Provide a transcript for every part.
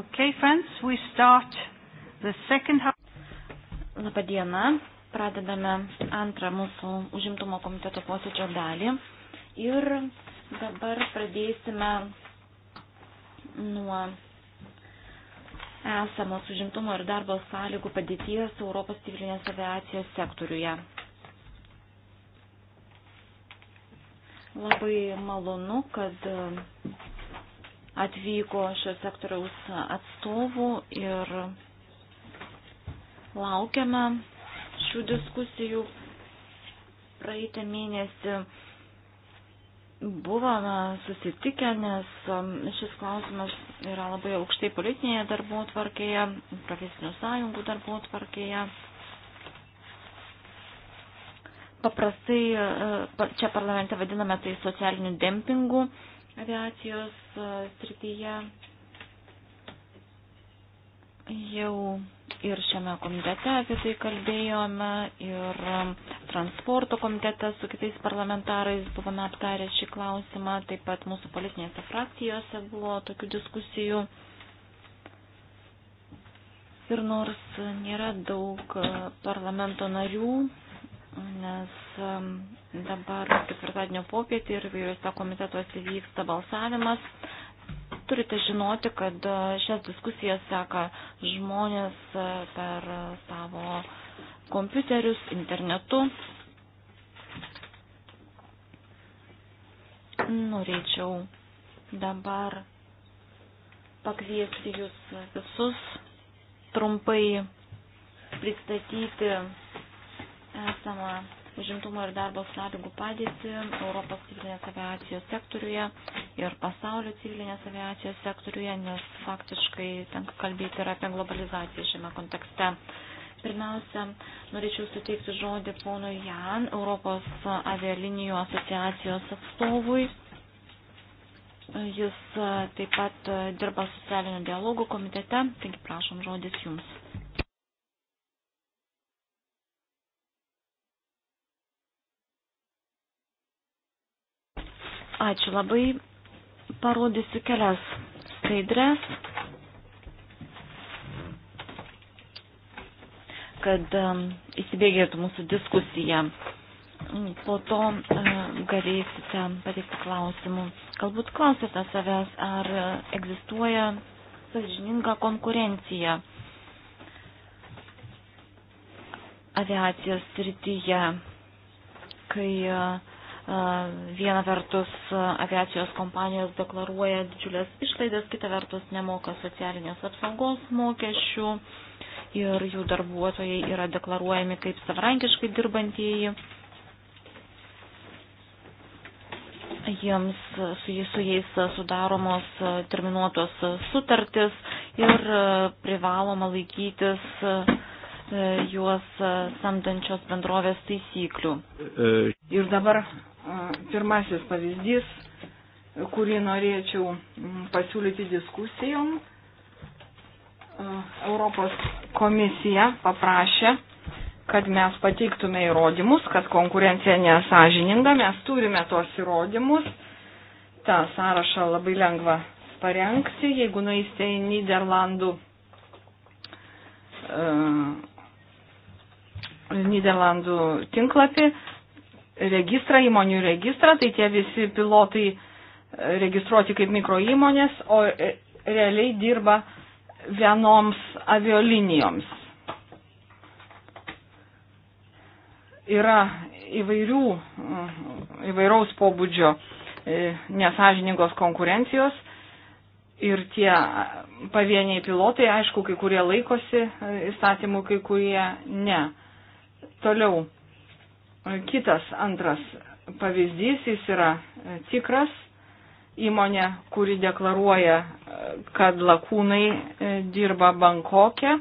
Okay, friends, we start the second half. Labą dieną. Pradedame antrą mūsų užimtumo komiteto posėdžio dalį. Ir dabar pradėsime nuo esamos užimtumo ir darbo sąlygų padėties Europos civilinės aviacijos sektoriuje. Labai malonu, kad atvyko šio sektoriaus atstovų ir laukiame šių diskusijų. Praeitą mėnesį buvome susitikę, nes um, šis klausimas yra labai aukštai politinėje darbo tvarkėje, profesinių sąjungų darbo tvarkėje. Paprastai uh, čia parlamente vadiname tai socialiniu dempingu, aviacijos e, srityje jau ir šiame komitete apie tai kalbėjome ir e, transporto komitete su kitais parlamentarais buvome aptarę šį klausimą, taip pat mūsų politinėse frakcijose buvo tokių diskusijų. Ir nors nėra daug e, parlamento narių, nes Um, dabar ketvirtadienio popietį ir vairiuose komitetuose vyksta balsavimas. Turite žinoti, kad uh, šias diskusijas seka žmonės uh, per uh, savo kompiuterius, internetu. Norėčiau dabar pakviesti jūs visus trumpai pristatyti esamą užimtumo ir darbo sąlygų padėtį Europos civilinės aviacijos sektoriuje ir pasaulio civilinės aviacijos sektoriuje, nes faktiškai tenka kalbėti ir apie globalizaciją šiame kontekste. Pirmiausia, norėčiau suteikti žodį ponui Jan, Europos avialinijų asociacijos atstovui. Jis e, taip pat e, dirba socialinio dialogų komitete, taigi prašom žodis jums. Ačiū labai. Parodysiu kelias skaidrės, kad um, įsibėgėtų mūsų diskusija. Mm, po to um, galėsite pateikti klausimų. Galbūt klausite savęs, ar egzistuoja sažininga konkurencija aviacijos srityje, kai uh, Viena vertus aviacijos kompanijos deklaruoja didžiulės išlaidas, kita vertus nemoka socialinės apsaugos mokesčių ir jų darbuotojai yra deklaruojami kaip savarankiškai dirbantieji. jiems su, jais, su jais sudaromos terminuotos sutartis ir privaloma laikytis E, juos e, samdančios bendrovės taisyklių. E, Ir dabar pirmasis pavyzdys, kurį norėčiau pasiūlyti diskusijom. Europos komisija paprašė, kad mes pateiktume įrodymus, kad konkurencija nesažininga, mes turime tuos įrodymus. Ta sąrašą labai lengva parengti, jeigu nueisite į Niderlandų Niderlandų tinklapį, registrą, įmonių registrą, tai tie visi pilotai e, registruoti kaip mikro įmonės, o e, realiai dirba vienoms aviolinijoms. Yra įvairių, mm, įvairaus pobūdžio e, nesažiningos konkurencijos ir tie pavieniai pilotai, aišku, kai kurie laikosi įstatymų, kai kurie ne. Toliau, kitas antras pavyzdys, jis yra e, tikras įmonė, kuri deklaruoja, e, kad lakūnai e, dirba Bankokė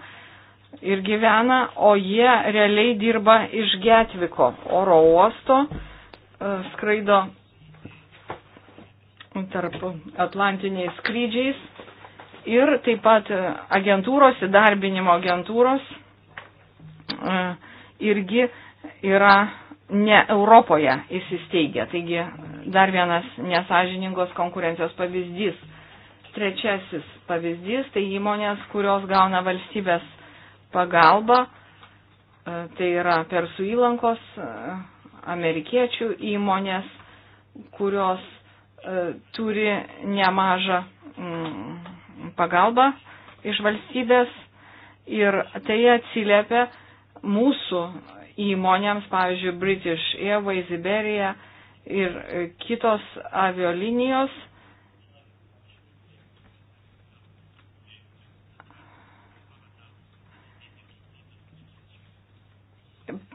ir gyvena, o jie realiai dirba iš Getviko oro uosto, skraido tarp atlantiniais skrydžiais ir taip pat agentūros, įdarbinimo agentūros. E, irgi yra ne Europoje įsisteigę. Taigi dar vienas nesažiningos konkurencijos pavyzdys. Trečiasis pavyzdys tai įmonės, kurios gauna valstybės pagalbą. E, tai yra Persų įlankos e, amerikiečių įmonės, kurios e, turi nemažą mm, pagalbą iš valstybės ir tai atsiliepia mūsų įmonėms, pavyzdžiui, British Airways, Iberia ir kitos aviolinijos.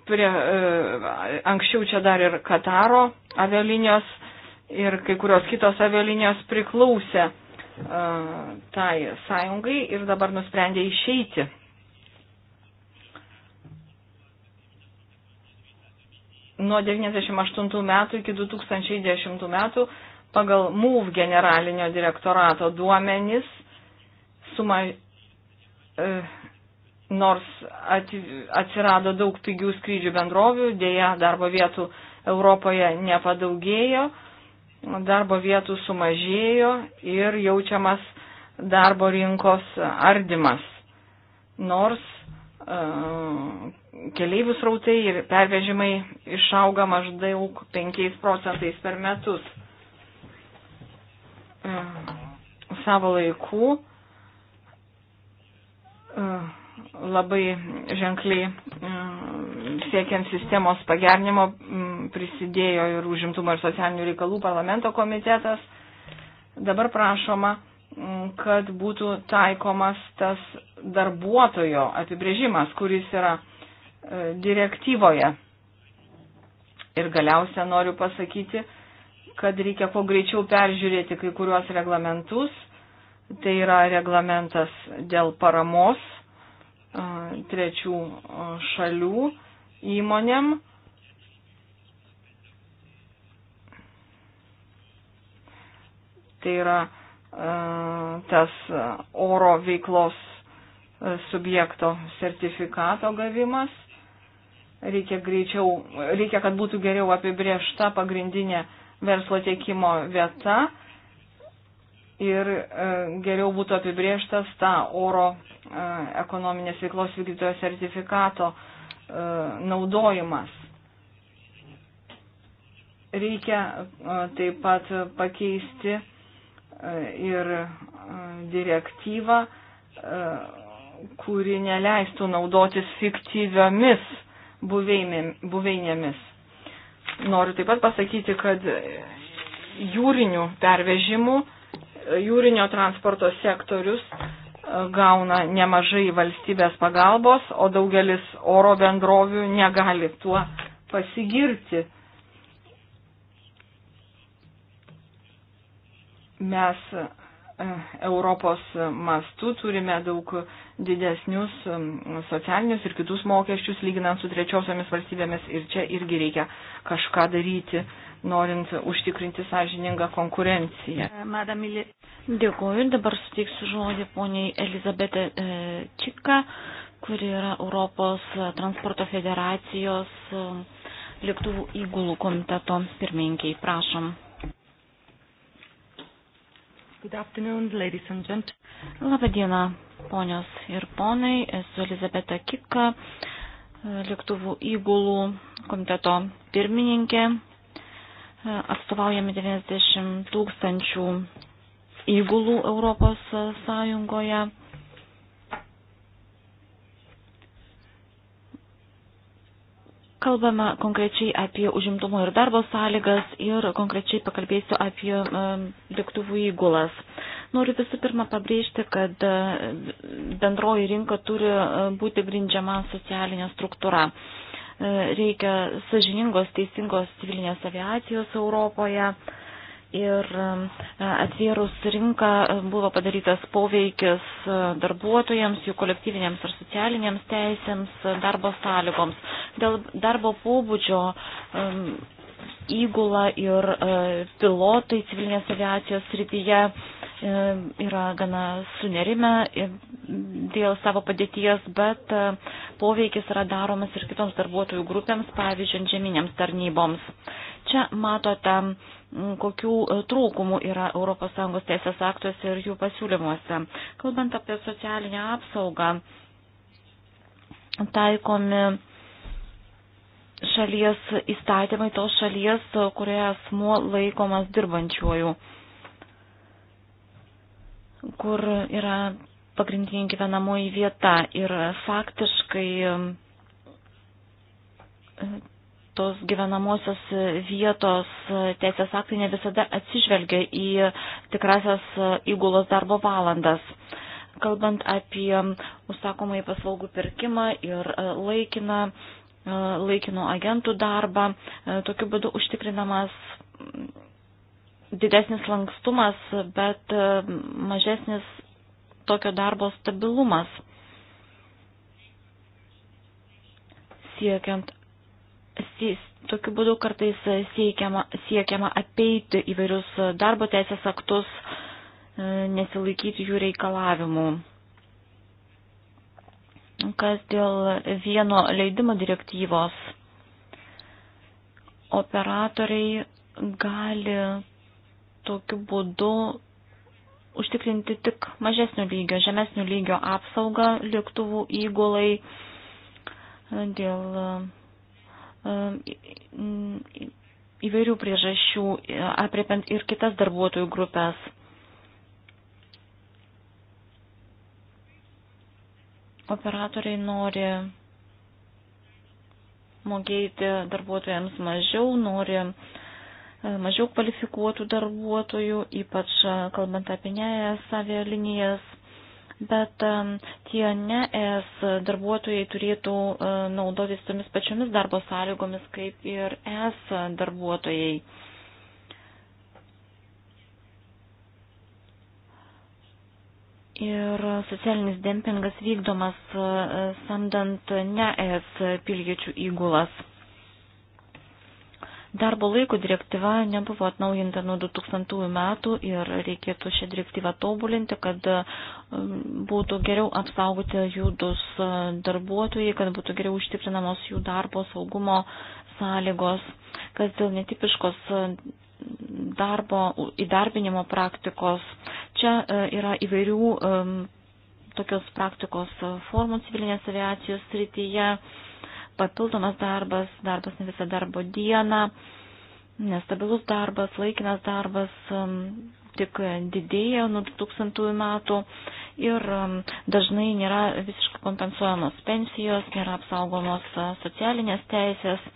Prie, e, anksčiau čia dar ir Kataro aviolinijos ir kai kurios kitos aviolinijos priklausė e, tai sąjungai ir dabar nusprendė išeiti nuo 1998 metų iki 2010 metų pagal MUV generalinio direktorato duomenis suma, e, nors at, atsirado daug pigių skrydžių bendrovių, dėja darbo vietų Europoje nepadaugėjo, darbo vietų sumažėjo ir jaučiamas darbo rinkos ardimas. Nors e, keleivių srautai ir pervežimai išauga maždaug 5 procentais per metus. E, savo laikų e, labai ženkliai e, siekiant sistemos pagernimo prisidėjo ir užimtumo ir socialinių reikalų parlamento komitetas. Dabar prašoma, kad būtų taikomas tas darbuotojo apibrėžimas, kuris yra E, direktyvoje. Ir galiausia noriu pasakyti, kad reikia kuo greičiau peržiūrėti kai kuriuos reglamentus. Tai yra reglamentas dėl paramos e, trečių e, šalių įmonėm. Tai yra tas oro veiklos subjekto sertifikato gavimas Reikia greičiau, reikia, kad būtų geriau apibriešta pagrindinė verslo tiekimo vieta ir e, geriau būtų apibrieštas ta oro e, ekonominės veiklos vykdytojo sertifikato e, naudojimas. Reikia taip pat pakeisti ir direktyvą, kuri neleistų naudotis fiktyviomis buveinėmis. Noriu taip pat pasakyti, kad jūrinių pervežimų, jūrinio transporto sektorius e, gauna nemažai valstybės pagalbos, o daugelis oro bendrovių negali tuo pasigirti. Mes Europos mastu turime daug didesnius um, socialinius ir kitus mokesčius lyginant su trečiosiomis valstybėmis ir čia irgi reikia kažką daryti, norint užtikrinti sąžiningą konkurenciją. Uh, Madamilė, dėkuoju. Dabar suteiksiu žodį poniai Elizabete uh, Čika, kuri yra Europos transporto federacijos um, lėktuvų įgulų komiteto pirmininkiai. Prašom. Good afternoon, ladies and gentlemen. Labadiena, ponios ir ponai. Esu Elizabeta Kika, lėktuvų įgulų komiteto pirmininkė. Atstovaujame 90 tūkstančių įgulų Europos Sąjungoje. Kalbame konkrečiai apie užimtumo ir darbo sąlygas ir konkrečiai pakalbėsiu apie lėktuvų įgulas. Noriu visų pirma pabrėžti, kad e, bendroji rinka turi e, būti grindžiama socialinė struktūra. E, reikia sažiningos, teisingos civilinės aviacijos Europoje ir e, atvėrus rinką e, buvo padarytas poveikis e, darbuotojams, jų kolektyvinėms ir socialinėms teisėms, darbo sąlygoms. Dėl darbo pobūdžio įgula ir pilotai civilinės aviacijos srityje E, yra gana sunerime dėl savo padėties, bet e, poveikis yra daromas ir kitoms darbuotojų grupėms, pavyzdžiui, žeminiams tarnyboms. Čia matote, kokių e, trūkumų yra ES teisės aktuose ir jų pasiūlymuose. Kalbant apie socialinę apsaugą, taikomi šalies įstatymai tos šalies, kurioje asmuo laikomas dirbančiuoju kur yra pagrindinė gyvenamoji vieta ir faktiškai e, tos gyvenamosios vietos teisės aktai ne visada atsižvelgia į tikrasias įgulos darbo valandas. Kalbant apie užsakomai paslaugų pirkimą ir e, laikiną, e, laikino agentų darbą, tokiu būdu užtikrinamas didesnis lankstumas, bet e, mažesnis tokio darbo stabilumas. Siekiant, tokiu būdu kartais siekiama, siekiama apeiti įvairius darbo teisės aktus, e, nesilaikyti jų reikalavimų. Kas dėl vieno leidimo direktyvos, operatoriai gali tokiu būdu užtikrinti tik mažesnio lygio, žemesnio lygio apsaugą lėktuvų įgulai e, dėl e, įvairių priežasčių, e, apriepiant ir kitas darbuotojų grupės. Operatoriai nori mokėti darbuotojams mažiau, nori uh, E, mažiau kvalifikuotų darbuotojų, ypač e, kalbant apie neės e avialinijas. Bet tie neės darbuotojai turėtų naudotis tomis pačiomis darbo sąlygomis kaip ir es darbuotojai. Ir socialinis dempingas vykdomas samdant ne es piliečių įgulas. Darbo laiko direktyva nebuvo atnaujinta nuo 2000 metų ir reikėtų šią direktyvą tobulinti, kad um, būtų geriau apsaugoti judus uh, darbuotojai, kad būtų geriau užtikrinamos jų darbo saugumo sąlygos, kas dėl netipiškos uh, darbo įdarbinimo praktikos. Čia uh, yra įvairių um, tokios praktikos formų civilinės aviacijos srityje papildomas darbas, darbas ne visą darbo dieną, nestabilus darbas, laikinas darbas um, tik didėja nuo 2000 metų ir um, dažnai nėra visiškai kompensuojamos pensijos, nėra apsaugomos uh, socialinės teisės.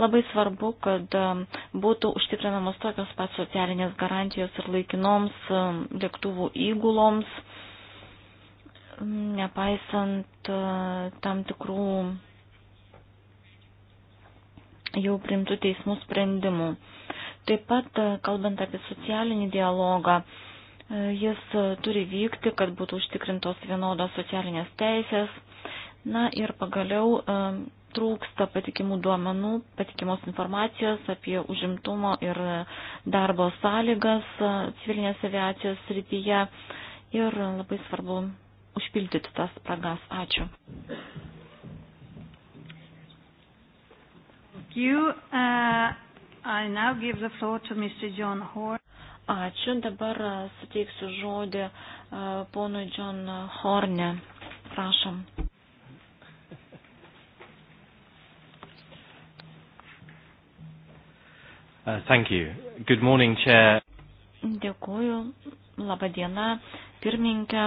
Labai svarbu, kad um, būtų užtikrinamos tokios pat socialinės garantijos ir laikinoms lėktuvų įguloms, nepaisant uh, tam tikrų jau primtų teismų sprendimų. Taip pat, e, kalbant apie socialinį dialogą, e, jis e, turi vykti, kad būtų užtikrintos vienodos socialinės teisės. Na ir pagaliau trūksta patikimų duomenų, patikimos informacijos apie užimtumo ir darbo sąlygas civilinės aviacijos srityje ir labai svarbu užpildyti tas spragas. Ačiū. you. Uh, I now give the floor to Mr. John Horn. Ačiū. Dabar uh, suteiksiu žodį uh, ponui John Horne. Prašom. Uh, thank you. Good morning, Chair. Dėkuoju. Labadiena, pirmininkė,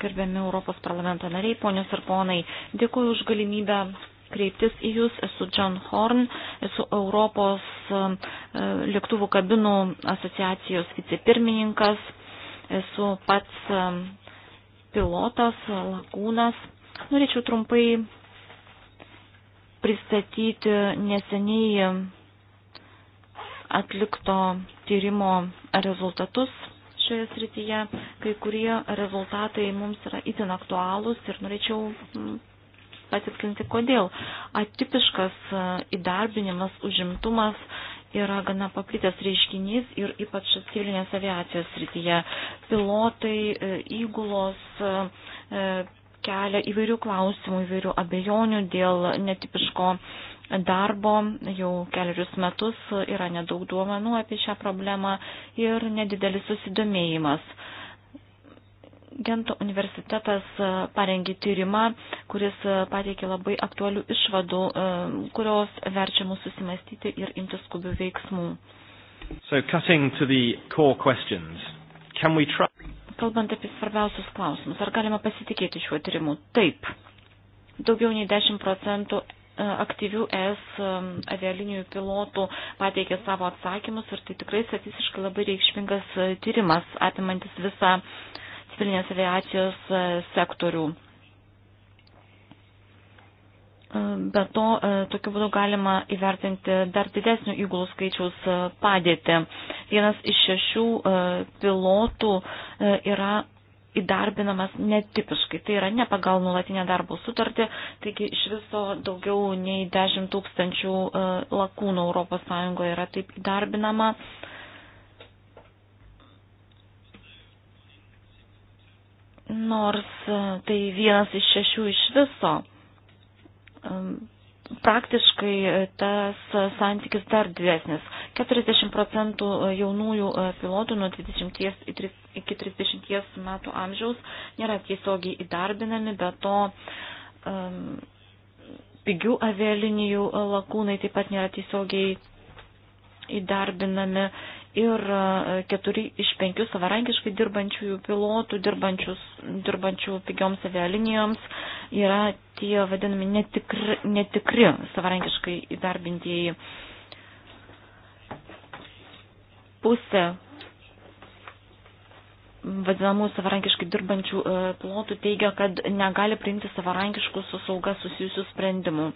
gerbiami Europos parlamento nariai, ponios ir ponai. Dėkuoju už galimybę kreiptis į Jūs. Esu John Horn, esu Europos um, e, lėktuvų kabinų asociacijos vicepirmininkas, esu pats um, pilotas, lakūnas. Norėčiau trumpai pristatyti neseniai um, atlikto tyrimo rezultatus šioje srityje. Kai kurie rezultatai mums yra itin aktualūs ir norėčiau patikslinti, kodėl. Atipiškas e, įdarbinimas, užimtumas yra gana paplitęs reiškinys ir ypač civilinės aviacijos srityje. Pilotai, e, įgulos e, kelia įvairių klausimų, įvairių abejonių dėl netipiško darbo. Jau keliarius metus yra nedaug duomenų apie šią problemą ir nedidelis susidomėjimas. Gento universitetas e, parengė tyrimą, kuris e, pateikė labai aktualių išvadų, e, kurios verčia mus susimastyti ir imtis skubių veiksmų. So try... Kalbant apie svarbiausius klausimus, ar galima pasitikėti šiuo tyrimu? Taip. Daugiau nei 10 procentų aktyvių ES avialinijų pilotų pateikė savo atsakymus ir tai tikrai statistiškai labai reikšmingas tyrimas, apimantis visą uh, civilinės aviacijos e, sektorių. E, be to, e, tokiu būdu galima įvertinti dar didesnių įgulų skaičiaus padėtį. Vienas iš šešių pilotų yra įdarbinamas netipiškai, tai yra ne pagal nulatinę darbo sutartį, taigi iš viso daugiau nei 10 tūkstančių lakūnų ES yra taip įdarbinama. Uh, nors e, tai vienas iš šešių iš viso. E, praktiškai e, tas santykis dar didesnis. 40 procentų jaunųjų pilotų nuo 20 iki 30 metų amžiaus nėra tiesiogiai įdarbinami, bet to um, pigių avialinijų lakūnai taip pat nėra tiesiogiai įdarbinami ir e, keturi iš penkių savarankiškai dirbančiųjų pilotų, dirbančių pigioms avialinijoms, yra tie vadinami netikri, netikri savarankiškai įdarbintieji. Pusė vadinamų savarankiškai dirbančių e, pilotų teigia, kad negali priimti savarankiškų su sauga susijusių sprendimų.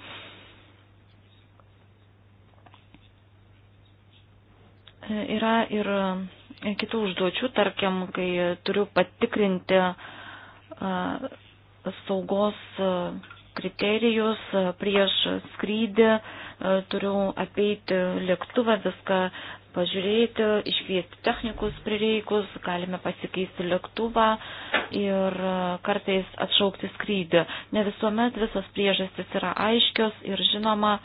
Yra ir e, kitų užduočių, tarkim, kai turiu patikrinti e, saugos e, kriterijus prieš skrydį, turiu apeiti lėktuvą, viską pažiūrėti, iškviesti technikus prireikus, galime pasikeisti lėktuvą ir kartais atšaukti skrydį. Ne visuomet visas priežastis yra aiškios ir žinoma,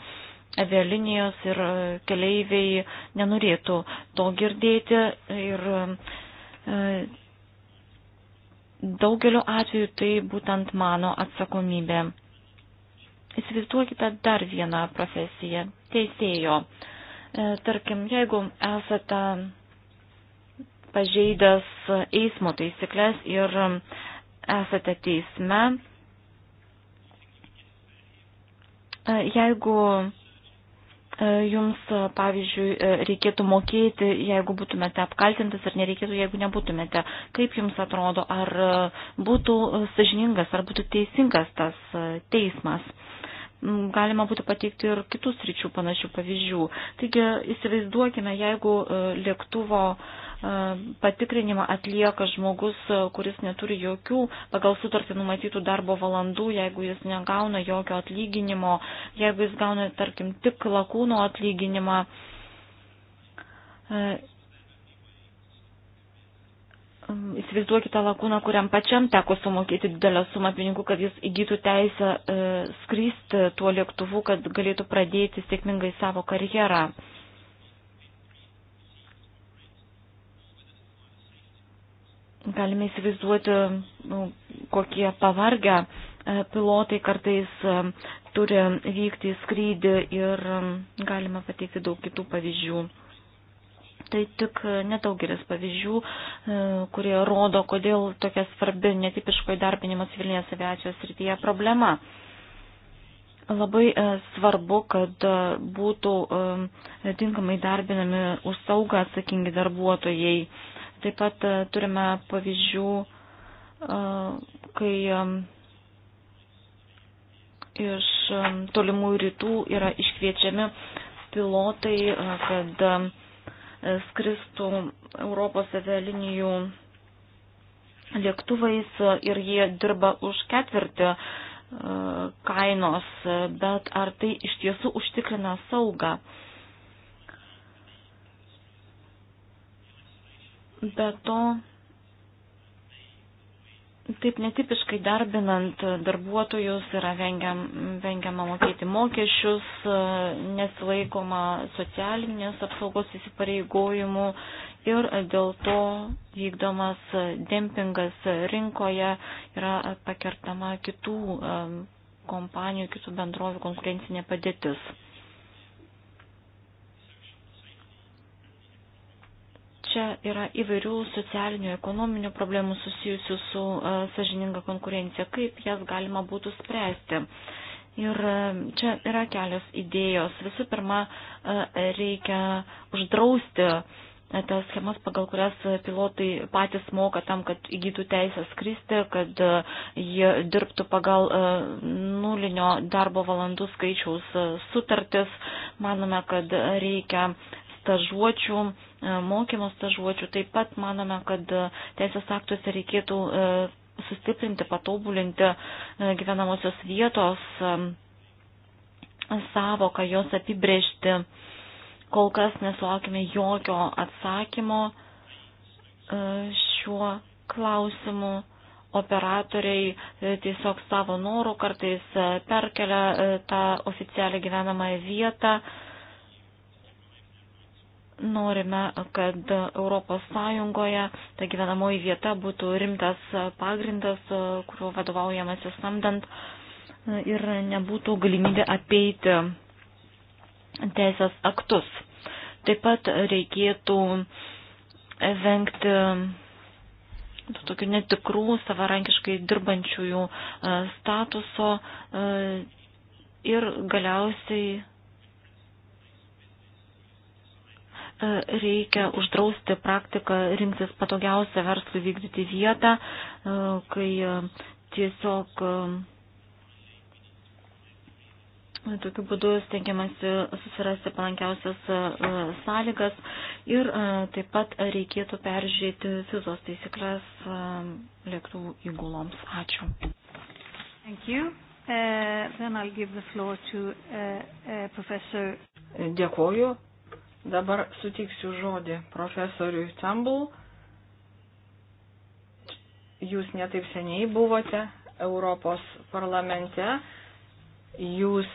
avialinijos ir e, keleiviai nenorėtų to girdėti ir e, daugeliu atveju tai būtent mano atsakomybė. Įsivaizduokite dar vieną profesiją - teisėjo. E, tarkim, jeigu esate pažeidęs eismo taisyklės ir esate teisme, jeigu E, jums, e, pavyzdžiui, e, reikėtų mokėti, jeigu būtumėte apkaltintas ir nereikėtų, jeigu nebūtumėte. Kaip jums atrodo, ar būtų sažiningas, ar būtų teisingas tas teismas? Galima būtų pateikti ir kitus ryčių panašių pavyzdžių. Taigi įsivaizduokime, jeigu lėktuvo uh, patikrinimą atlieka žmogus, kuris neturi jokių pagal sutartį numatytų darbo valandų, jeigu jis negauna jokio atlyginimo, jeigu jis gauna, tarkim, tik lakūno atlyginimą. Įsivaizduokite lakūną, kuriam pačiam teko sumokėti didelę sumą pinigų, kad jis įgytų teisę e, skristi tuo lėktuvu, kad galėtų pradėti sėkmingai savo karjerą. E, Galime įsivaizduoti, nu, kokie pavargę e, pilotai kartais e, turi vykti į skrydį ir e, galima pateikti daug kitų pavyzdžių. Tai tik nedaugelis pavyzdžių, kurie rodo, kodėl tokia svarbi netipiško įdarbinimo civilinės aviacijos srityje problema. Labai svarbu, kad būtų tinkamai darbinami už saugą atsakingi darbuotojai Taip pat e, turime pavyzdžių, e, kai e, iš tolimų rytų yra iškviečiami pilotai, kad skristų Europos avialinijų lėktuvais ir jie dirba už ketvirtį kainos, bet ar tai iš tiesų užtikrina saugą? Be to, taip netipiškai darbinant darbuotojus yra vengiam, vengiama mokėti mokesčius, nesilaikoma socialinės apsaugos įsipareigojimų ir dėl to vykdomas dempingas rinkoje yra pakertama kitų um, kompanijų, kitų bendrovių konkurencinė padėtis. Čia yra įvairių socialinių, ekonominių problemų susijusių su e, sažininga konkurencija, kaip jas galima būtų spręsti. Ir e, čia yra kelios idėjos. Visų pirma, e, reikia uždrausti tas schemas, pagal kurias pilotai patys moka tam, kad įgytų teisę skristi, kad jie dirbtų pagal nulinio darbo valandų skaičiaus sutartis. Manome, kad reikia stažuočių E, mokymo stažuočių. Taip pat manome, kad e, teisės aktuose reikėtų e, sustiprinti, patobulinti gyvenamosios vietos savoką, jos apibrėžti. Kol kas nesulaukime jokio atsakymo šiuo klausimu operatoriai tiesiog savo norų kartais perkelia tą oficialią gyvenamąją vietą Norime, kad Europos Sąjungoje ta gyvenamoji vieta būtų rimtas pagrindas, kuriuo vadovaujamas įsamdant ir nebūtų galimybė apeiti teisės aktus. Taip pat reikėtų vengti tokių netikrų savarankiškai dirbančiųjų e, statuso e, ir galiausiai reikia uždrausti praktiką rinktis patogiausią verslui vykdyti vietą, e, kai e, tiesiog e, tokiu būdu stengiamasi susirasti palankiausias sąlygas ir taip pat reikėtų peržiūrėti fizos taisyklės lėktuvų įguloms. Ačiū. Thank you. Uh, then I'll give the floor to uh, uh, Professor. Dėkuoju. Dabar sutiksiu žodį profesoriui Tambul. Jūs netaip seniai buvote Europos parlamente. Jūs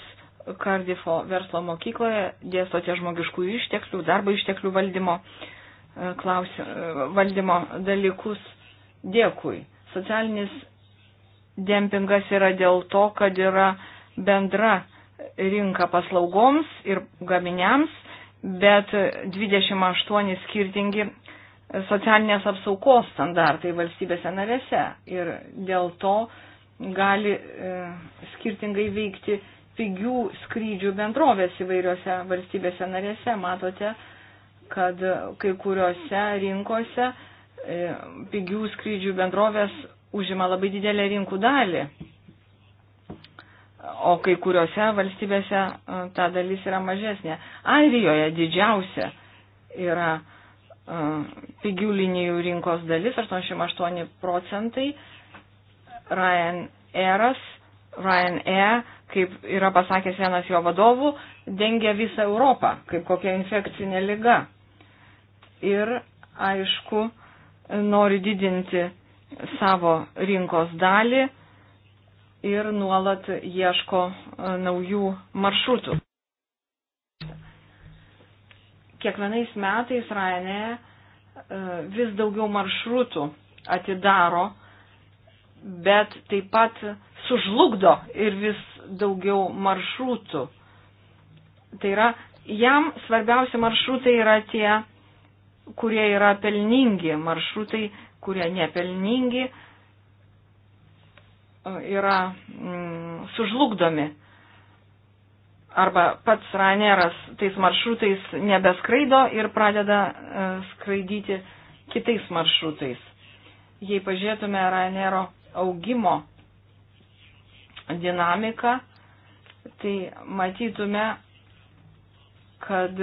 Kardifo verslo mokykloje dėstote žmogiškų išteklių, darbo išteklių valdymo, e, klausim, e, valdymo dalykus. Dėkui. Socialinis dempingas yra dėl to, kad yra bendra rinka paslaugoms ir gaminiams bet 28 skirtingi socialinės apsaugos standartai valstybėse narėse ir dėl to gali e, skirtingai veikti pigių skrydžių bendrovės įvairiose valstybėse narėse. Matote, kad kai kuriuose rinkose e, pigių skrydžių bendrovės užima labai didelę rinkų dalį o kai kuriuose valstybėse e, ta dalis yra mažesnė. Airijoje didžiausia yra e, pigių linijų rinkos dalis, 88 procentai. Ryanairas, Ryanair, kaip yra pasakęs vienas jo vadovų, dengia visą Europą, kaip kokia infekcinė lyga. Ir, aišku, nori didinti savo rinkos dalį ir nuolat ieško e, naujų maršrutų. Kiekvienais metais Rainė e, vis daugiau maršrutų atidaro, bet taip pat sužlugdo ir vis daugiau maršrutų. Tai yra, jam svarbiausi maršrutai yra tie, kurie yra pelningi, maršrutai, kurie nepelningi, yra mm, sužlugdomi. Arba pats Raineras tais maršrutais nebeskraido ir pradeda e, skraidyti kitais maršrutais. Jei pažiūrėtume Rainero augimo dinamiką, tai matytume, kad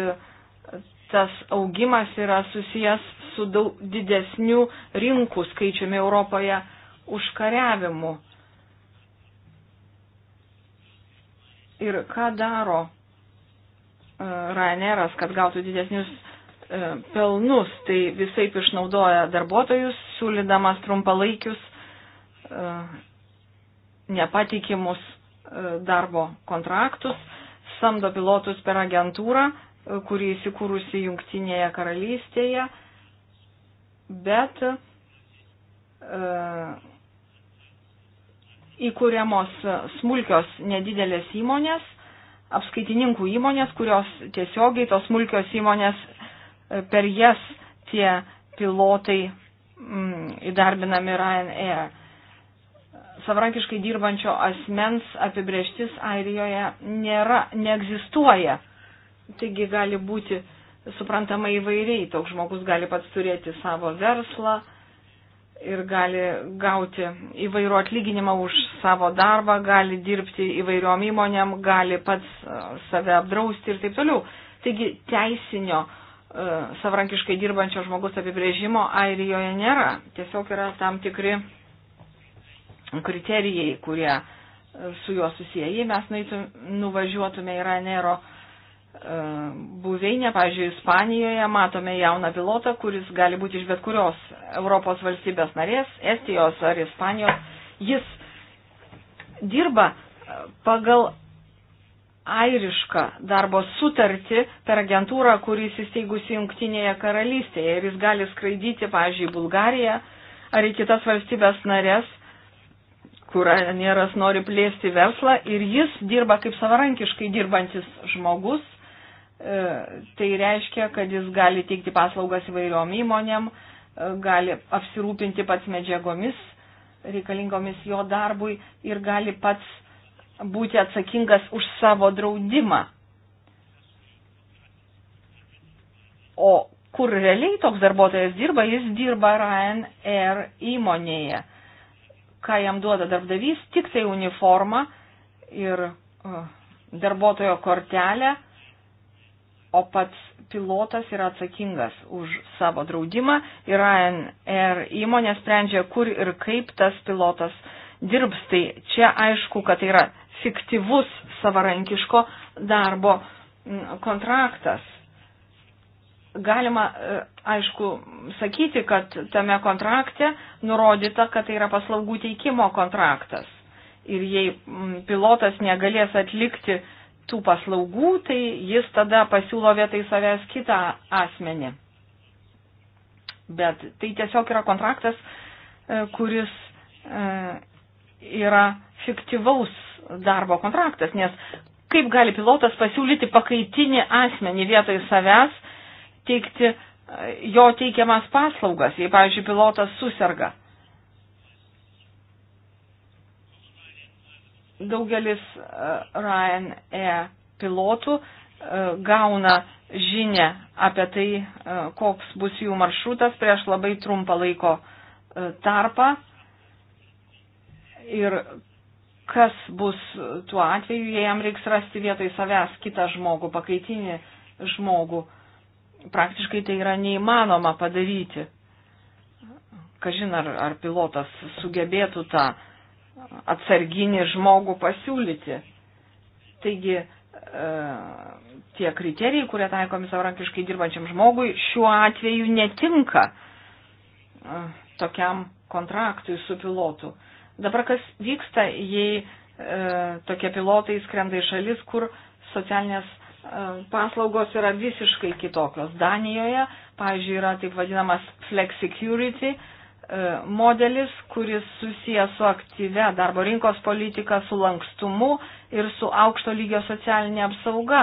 tas augimas yra susijęs su daug didesnių rinkų skaičiumi Europoje užkariavimu. Ir ką daro e, Ryanairas, kad gautų didesnius e, pelnus, tai visai išnaudoja darbuotojus, siūlydamas trumpalaikius, e, nepatikimus darbo kontraktus, samdo pilotus per agentūrą, kuri įsikūrusi Jungtinėje karalystėje, bet įkūriamos smulkios nedidelės įmonės, apskaitininkų įmonės, kurios tiesiogiai tos smulkios įmonės e, per jas tie pilotai mm, įdarbinami Ryanair. Savrankiškai dirbančio asmens apibrieštis Airijoje nėra, neegzistuoja. Taigi gali būti suprantama įvairiai. Toks žmogus gali pats turėti savo verslą, ir gali gauti įvairių atlyginimą už savo darbą, gali dirbti įvairiom įmonėm, gali pats e, save apdrausti ir taip toliau. Taigi teisinio e, savarankiškai dirbančio žmogus apibrėžimo Airijoje nėra. Tiesiog yra tam tikri kriterijai, kurie e, su juo susiję. Jei mes nuvažiuotume į Ranero E, buveinę, pavyzdžiui, Ispanijoje matome jauną pilotą, kuris gali būti iš bet kurios Europos valstybės narės, Estijos ar Ispanijos. Jis dirba e, pagal airišką darbo sutartį per agentūrą, kuris įsteigusi Junktinėje karalystėje ir jis gali skraidyti, pavyzdžiui, į Bulgariją ar į kitas valstybės narės kur Anieras nori plėsti verslą ir jis dirba kaip savarankiškai dirbantis žmogus, E, tai reiškia, kad jis gali teikti paslaugas įvairiom įmonėm, e, gali apsirūpinti pats medžiagomis reikalingomis jo darbui ir gali pats būti atsakingas už savo draudimą. O kur realiai toks darbuotojas dirba, jis dirba Ryanair įmonėje. Ką jam duoda darbdavys, tik tai uniformą ir e, darbuotojo kortelę o pats pilotas yra atsakingas už savo draudimą ir Ryanair įmonė sprendžia, kur ir kaip tas pilotas dirbs. Tai čia aišku, kad tai yra fiktyvus savarankiško darbo kontraktas. Galima, e, aišku, sakyti, kad tame kontrakte nurodyta, kad tai yra paslaugų teikimo kontraktas. Ir jei pilotas negalės atlikti uh, tų paslaugų, tai jis tada pasiūlo vietai savęs kitą asmenį. Bet tai tiesiog yra kontraktas, e, kuris e, yra fiktyvaus darbo kontraktas, nes kaip gali pilotas pasiūlyti pakaitinį asmenį vietoj savęs teikti e, jo teikiamas paslaugas, jei, pavyzdžiui, pilotas susirga. daugelis e, Ryanair pilotų e, gauna žinę apie tai, e, koks bus jų maršrutas prieš labai trumpą laiko tarpą ir kas bus tuo atveju, jei jam reiks rasti vietoj savęs kitą žmogų, pakaitinį žmogų. Praktiškai tai yra neįmanoma padaryti. Kažin ar, ar pilotas sugebėtų tą atsarginį žmogų pasiūlyti. Taigi e, tie kriterijai, kurie taikomi savarankiškai dirbančiam žmogui, šiuo atveju netinka e, tokiam kontraktui su pilotu. Dabar kas vyksta, jei e, tokie pilotai skrenda į šalis, kur socialinės paslaugos yra visiškai kitokios. Danijoje, pavyzdžiui, yra taip vadinamas flexicurity, security E, modelis, kuris susijęs su aktyve darbo rinkos politika, su lankstumu ir su aukšto lygio socialinė apsauga.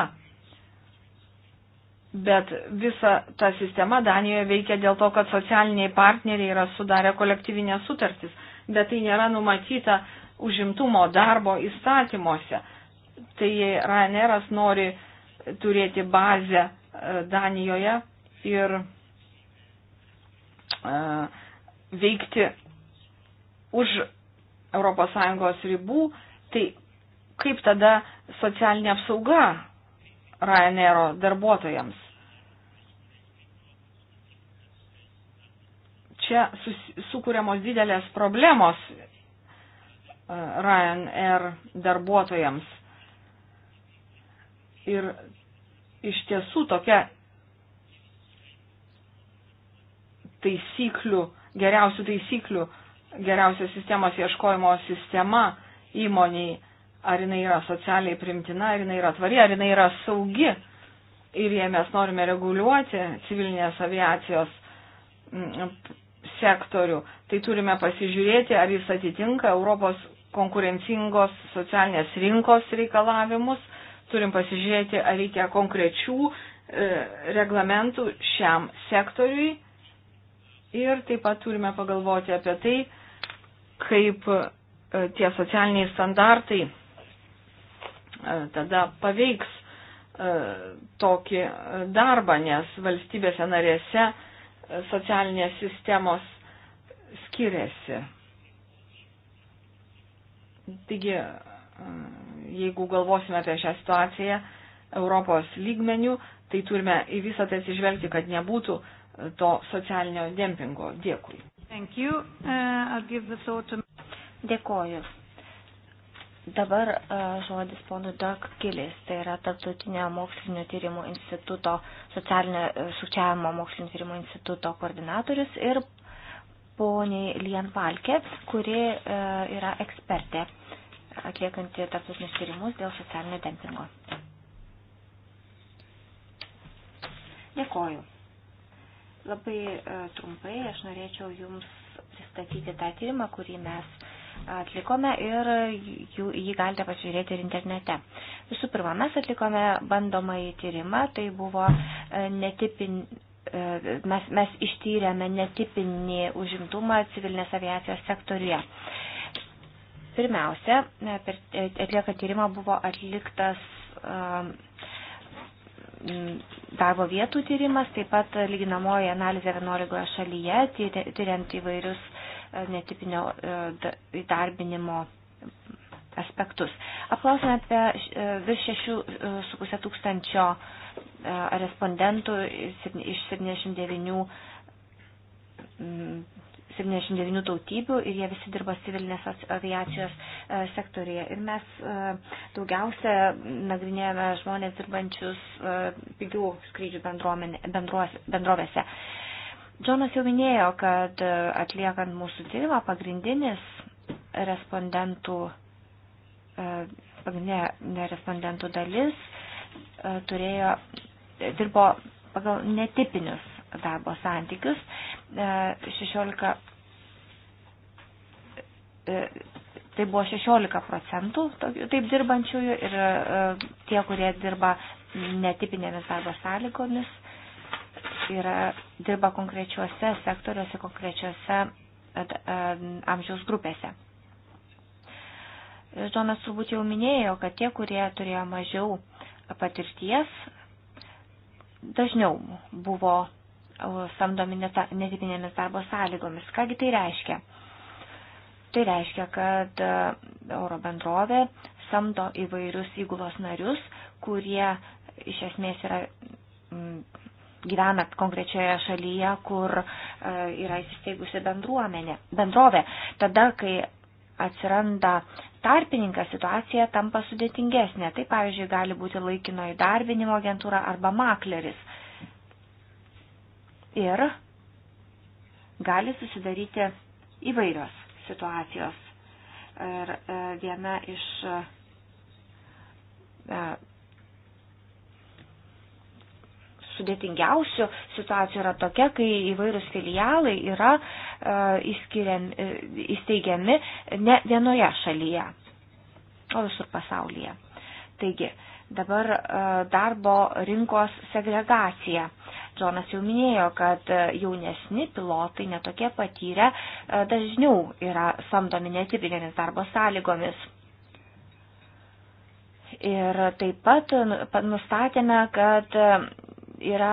Bet visa ta sistema Danijoje veikia dėl to, kad socialiniai partneriai yra sudarę kolektyvinės sutartis, bet tai nėra numatyta užimtumo darbo įstatymuose. Tai Raneras nori turėti bazę e, Danijoje ir uh, veikti už ES ribų, tai kaip tada socialinė apsauga Ryanairo darbuotojams? Čia sukūriamos didelės problemos e, Ryanair darbuotojams. Ir iš tiesų tokia taisyklių geriausių taisyklių, geriausios sistemos ieškojimo sistema įmoniai, ar jinai yra socialiai primtina, ar jinai yra tvari, ar jinai yra saugi. Ir jei mes norime reguliuoti civilinės aviacijos mm, sektorių, tai turime pasižiūrėti, ar jis atitinka Europos konkurencingos socialinės rinkos reikalavimus, turim pasižiūrėti, ar reikia konkrečių e, reglamentų šiam sektoriui Ir taip pat turime pagalvoti apie tai, kaip e, tie socialiniai standartai e, tada paveiks e, tokį darbą, nes valstybėse narėse socialinės sistemos skiriasi. Taigi, jeigu galvosime apie šią situaciją Europos lygmenių, tai turime į visą tai atsižvelgti, kad nebūtų uh, to socialinio dempingo. Dėkui. Uh, to... Dėkoju. Dabar uh, žodis ponų Doug Gilis, tai yra Tartutinio mokslinio tyrimų instituto, socialinio uh, sukčiavimo mokslinio tyrimų instituto koordinatorius ir poniai Lian Valkė, kuri uh, yra ekspertė atliekanti tarptautinius tyrimus dėl socialinio dempingo. Dėkoju. Labai e, trumpai aš norėčiau Jums pristatyti tą tyrimą, kurį mes atlikome ir jų, jį galite pasižiūrėti ir internete. Visų pirma, mes atlikome bandomąjį tyrimą, tai buvo e, netipin, e, mes, mes ištyrėme netipinį užimtumą civilinės aviacijos sektoriuje. Pirmiausia, per, atliekant tyrimą buvo atliktas Mm, darbo vietų tyrimas, taip pat lyginamoji analizė 11 šalyje, tyriant įvairius e, netipinio e, įdarbinimo aspektus. Apklausime apie e, virš 6,5 tūkstančio respondentų iš 79 79 tautybių ir jie visi dirba civilinės aviacijos e, sektorija. Ir mes e, daugiausia nagrinėjame žmonės dirbančius e, pigių skrydžių bendrovėse. Džonas jau minėjo, kad atliekant mūsų tyrimą pagrindinis respondentų, pagrindinė respondentų dalis turėjo, dirbo pagal netipinius darbo santykius. 16 E, tai buvo 16 procentų taip dirbančiųjų ir e, tie, kurie dirba netipinėmis darbo sąlygomis, yra, dirba konkrečiuose sektoriuose, konkrečiuose e, amžiaus grupėse. Džonas turbūt jau minėjo, kad tie, kurie turėjo mažiau patirties, dažniau buvo samdomi netipinėmis darbo sąlygomis. Kągi tai reiškia? Tai reiškia, kad euro bendrovė samdo įvairius įgulos narius, kurie iš esmės yra gyvena konkrečioje šalyje, kur e, yra įsisteigusi bendruomenė, bendrovė. Tada, kai atsiranda tarpininkas, situacija tampa sudėtingesnė. Tai, pavyzdžiui, gali būti laikino įdarbinimo agentūra arba makleris. Ir gali susidaryti įvairios situacijos. Ir e, viena iš e, sudėtingiausių situacijų yra tokia, kai įvairūs filialai yra e, įskiriam, įsteigiami ne vienoje šalyje, o visur pasaulyje. Taigi, Dabar e, darbo rinkos segregacija. Džonas jau minėjo, kad e, jaunesni pilotai netokie patyrę e, dažniau yra samdomi netipinėmis darbo sąlygomis. Ir taip pat nu, nustatėme, kad yra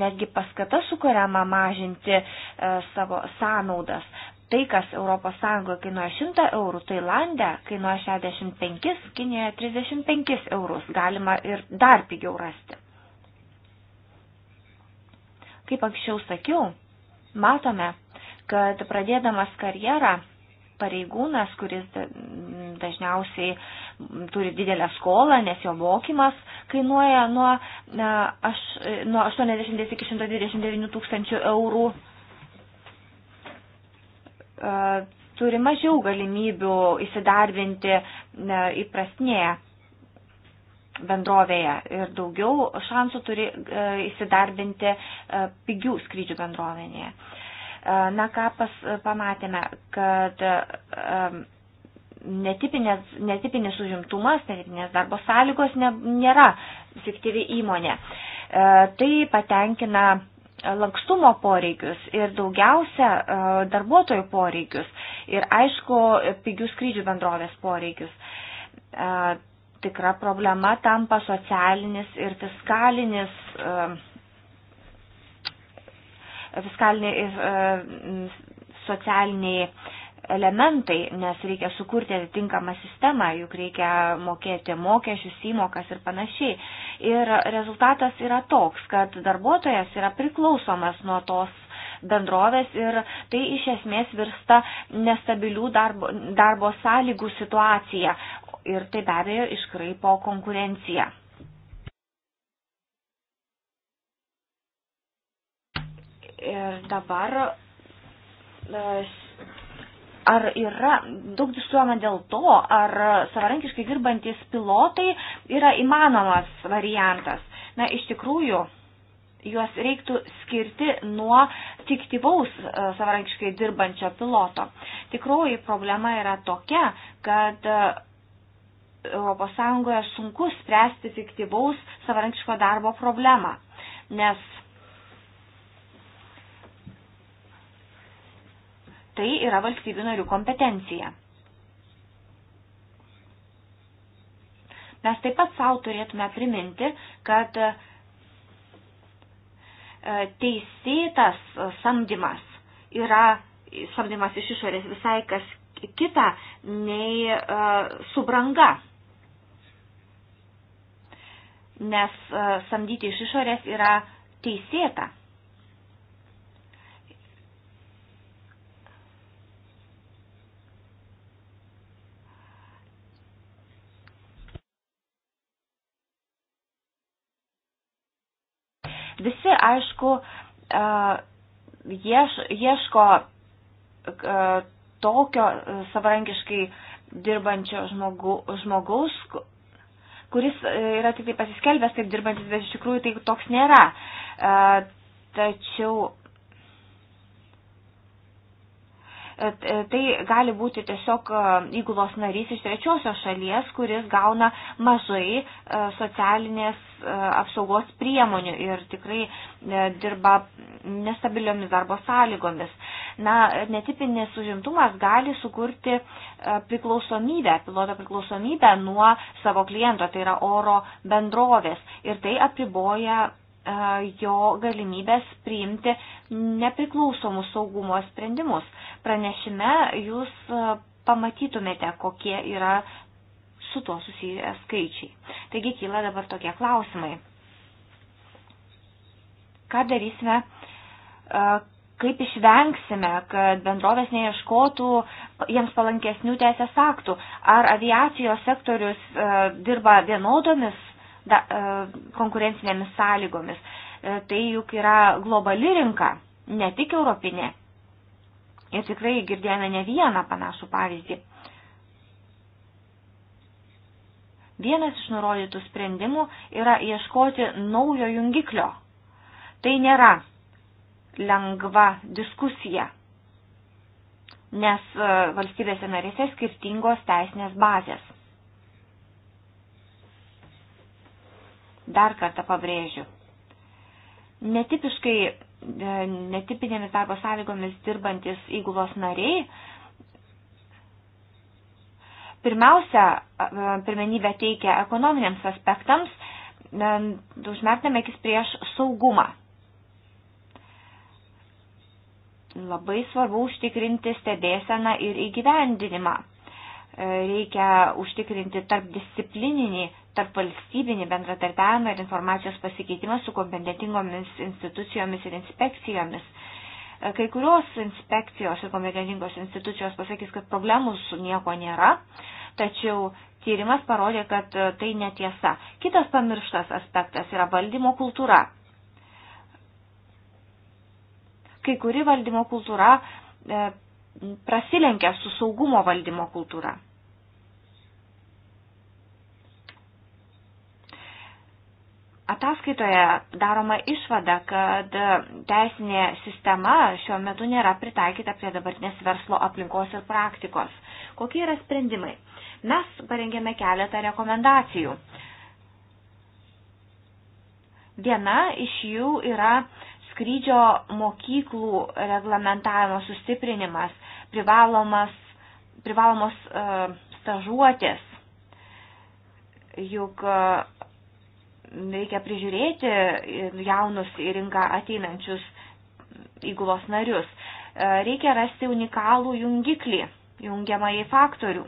netgi paskata sukuriama mažinti savo sąnaudas tai, kas ES kainuoja 100 eurų, Tailande kainuoja 65, Kinijoje 35 eurus. Galima ir dar pigiau rasti. Kaip anksčiau sakiau, matome, kad pradėdamas karjerą pareigūnas, kuris dažniausiai turi didelę skolą, nes jo mokymas kainuoja nuo, aš, nuo 80 iki 129 tūkstančių eurų E, turi mažiau galimybių įsidarbinti e, įprastinėje bendrovėje ir daugiau šansų turi e, įsidarbinti pigių skrydžių bendrovėje. Na ką pas, pamatėme, kad netipinės, netipinis užimtumas, netipinės darbo sąlygos ne, nėra fiktyvi įmonė. Tai patenkina lankstumo poreikius ir daugiausia e, darbuotojų poreikius ir aišku pigių skrydžių bendrovės poreikius. E, tikra problema tampa socialinis ir fiskalinis e, fiskaliniai ir socialiniai elementai, nes reikia sukurti atitinkamą sistemą, juk reikia mokėti mokesčius, įmokas ir panašiai. Ir rezultatas yra toks, kad darbuotojas yra priklausomas nuo tos bendrovės ir tai iš esmės virsta nestabilių darbo, darbo sąlygų situacija ir tai be abejo iškraipo konkurenciją. Ir dabar e, ar yra daug diskutuojama dėl to, ar savarankiškai dirbantis pilotai yra įmanomas variantas. Na, iš tikrųjų, juos reiktų skirti nuo fiktyvaus e, savarankiškai dirbančio piloto. Tikroji problema yra tokia, kad ES sunku spręsti fiktyvaus savarankiško darbo problemą, nes Tai yra valstybių narių kompetencija. Mes taip pat savo turėtume priminti, kad e, teisėtas samdymas yra samdymas iš išorės visai kas kita nei e, subranga. Nes e, samdyti iš išorės yra teisėta. Visi, aišku, e, ieš, ieško e, tokio savarankiškai dirbančio žmogu, žmogaus, kuris e, yra tik tai pasiskelbęs taip dirbantis, bet iš tikrųjų tai toks nėra. Tačiau tai gali būti tiesiog e, įgulos narys iš trečiosios šalies, kuris gauna mažai e, socialinės e, apsaugos priemonių ir tikrai dirba nestabiliomis darbo sąlygomis. Na, netipinis užimtumas gali sukurti priklausomybę, piloto priklausomybę nuo savo kliento, tai yra oro bendrovės. Ir tai apriboja E, jo galimybės priimti nepriklausomus saugumo sprendimus. Pranešime jūs e, pamatytumėte, kokie yra su tuo susiję skaičiai. Taigi kyla dabar tokie klausimai. Ką darysime, e, kaip išvengsime, kad bendrovės neieškotų jiems palankesnių teisės aktų? Ar aviacijos sektorius dirba vienodomis da, e, konkurencinėmis sąlygomis. E, tai juk yra globali rinka, ne tik europinė. Ir tikrai girdėjome ne vieną panašų pavyzdį. Vienas iš nurodytų sprendimų yra ieškoti naujo jungiklio. Tai nėra lengva diskusija, nes e, valstybėse narėse skirtingos teisinės bazės. Dar kartą pabrėžiu. Netipiškai, e, netipinėmis darbo sąlygomis dirbantis įgulos nariai pirmiausia, pirmenybę teikia ekonominiams aspektams, e, užmerkname akis prieš saugumą. Labai svarbu užtikrinti stebėseną ir įgyvendinimą. E, reikia užtikrinti tarp disciplininį tarp valstybinį bendradarbiavimą ir informacijos pasikeitimą su kompetentingomis institucijomis ir inspekcijomis. E, kai kurios inspekcijos ir kompetentingos institucijos pasakys, kad problemų su nieko nėra, tačiau tyrimas parodė, kad e, tai netiesa. Kitas pamirštas aspektas yra valdymo kultūra. Kai kuri valdymo kultūra e, prasilenkia su saugumo valdymo kultūra. Ataskaitoje daroma išvada, kad teisinė sistema šiuo metu nėra pritaikyta prie dabartinės verslo aplinkos ir praktikos. Kokie yra sprendimai? Mes parengėme keletą rekomendacijų. Viena iš jų yra skrydžio mokyklų reglamentavimo sustiprinimas, privalomas, privalomos uh, stažuotės. Juk uh, reikia prižiūrėti jaunus į rinką ateinančius įgulos narius. E, reikia rasti unikalų jungiklį, jungiamą į faktorių.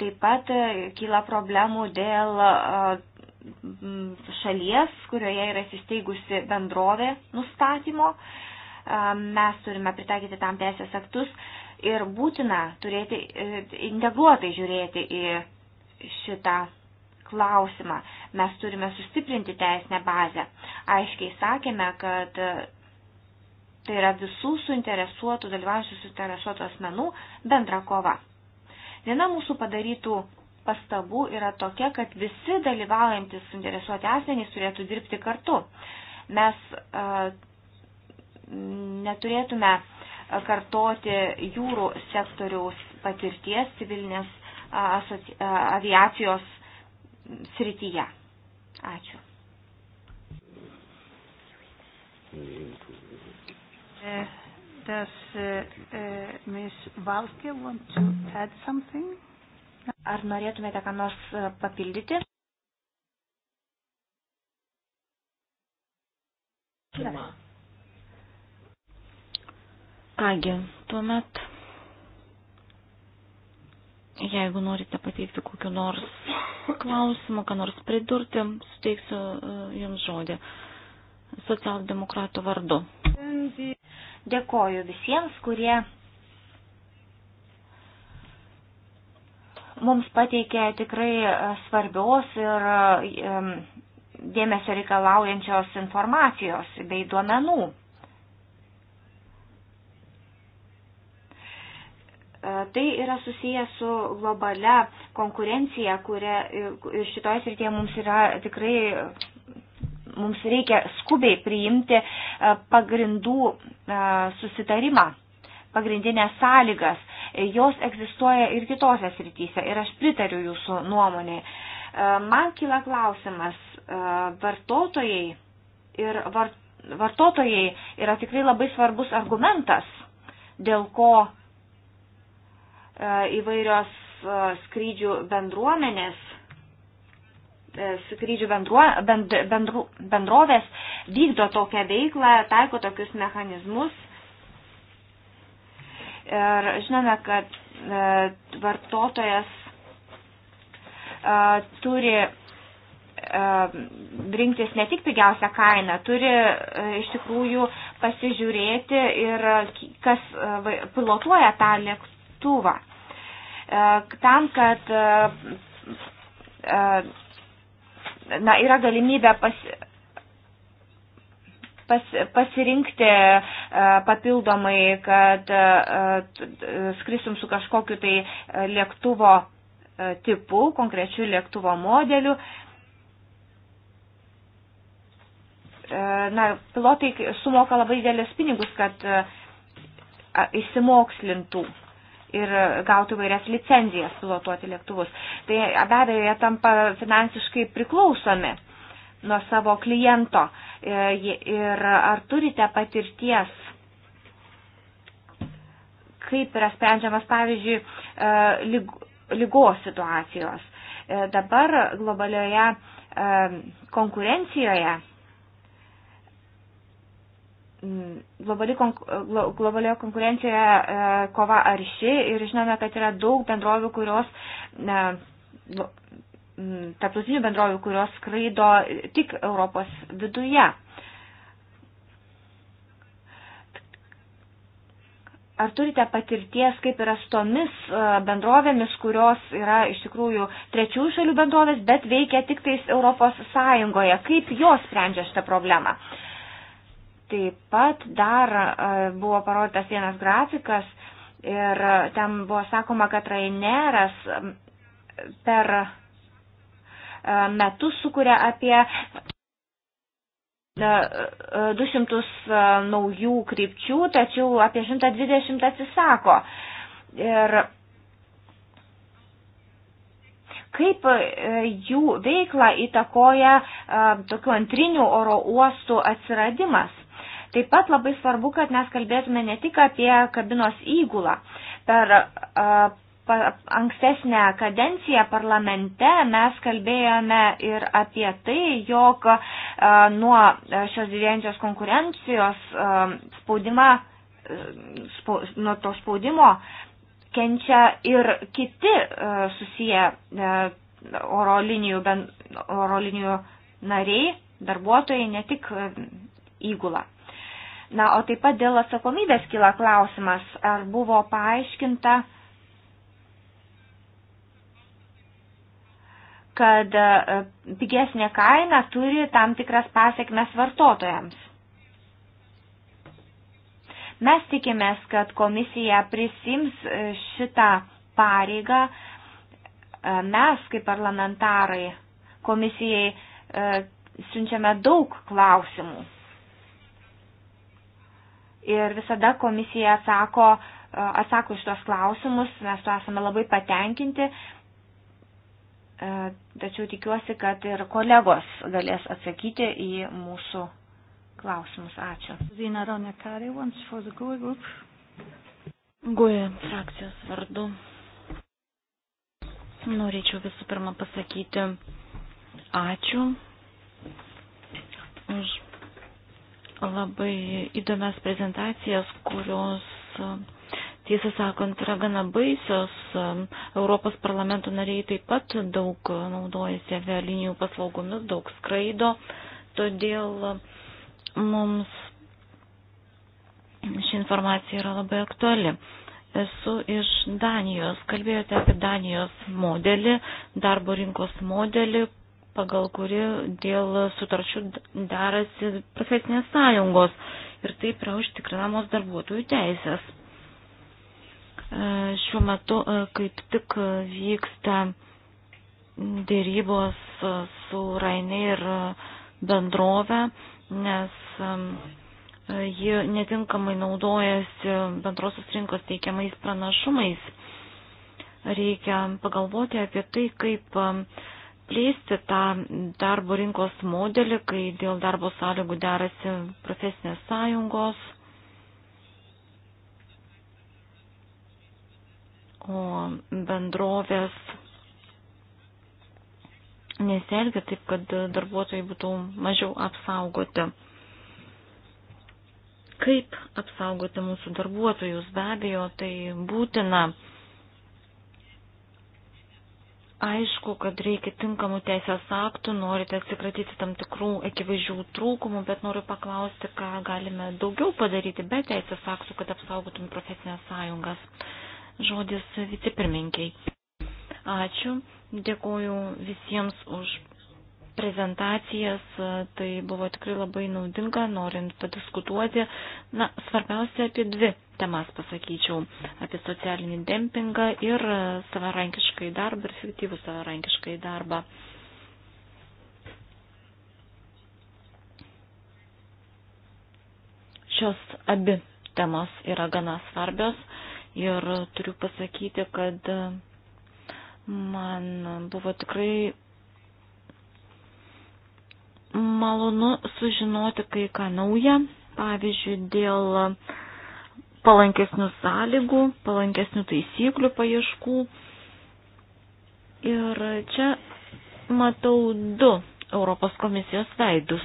Taip pat e, kyla problemų dėl e, šalies, kurioje yra įsisteigusi bendrovė nustatymo. Mes turime pritaikyti tam teisės aktus ir būtina turėti, e, integruotai žiūrėti į šitą klausimą. Mes turime sustiprinti teisinę bazę. Aiškiai sakėme, kad tai yra visų suinteresuotų, dalyvaujančių suinteresuotų asmenų bendra kova. Viena mūsų padarytų pastabų yra tokia, kad visi dalyvaujantis suinteresuoti asmenys turėtų dirbti kartu. Mes uh, neturėtume uh, kartoti jūrų sektoriaus patirties civilinės asoci... aviacijos srityje. Ačiū. Uh, does uh, uh, Ms. Valke want to add something? Ar norėtumėte ką nors uh, papildyti? Pirma. Kągi, tuomet, jeigu norite pateikti kokiu nors klausimu, ką nors pridurti, suteiksiu e, Jums žodį socialdemokratų vardu. Dėkoju visiems, kurie mums pateikė tikrai e, svarbios ir e, dėmesio reikalaujančios informacijos bei duomenų. E, tai yra susiję su globale konkurencija, kuria ir e, šitoje srityje mums yra tikrai, mums reikia skubiai priimti e, pagrindų susitarimą, pagrindinės sąlygas. Jos egzistuoja ir kitose srityse ir aš pritariu jūsų nuomonė. Man kyla klausimas, vartotojai ir vartotojai yra tikrai labai svarbus argumentas, dėl ko E, įvairios e, skrydžių bendruomenės, e, skrydžių bendruo, bend, bendru, bendrovės vykdo tokią veiklą, taiko tokius mechanizmus. Ir žinome, kad vartotojas turi rinktis ne tik pigiausią kainą, turi iš tikrųjų pasižiūrėti ir kas pilotuoja tą lėktuvą. E, tam, kad e, e, na, yra galimybė pas, pas, pasirinkti papildomai, kad skristum su kažkokiu tai lėktuvo tipu, konkrečiu lėktuvo modeliu. Na, pilotai sumoka labai dėlės pinigus, kad įsimokslintų ir gauti vairias licenzijas pilotuoti lėktuvus. Tai be abejo, jie tampa finansiškai priklausomi nuo savo kliento. E, ir ar turite patirties, kaip yra sprendžiamas, pavyzdžiui, e, lygos situacijos. E, dabar globalioje konkurencijoje Mm, globali konku, globalioje konkurencijoje e, kova arši ir žinome, kad yra daug bendrovių, kurios ne, nu, mm, tarptautinių bendrovių, kurios skraido tik Europos viduje. Ar turite patirties, kaip yra su tomis e, bendrovėmis, kurios yra iš tikrųjų trečiųjų šalių bendrovės, bet veikia tik tais Europos Sąjungoje? Kaip jos sprendžia šitą problemą? Uh, Taip pat dar e, buvo parodytas vienas grafikas ir ten buvo sakoma, kad Raineras per e, metus sukuria apie 200 e, naujų krypčių, tačiau apie 120 atsisako. Ir kaip jų veiklą įtakoja tokių antrinių oro uostų atsiradimas? Taip pat labai svarbu, kad mes kalbėtume ne tik apie kabinos įgulą. Per uh, ankstesnę kadenciją parlamente mes kalbėjome ir apie tai, jog uh, nuo šios didėjančios konkurencijos uh, spaudimą, spau, nuo to spaudimo kenčia ir kiti uh, susiję uh, oro linijų, ben, oro linijų nariai, darbuotojai, ne tik įgula. Na, o taip pat dėl atsakomybės kyla klausimas, ar buvo paaiškinta, kad e, pigesnė kaina turi tam tikras pasiekmes vartotojams. Mes tikimės, kad komisija prisims e, šitą pareigą. E, mes, kaip parlamentarai, komisijai siunčiame daug klausimų ir visada komisija atsako, e, atsako iš tuos klausimus, mes to esame labai patenkinti, e, tačiau tikiuosi, kad ir kolegos galės atsakyti į mūsų klausimus. Ačiū. Zina Ronė Kari, once for the GUE group. GUE frakcijos vardu. Norėčiau visų pirma pasakyti ačiū už labai įdomias prezentacijas, kurios, tiesą sakant, yra gana baisios. Europos parlamento nariai taip pat daug naudojasi avialinijų paslaugomis, daug skraido, todėl mums ši informacija yra labai aktuali. Esu iš Danijos. Kalbėjote apie Danijos modelį, darbo rinkos modelį, pagal kuri dėl sutarčių darasi profesinės sąjungos ir taip yra užtikrinamos darbuotojų teisės. E, šiuo metu e, kaip tik e, vyksta dėrybos su Rainer bendrove, nes ji netinkamai naudojasi bendrosios rinkos teikiamais pranašumais. Reikia pagalvoti apie tai, kaip plėsti tą darbo rinkos modelį, kai dėl darbo sąlygų derasi profesinės sąjungos. O bendrovės nesielgia taip, kad darbuotojai būtų mažiau apsaugoti. Kaip apsaugoti mūsų darbuotojus? Be abejo, tai būtina Aišku, kad reikia tinkamų teisės aktų, norite atsikratyti tam tikrų akivaizdžių trūkumų, bet noriu paklausti, ką galime daugiau padaryti be teisės aktų, kad apsaugotum profesinės sąjungas. Žodis vicepirminkiai. Ačiū, dėkoju visiems už prezentacijas, tai buvo tikrai labai naudinga, norint padiskutuoti. Na, svarbiausia apie dvi temas pasakyčiau - apie socialinį dempingą ir savarankiškai darbą ir efektyvų savarankiškai darbą. Šios abi temos yra gana svarbios ir turiu pasakyti, kad man buvo tikrai malonu sužinoti kai ką naują, pavyzdžiui, dėl palankesnių sąlygų, palankesnių taisyklių paieškų. Ir čia matau du Europos komisijos veidus.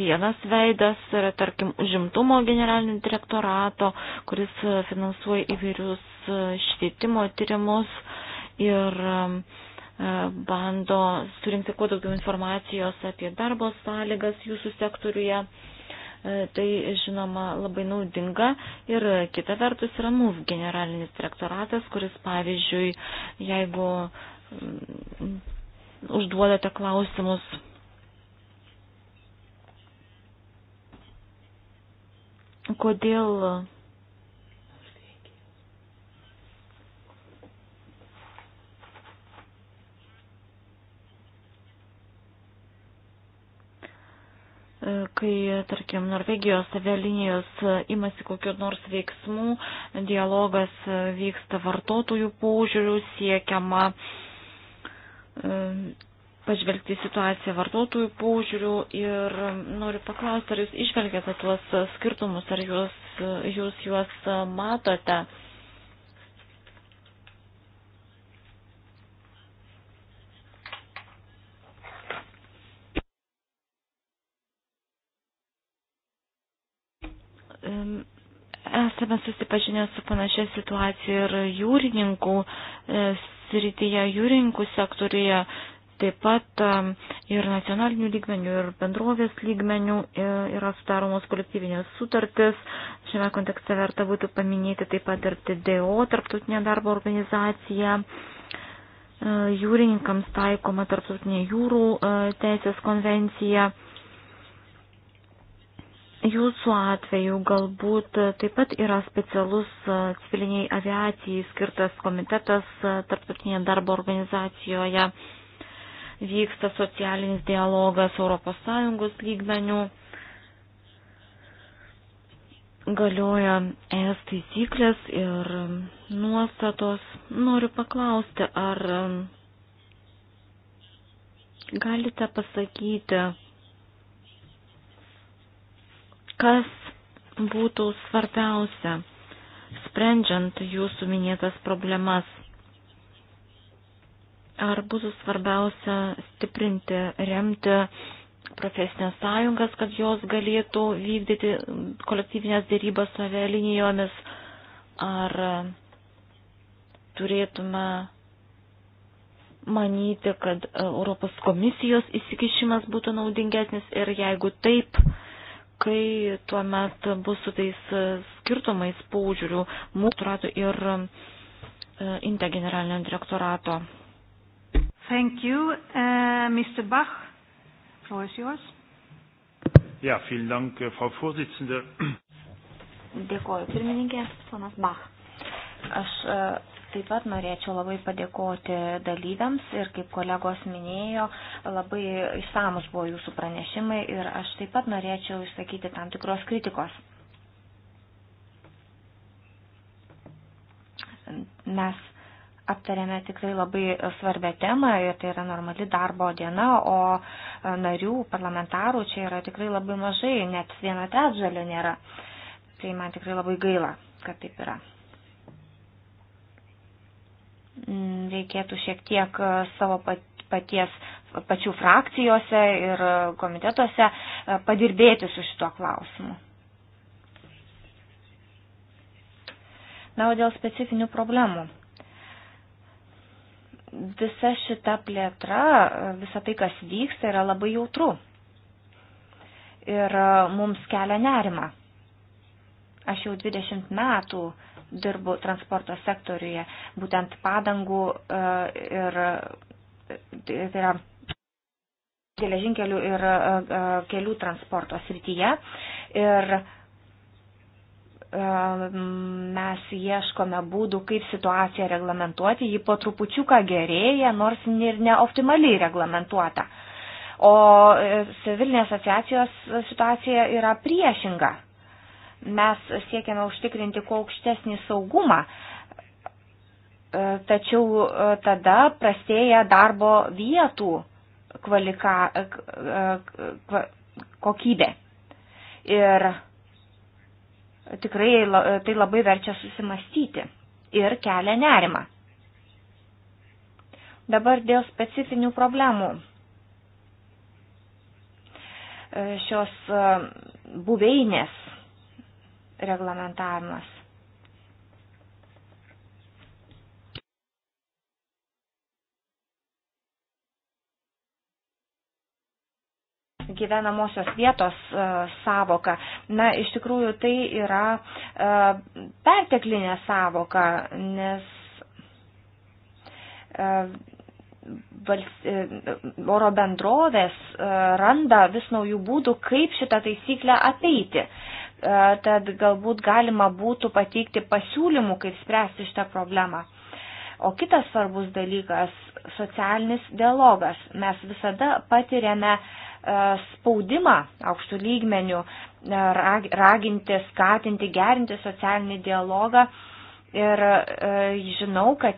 Vienas veidas yra, tarkim, užimtumo generalinio direktorato, kuris finansuoja įvairius švietimo tyrimus ir uh, bando surinkti kuo daugiau informacijos apie darbo sąlygas jūsų sektoriuje. E, tai, žinoma, labai naudinga ir kita vertus yra MUV generalinis direktoratas, kuris, pavyzdžiui, jeigu užduodate klausimus kodėl kai, tarkim, Norvegijos avialinijos imasi kokiu nors veiksmu, dialogas vyksta vartotojų požiūrių, siekiama e, pažvelgti situaciją vartotojų požiūrių ir noriu paklausti, ar jūs išvelgiate tuos skirtumus, ar jūs, jūs juos matote. esame susipažinę su panašia situacija ir jūrininkų e, srityje, jūrininkų sektoriuje, taip pat e, ir nacionalinių lygmenių, ir bendrovės lygmenių e, yra sudaromos kolektyvinės sutartis. Šiame kontekste verta būtų paminėti taip pat ir TDO, tarptautinė darbo organizacija. Jūrininkams taikoma tarptautinė jūrų teisės konvencija. Jūsų atveju galbūt taip pat yra specialus civiliniai aviacijai skirtas komitetas tarptautinėje darbo organizacijoje, vyksta socialinis dialogas ES lygmenių, galioja ES taisyklės ir nuostatos. Noriu paklausti, ar galite pasakyti, Kas būtų svarbiausia, sprendžiant jūsų minėtas problemas? Ar būtų svarbiausia stiprinti, remti profesinės sąjungas, kad jos galėtų vykdyti kolektyvinės dėrybas su avialinijomis? Ar turėtume manyti, kad Europos komisijos įsikišimas būtų naudingesnis ir jeigu taip, kai tuo met bus su tais e, skirtumais paužiūrių mūsų ir e, Inte generalinio direktorato. Thank you. Uh, e, Mr. Bach, floor is yours. Ja, vielen Dank, äh, Frau Vorsitzende. Dėkoju, pirmininkė, ponas Bach. Aš uh, Taip pat norėčiau labai padėkoti dalyviams ir kaip kolegos minėjo, labai išsamus buvo jūsų pranešimai ir aš taip pat norėčiau išsakyti tam tikros kritikos. Mes aptarėme tikrai labai svarbę temą ir tai yra normali darbo diena, o narių, parlamentarų čia yra tikrai labai mažai, net viena trečdalio nėra. Tai man tikrai labai gaila, kad taip yra. Mm, reikėtų šiek tiek e, savo paties, pačių frakcijose ir e, komitetuose e, padirbėti su šituo klausimu. Na, o dėl specifinių problemų. Visa šita plėtra, visa tai, kas vyksta, yra labai jautru. Ir mums kelia nerima. Aš jau 20 metų uh, dirbu transporto sektoriuje, būtent padangų e, ir e, tai yra geležinkelių ir e, kelių transporto srityje. Ir mes ieškome būdų, kaip situaciją reglamentuoti, ji po trupučiuką gerėja, nors ir neoptimaliai reglamentuota. O civilinės asociacijos situacija yra priešinga. Mes siekiame užtikrinti kuo aukštesnį saugumą, e, tačiau e, tada prastėja darbo vietų kvalika, e, kokybė. Ir tikrai tai labai verčia susimastyti ir kelia nerimą. Dabar dėl specifinių problemų. Šios buveinės reglamentavimas. gyvenamosios vietos e, savoka. Na, iš tikrųjų, tai yra e, perteklinė savoka, nes e, oro bendrovės randa vis naujų būdų, kaip šitą taisyklę apeiti tad galbūt galima būtų pateikti pasiūlymų, kaip spręsti šitą problemą. O kitas svarbus dalykas - socialinis dialogas. Mes visada patiriame spaudimą aukštų lygmenių, raginti, skatinti, gerinti socialinį dialogą. Ir žinau, kad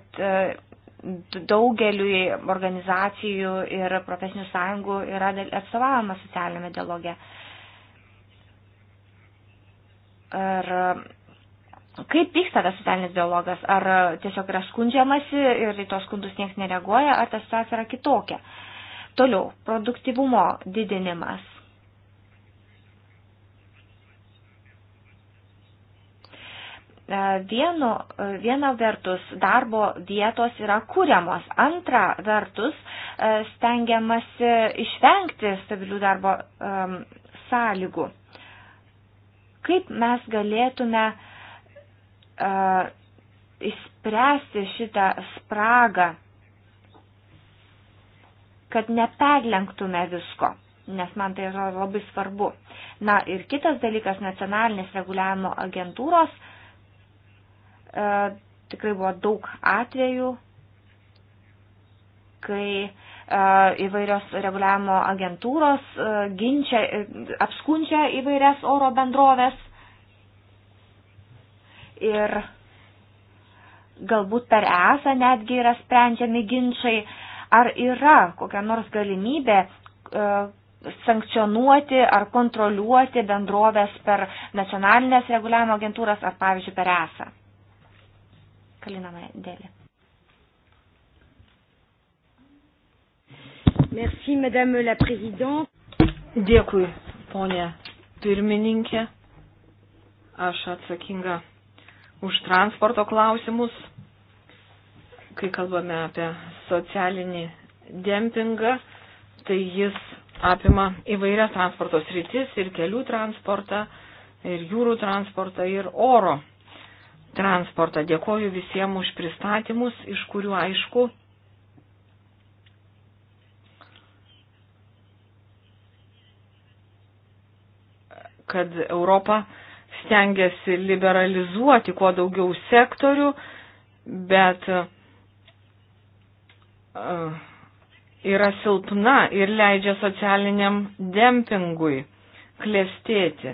daugeliui organizacijų ir profesinių sąjungų yra atstovavimas socialinėme dialoge. Ar e, kaip vyksta tas socialinis dialogas? Ar e, tiesiog yra skundžiamasi ir į tos skundus niekas nereaguoja, ar ta situacija yra kitokia? Toliau, produktivumo didinimas. E, vienu, viena vertus darbo vietos yra kūriamos, antra vertus stengiamasi išvengti stabilių darbo um, sąlygų. Kaip mes galėtume uh, įspręsti šitą spragą, kad neperlenktume visko, nes man tai yra labai svarbu. Na ir kitas dalykas, nacionalinės reguliavimo agentūros, e, tikrai buvo daug atvejų, kai E, įvairios reguliavimo agentūros e, ginčia, e, apskundžia įvairias oro bendrovės. Ir galbūt per esą netgi yra sprendžiami ginčiai, ar yra kokia nors galimybė sankcionuoti ar kontroliuoti bendrovės per nacionalinės reguliavimo agentūras ar, pavyzdžiui, per esą. Kalinamai dėlį. Merci, madame la présidente. Dėkui, ponė pirmininkė. Aš atsakinga už transporto klausimus, kai kalbame apie socialinį dempingą, tai jis apima įvairias transporto sritis ir kelių transportą, ir jūrų transportą, ir oro transportą. Dėkoju visiems už pristatymus, iš kurių aišku, kad Europa stengiasi liberalizuoti kuo daugiau sektorių, bet e, yra silpna ir leidžia socialiniam dempingui klėstėti.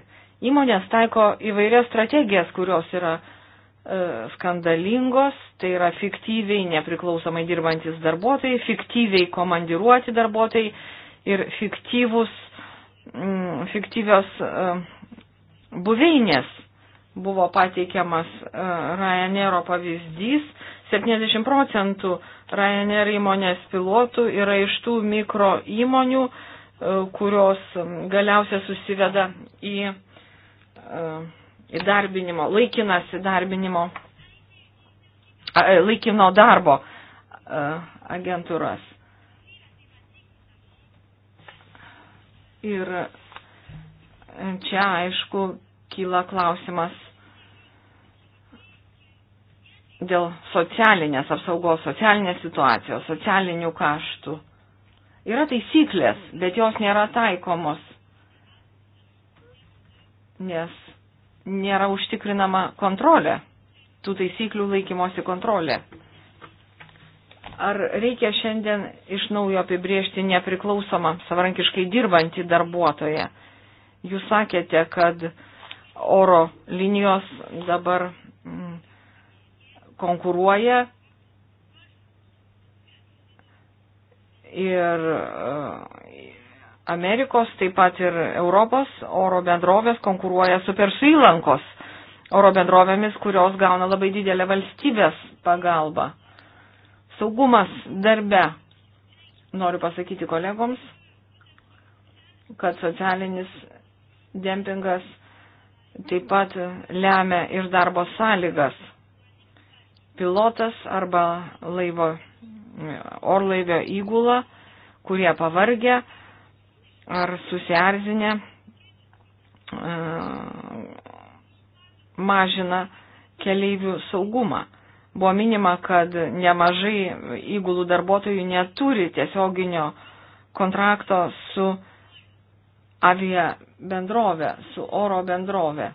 Įmonės taiko įvairias strategijas, kurios yra e, skandalingos, tai yra fiktyviai nepriklausomai dirbantis darbuotojai, fiktyviai komandiruoti darbuotojai ir fiktyvus uh, Mm, fiktyvios e, buveinės. Buvo pateikiamas e, Ryanairo pavyzdys. 70 procentų Ryanair įmonės pilotų yra iš tų mikro įmonių, e, kurios galiausia susiveda į įdarbinimo, laikinas įdarbinimo, laikino darbo agentūras. Ir čia, aišku, kyla klausimas dėl socialinės apsaugos, socialinės situacijos, socialinių kaštų. Yra taisyklės, bet jos nėra taikomos, nes nėra užtikrinama kontrolė, tų taisyklių laikymosi kontrolė. Ar reikia šiandien iš naujo apibriežti nepriklausomą savarankiškai dirbantį darbuotoją? Jūs sakėte, kad oro linijos dabar mm, konkuruoja ir e, Amerikos, taip pat ir Europos oro bendrovės konkuruoja su Persų įlankos oro bendrovėmis, kurios gauna labai didelę valstybės pagalbą. Saugumas darbe. Noriu pasakyti kolegoms, kad socialinis dempingas taip pat lemia ir darbo sąlygas. Pilotas arba laivo, orlaivio įgula, kurie pavargę ar susierzinę, e, mažina keleivių saugumą. Buvo minima, kad nemažai įgulų darbuotojų neturi tiesioginio kontrakto su avia bendrovė, su oro bendrovė.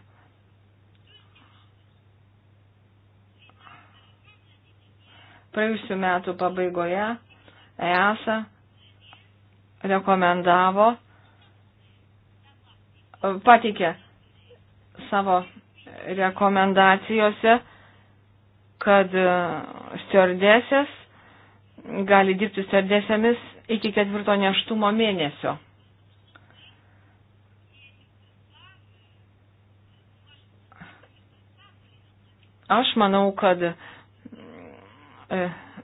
Praėjusiu metu pabaigoje EASA rekomendavo, pateikė savo rekomendacijose kad e, stiordesės gali dirbti stiordesėmis iki ketvirto neštumo mėnesio. Aš manau, kad e,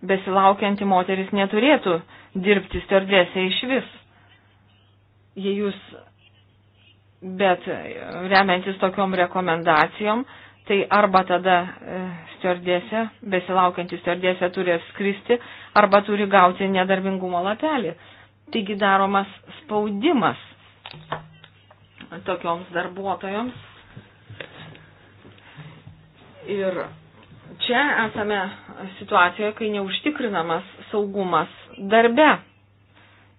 besilaukianti moteris neturėtų dirbti stiordesė iš vis. Jei jūs, bet remiantis tokiom rekomendacijom, tai arba tada e, stiordėse, besilaukianti stiordėse turi apskristi, arba turi gauti nedarbingumo lapelį. Taigi daromas spaudimas tokioms darbuotojoms. Ir čia esame situacijoje, kai neužtikrinamas saugumas darbe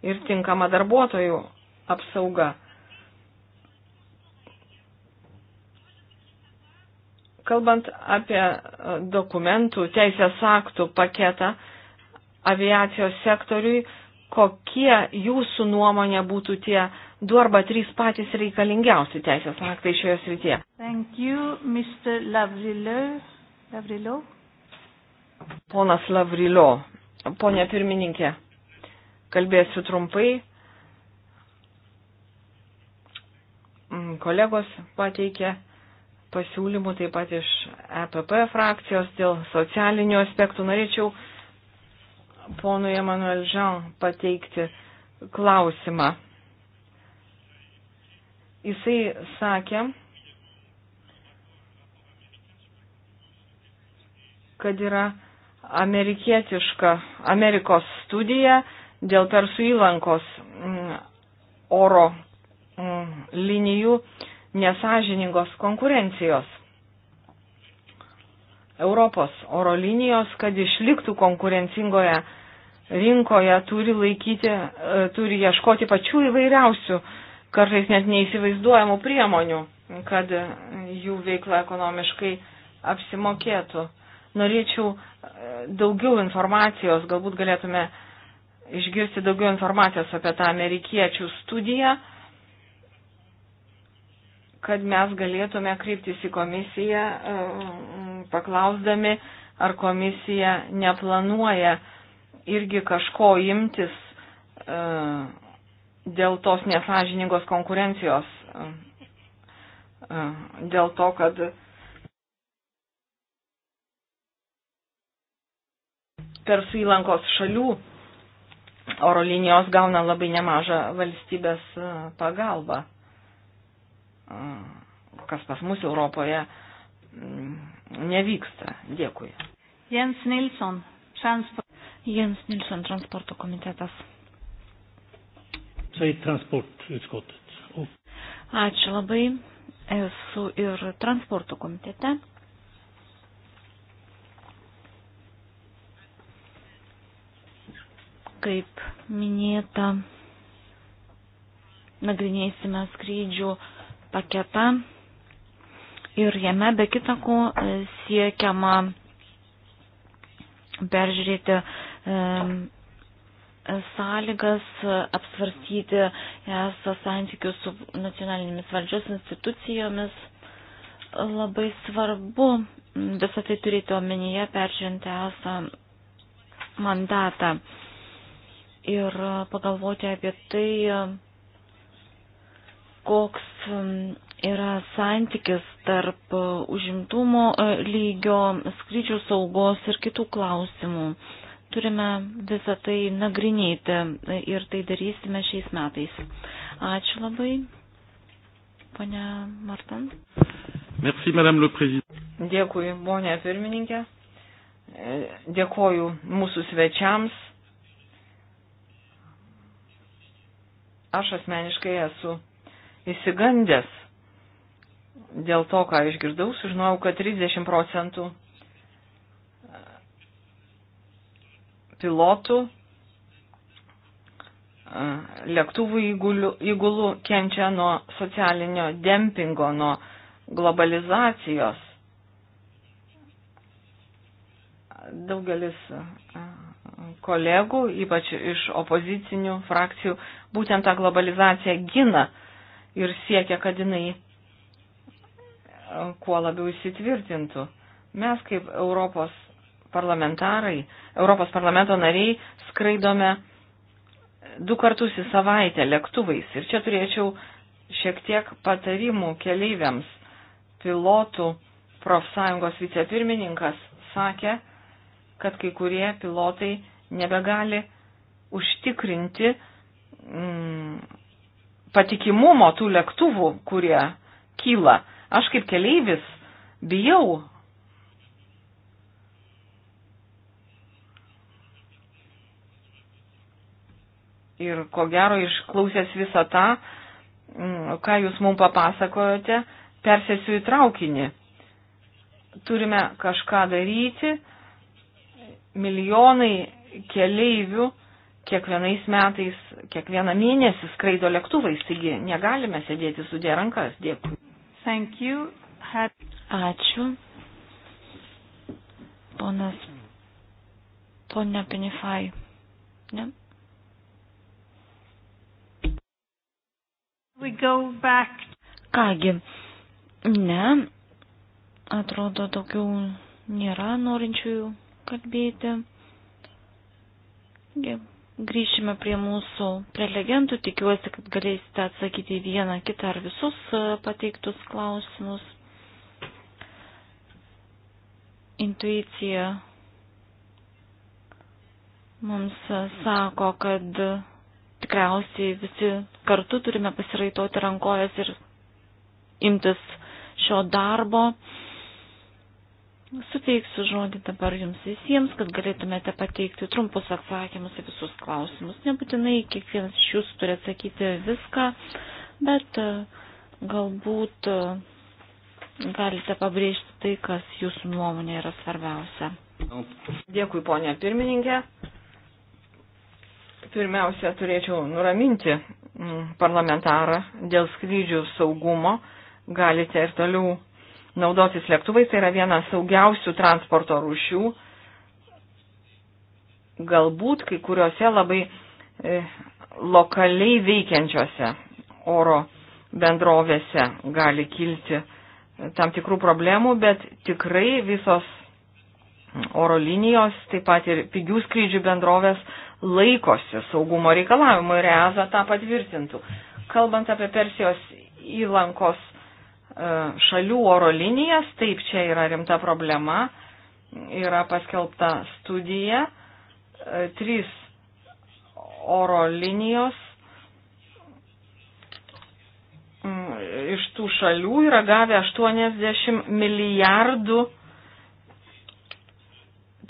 ir tinkama darbuotojų apsauga. Kalbant apie e, dokumentų teisės aktų paketą aviacijos sektoriui, kokie jūsų nuomonė būtų tie du arba trys patys reikalingiausi teisės aktai šioje srityje? Thank you, Mr. Lavrilo. Lavrilo. Ponas Lavrilo, ponė pirmininkė, kalbėsiu trumpai. Mm, kolegos pateikė pasiūlymų taip pat iš EPP frakcijos dėl socialinių aspektų. Norėčiau ponui Emanuel Žan pateikti klausimą. Jisai sakė, kad yra amerikietiška Amerikos studija dėl Persų įlankos mm, oro mm, linijų nesažiningos konkurencijos. Europos oro linijos, kad išliktų konkurencingoje rinkoje, turi, laikyti, e, turi ieškoti pačių įvairiausių, kartais net neįsivaizduojamų priemonių, kad jų veikla ekonomiškai apsimokėtų. Norėčiau e, daugiau informacijos, galbūt galėtume išgirsti daugiau informacijos apie tą amerikiečių studiją kad mes galėtume kreiptis į komisiją, e, paklausdami, ar komisija neplanuoja irgi kažko imtis e, dėl tos nesažiningos konkurencijos, e, dėl to, kad per Suilankos šalių oro linijos gauna labai nemažą valstybės pagalbą kas pas mus Europoje mm, nevyksta. Dėkui. Jens Nilsson, transport. Jens Nilsson, transporto komitetas. Tai transportutskottet. Oh. Ačiū labai. Esu ir transporto komitete. Kaip minėta, nagrinėsime skrydžių paketą ir jame be kitako e, siekiama peržiūrėti e, e, sąlygas apsvarstyti ES santykius su nacionalinėmis valdžios institucijomis. Labai svarbu visą tai turėti omenyje, peržiūrint ES mandatą ir pagalvoti apie tai, koks um, yra santykis tarp uh, užimtumo uh, lygio, skrydžių saugos ir kitų klausimų. Turime visą tai nagrinėti uh, ir tai darysime šiais metais. Ačiū labai, ponia Martan. Merci, madame le président. Dėkui, ponia pirmininkė. Dėkoju mūsų svečiams. Aš asmeniškai esu įsigandęs. Dėl to, ką išgirdau, sužinojau, kad 30 procentų e, pilotų e, lėktuvų įgulų, įgulų kenčia nuo socialinio dempingo, nuo globalizacijos. Daugelis e, kolegų, ypač iš opozicinių frakcijų, būtent tą globalizaciją gina ir siekia, kad jinai e, kuo labiau įsitvirtintų. Mes kaip Europos parlamentarai, Europos parlamento nariai skraidome du kartus į savaitę lėktuvais. Ir čia turėčiau šiek tiek patarimų keleiviams. Pilotų profsąjungos vicepirmininkas sakė, kad kai kurie pilotai nebegali užtikrinti mm, patikimumo tų lėktuvų, kurie kyla. Aš kaip keleivis bijau. Ir ko gero išklausęs visą tą, mm, ką jūs mums papasakojote, persėsiu į traukinį. Turime kažką daryti. Milijonai keleivių kiekvienais metais, kiekvieną mėnesį skraido lėktuvais, taigi negalime sėdėti sudė rankas. Dėkui. Thank you. Had... Ačiū. Ponas, ponia Pinifai. Ne? We go back. Kągi, ne, atrodo daugiau nėra norinčiųjų kalbėti. Yeah. Grįšime prie mūsų prelegentų. Tikiuosi, kad galėsite atsakyti į vieną, kitą ar visus e, pateiktus klausimus. Intuicija mums e, sako, kad tikriausiai visi kartu turime pasiraitoti rankojas ir imtis šio darbo. Suteiksiu žodį dabar jums visiems, kad galėtumėte pateikti trumpus atsakymus į visus klausimus. Nebūtinai kiekvienas iš jūsų turi atsakyti viską, bet e, galbūt e, galite pabrėžti tai, kas jūsų nuomonė yra svarbiausia. Dėkui, ponė pirmininkė. Pirmiausia, turėčiau nuraminti mm, parlamentarą dėl skrydžių saugumo. Galite ir toliau naudotis lėktuvais, tai yra viena saugiausių transporto rūšių. Galbūt kai kuriuose labai e, lokaliai veikiančiose oro bendrovėse gali kilti e, tam tikrų problemų, bet tikrai visos oro linijos, taip pat ir pigių skrydžių bendrovės laikosi saugumo reikalavimų ir EASA tą patvirtintų. Kalbant apie Persijos įlankos šalių oro linijas, taip čia yra rimta problema, yra paskelbta studija, e, trys oro linijos mm, iš tų šalių yra gavę 80 milijardų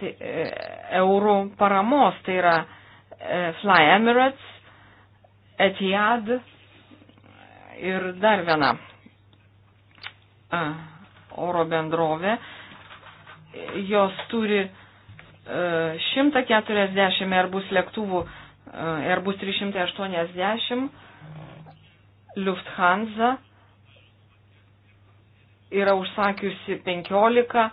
tai, e, eurų paramos, tai yra e, Fly Emirates, Etihad ir dar viena oro bendrovė. Jos turi 140 e, Airbus lėktuvų, e, Airbus 380, Lufthansa yra užsakiusi 15,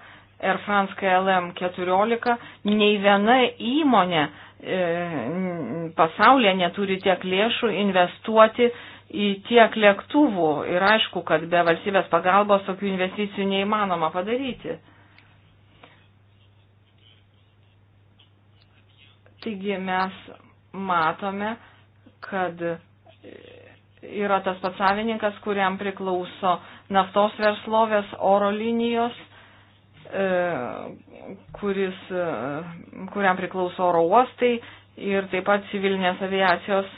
Air France KLM 14, nei viena įmonė e, pasaulyje neturi tiek lėšų investuoti į tiek lėktuvų ir aišku, kad be valstybės pagalbos tokių investicijų neįmanoma padaryti. Taigi mes matome, kad yra tas pats savininkas, kuriam priklauso naftos verslovės oro linijos, e, kuris, e, kuriam priklauso oro uostai ir taip pat civilinės aviacijos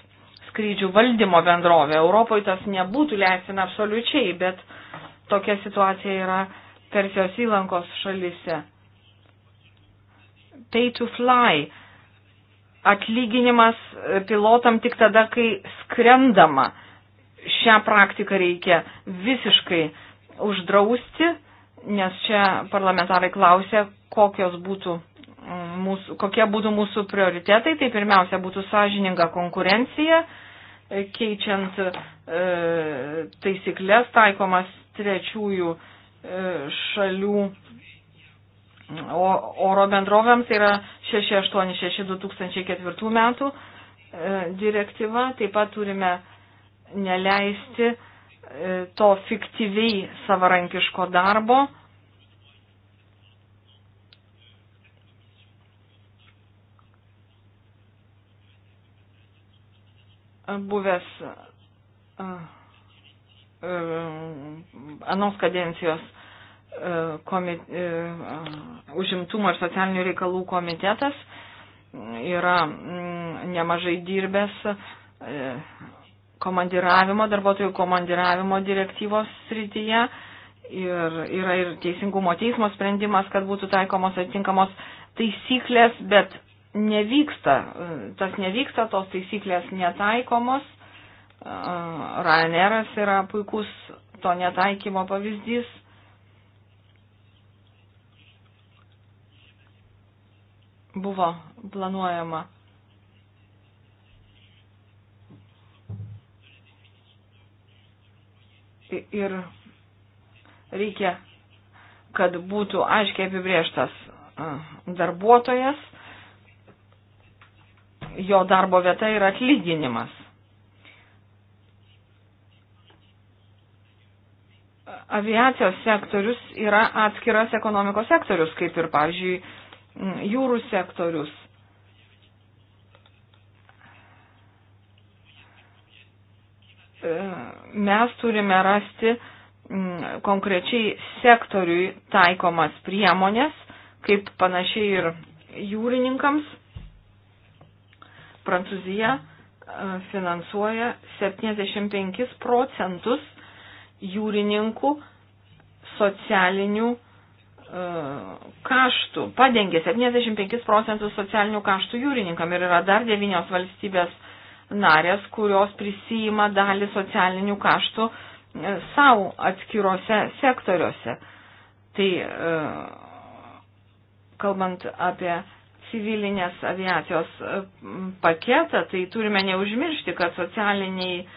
skrydžių valdymo bendrovė. Europoje tas nebūtų leistina absoliučiai, bet tokia situacija yra Persijos įlankos šalise. Pay to fly. Atlyginimas e, pilotam tik tada, kai skrendama. Šią praktiką reikia visiškai uždrausti, nes čia parlamentarai klausė, kokios būtų mm, mūsų, kokie būtų mūsų prioritetai. Tai pirmiausia būtų sąžininga konkurencija keičiant e, taisyklės taikomas trečiųjų e, šalių oro bendrovėms, tai yra 686-2004 metų e, direktyva. Taip pat turime neleisti to fiktyviai savarankiško darbo buvęs e, anos kadencijos e, komit, e, užimtumo ir socialinių reikalų komitetas yra nemažai dirbęs komandiravimo, darbuotojų komandiravimo direktyvos srityje ir yra ir teisingumo teismo sprendimas, kad būtų taikomos atitinkamos taisyklės, bet nevyksta, tas nevyksta, tos taisyklės netaikomos. Ryanairas yra puikus to netaikymo pavyzdys. Buvo planuojama ir reikia, kad būtų aiškiai apibrieštas darbuotojas jo darbo vieta ir atlyginimas. Aviacijos sektorius yra atskiras ekonomikos sektorius, kaip ir, pavyzdžiui, jūrų sektorius. E, mes turime rasti konkrečiai sektoriui taikomas priemonės, kaip panašiai ir jūrininkams Prancūzija e, finansuoja 75 procentus jūrininkų socialinių e, kaštų, padengia 75 procentus socialinių kaštų jūrininkam ir yra dar devynios valstybės narės, kurios prisijima dalį socialinių kaštų e, savo atskiruose sektoriuose. Tai kalbant apie civilinės aviacijos e, paketą, tai turime neužmiršti, kad socialiniai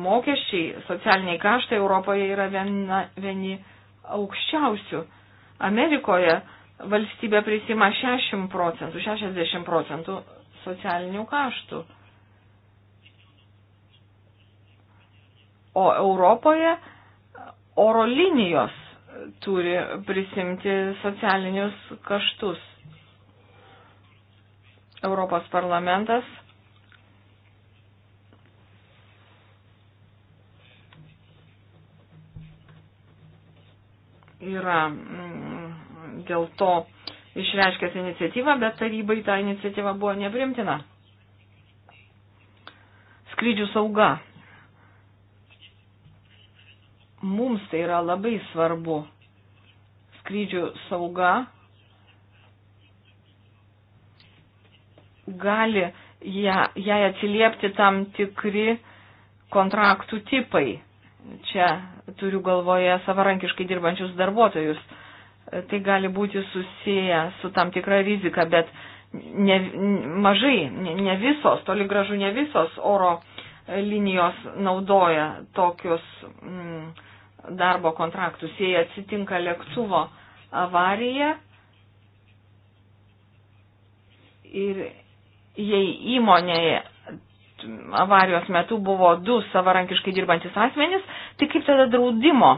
mokesčiai, socialiniai kaštai Europoje yra viena, vieni aukščiausių. Amerikoje valstybė prisima 60 procentų, 60 procentų socialinių kaštų. O Europoje oro linijos turi prisimti socialinius kaštus. Europos parlamentas yra mm, dėl to išreiškęs iniciatyvą, bet tarybai ta iniciatyva buvo neprimtina. Skrydžių sauga mums tai yra labai svarbu. Skrydžių sauga gali ją, jai atsiliepti tam tikri kontraktų tipai. Čia turiu galvoje savarankiškai dirbančius darbuotojus. Tai gali būti susiję su tam tikra rizika, bet ne, mažai, ne visos, toli gražu ne visos oro linijos naudoja tokius. Mm, darbo kontraktus. Jei atsitinka lėktuvo avarija ir jei įmonėje avarijos metu buvo du savarankiškai dirbantis asmenys, tai kaip tada draudimo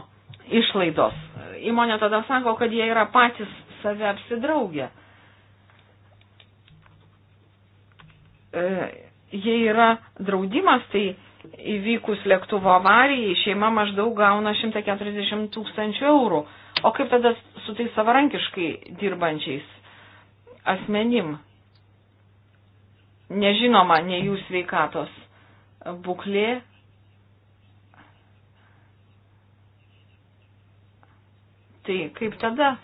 išlaidos? Įmonė tada sako, kad jie yra patys save apsidraugę. E, jei yra draudimas, tai įvykus lėktuvo avarijai šeima maždaug gauna 140 tūkstančių eurų. O kaip tada su tais savarankiškai dirbančiais asmenim? Nežinoma, ne jų sveikatos būklė. Tai kaip tada?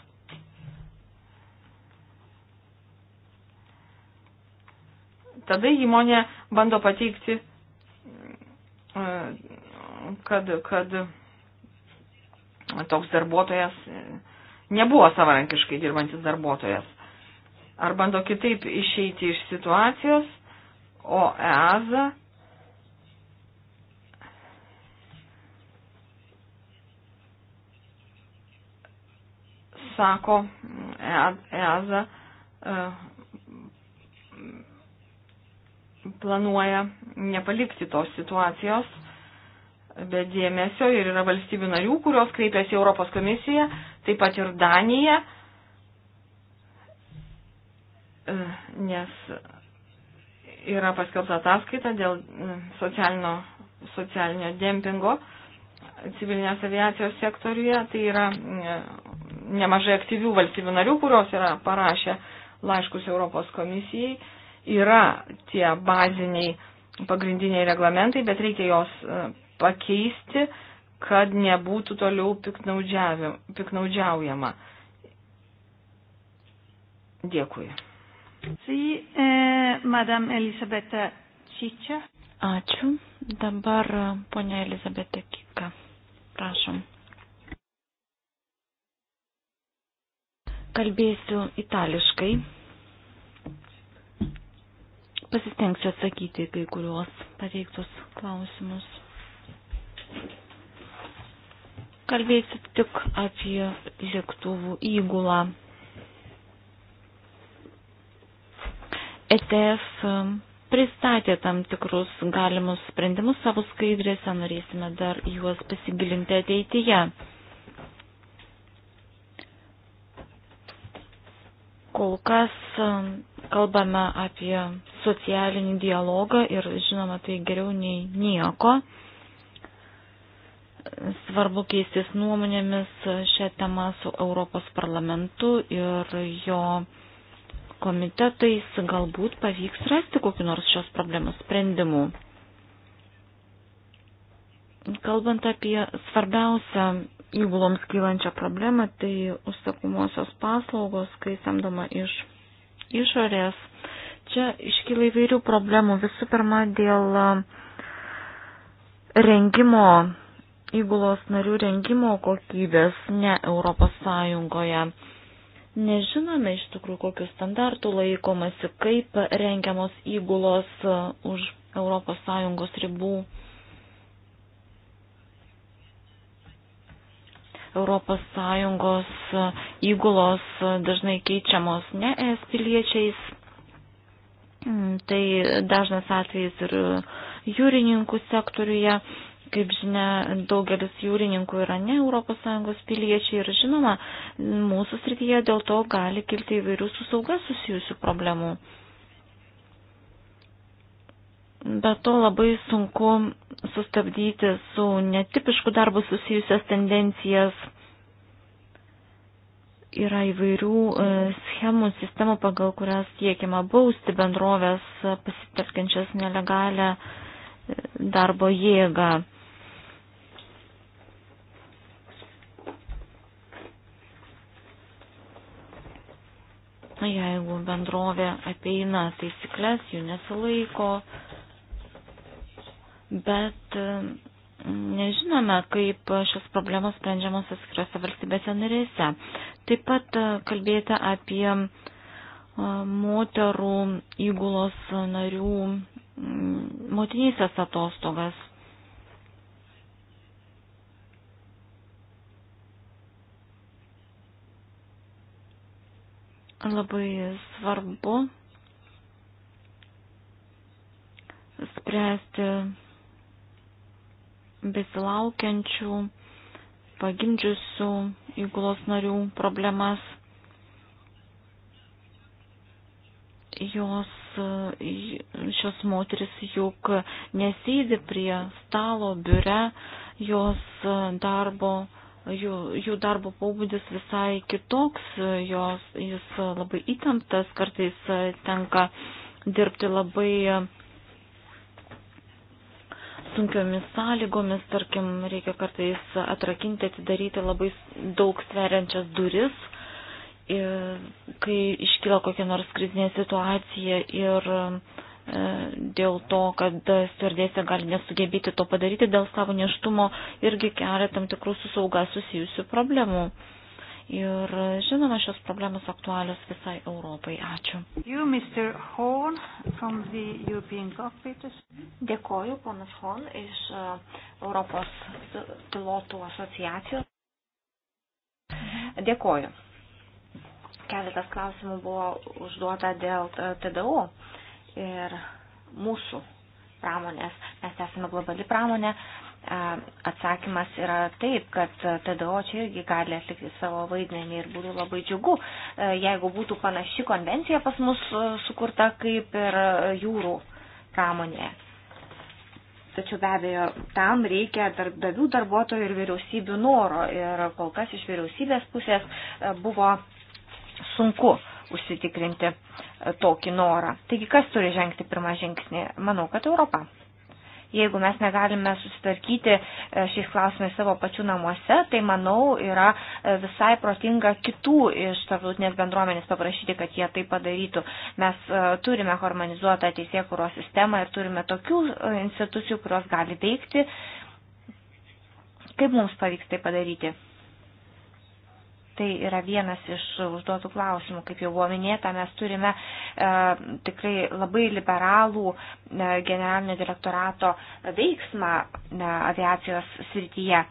Tada įmonė bando pateikti kad, kad toks darbuotojas nebuvo savarankiškai dirbantis darbuotojas. Ar bando kitaip išeiti iš situacijos, o EASA sako, e-, EASA e, planuoja nepalikti tos situacijos be dėmesio ir yra valstybių narių, kurios kreipiasi Europos komisiją, taip pat ir Danija, e, nes yra paskelbta ataskaita dėl e, socialinio, socialinio dempingo civilinės aviacijos sektoriuje. Tai yra e, nemažai aktyvių valstybių narių, kurios yra parašę laiškus Europos komisijai yra tie baziniai pagrindiniai reglamentai, bet reikia jos e, pakeisti, kad nebūtų toliau piknaudžiaujama. Dėkui. Eh, Ačiū. Dabar e, ponia Elizabeta Kika. Prašom. Kalbėsiu itališkai pasistengsiu atsakyti kai kuriuos pateiktus klausimus. Kalbėsiu tik apie lėktuvų įgulą. ETF pristatė tam tikrus galimus sprendimus savo skaidrėse, norėsime dar juos pasigilinti ateityje. Kol kas um, kalbame apie socialinį dialogą ir žinoma tai geriau nei nieko. Svarbu keistis nuomonėmis šią temą su Europos parlamentu ir jo komitetais galbūt pavyks rasti kokiu nors šios problemos sprendimu. Kalbant apie svarbiausią įguloms kylančią problemą, tai užsakomosios paslaugos, kai samdoma iš išorės. Čia iškyla įvairių problemų. Visų pirma, dėl e, rengimo, įgulos narių rengimo kokybės ne Europos Sąjungoje. Nežinome iš tikrųjų, kokiu standartu laikomasi, kaip rengiamos įgulos e, už Europos Sąjungos ribų. ES e, įgulos e, dažnai keičiamos ne es piliečiais. Mm, tai dažnas atvejis ir jūrininkų sektoriuje. Kaip žinia, daugelis jūrininkų yra ne ES piliečiai ir žinoma, mūsų srityje dėl to gali kilti įvairių su sauga susijusių problemų. Be to labai sunku sustabdyti su netipišku darbu susijusias tendencijas. Yra įvairių e, schemų, sistemų, pagal kurias siekiama bausti bendrovės pasitelkiančias nelegalę e, darbo jėgą. jeigu bendrovė apeina taisyklės, jų nesilaiko, bet e, nežinome, kaip šios problemos sprendžiamos atskirose valstybėse narėse. Taip pat e, kalbėti apie e, moterų įgulos narių motinysės atostogas. Labai svarbu spręsti besilaukiančių, pagimdžiusių įgulos narių problemas. Jos, šios moteris juk nesėdi prie stalo, biure, jos darbo jų, jų darbo pobūdis visai kitoks, jos, jis labai įtemptas, kartais tenka dirbti labai sunkiomis sąlygomis, tarkim, reikia kartais atrakinti, atidaryti labai daug sveriančias duris, ir, kai iškyla kokia nors krizinė situacija ir e, dėl to, kad stiuardėse gali nesugebėti to padaryti dėl savo neštumo, irgi kelia tam tikrų su sauga susijusių problemų. Ir žinoma, šios problemos aktualios visai Europai. Ačiū. You, Horn, Dėkoju, ponas Horn, iš e, Europos pilotų asociacijos. Dėkoju. Keletas klausimų buvo užduota dėl e, TDO ir mūsų pramonės. Mes esame globali pramonė. Uh, E, atsakymas yra taip, kad TDO čia irgi gali atlikti savo vaidmenį ir būtų labai džiugu, e, jeigu būtų panaši konvencija pas mus e, sukurta kaip ir jūrų pramonėje. Tačiau be abejo, tam reikia darbdavių, darbuotojų ir vyriausybių noro ir kol kas iš vyriausybės pusės buvo sunku užsitikrinti tokį norą. Taigi kas turi žengti pirmą žingsnį? Manau, kad Europa. Jeigu mes negalime susitvarkyti e, šiais klausimais savo pačių namuose, tai manau yra e, visai protinga kitų iš tarptautinės bendruomenės paprašyti, kad jie tai padarytų. Mes e, turime harmonizuotą teisėkuros sistemą ir turime tokių institucijų, kurios gali veikti. Kaip mums pavyks tai padaryti? Tai yra vienas iš užduotų klausimų. Kaip jau buvo minėta, mes turime e, tikrai labai liberalų e, generalinio direktorato veiksmą e, aviacijos srityje.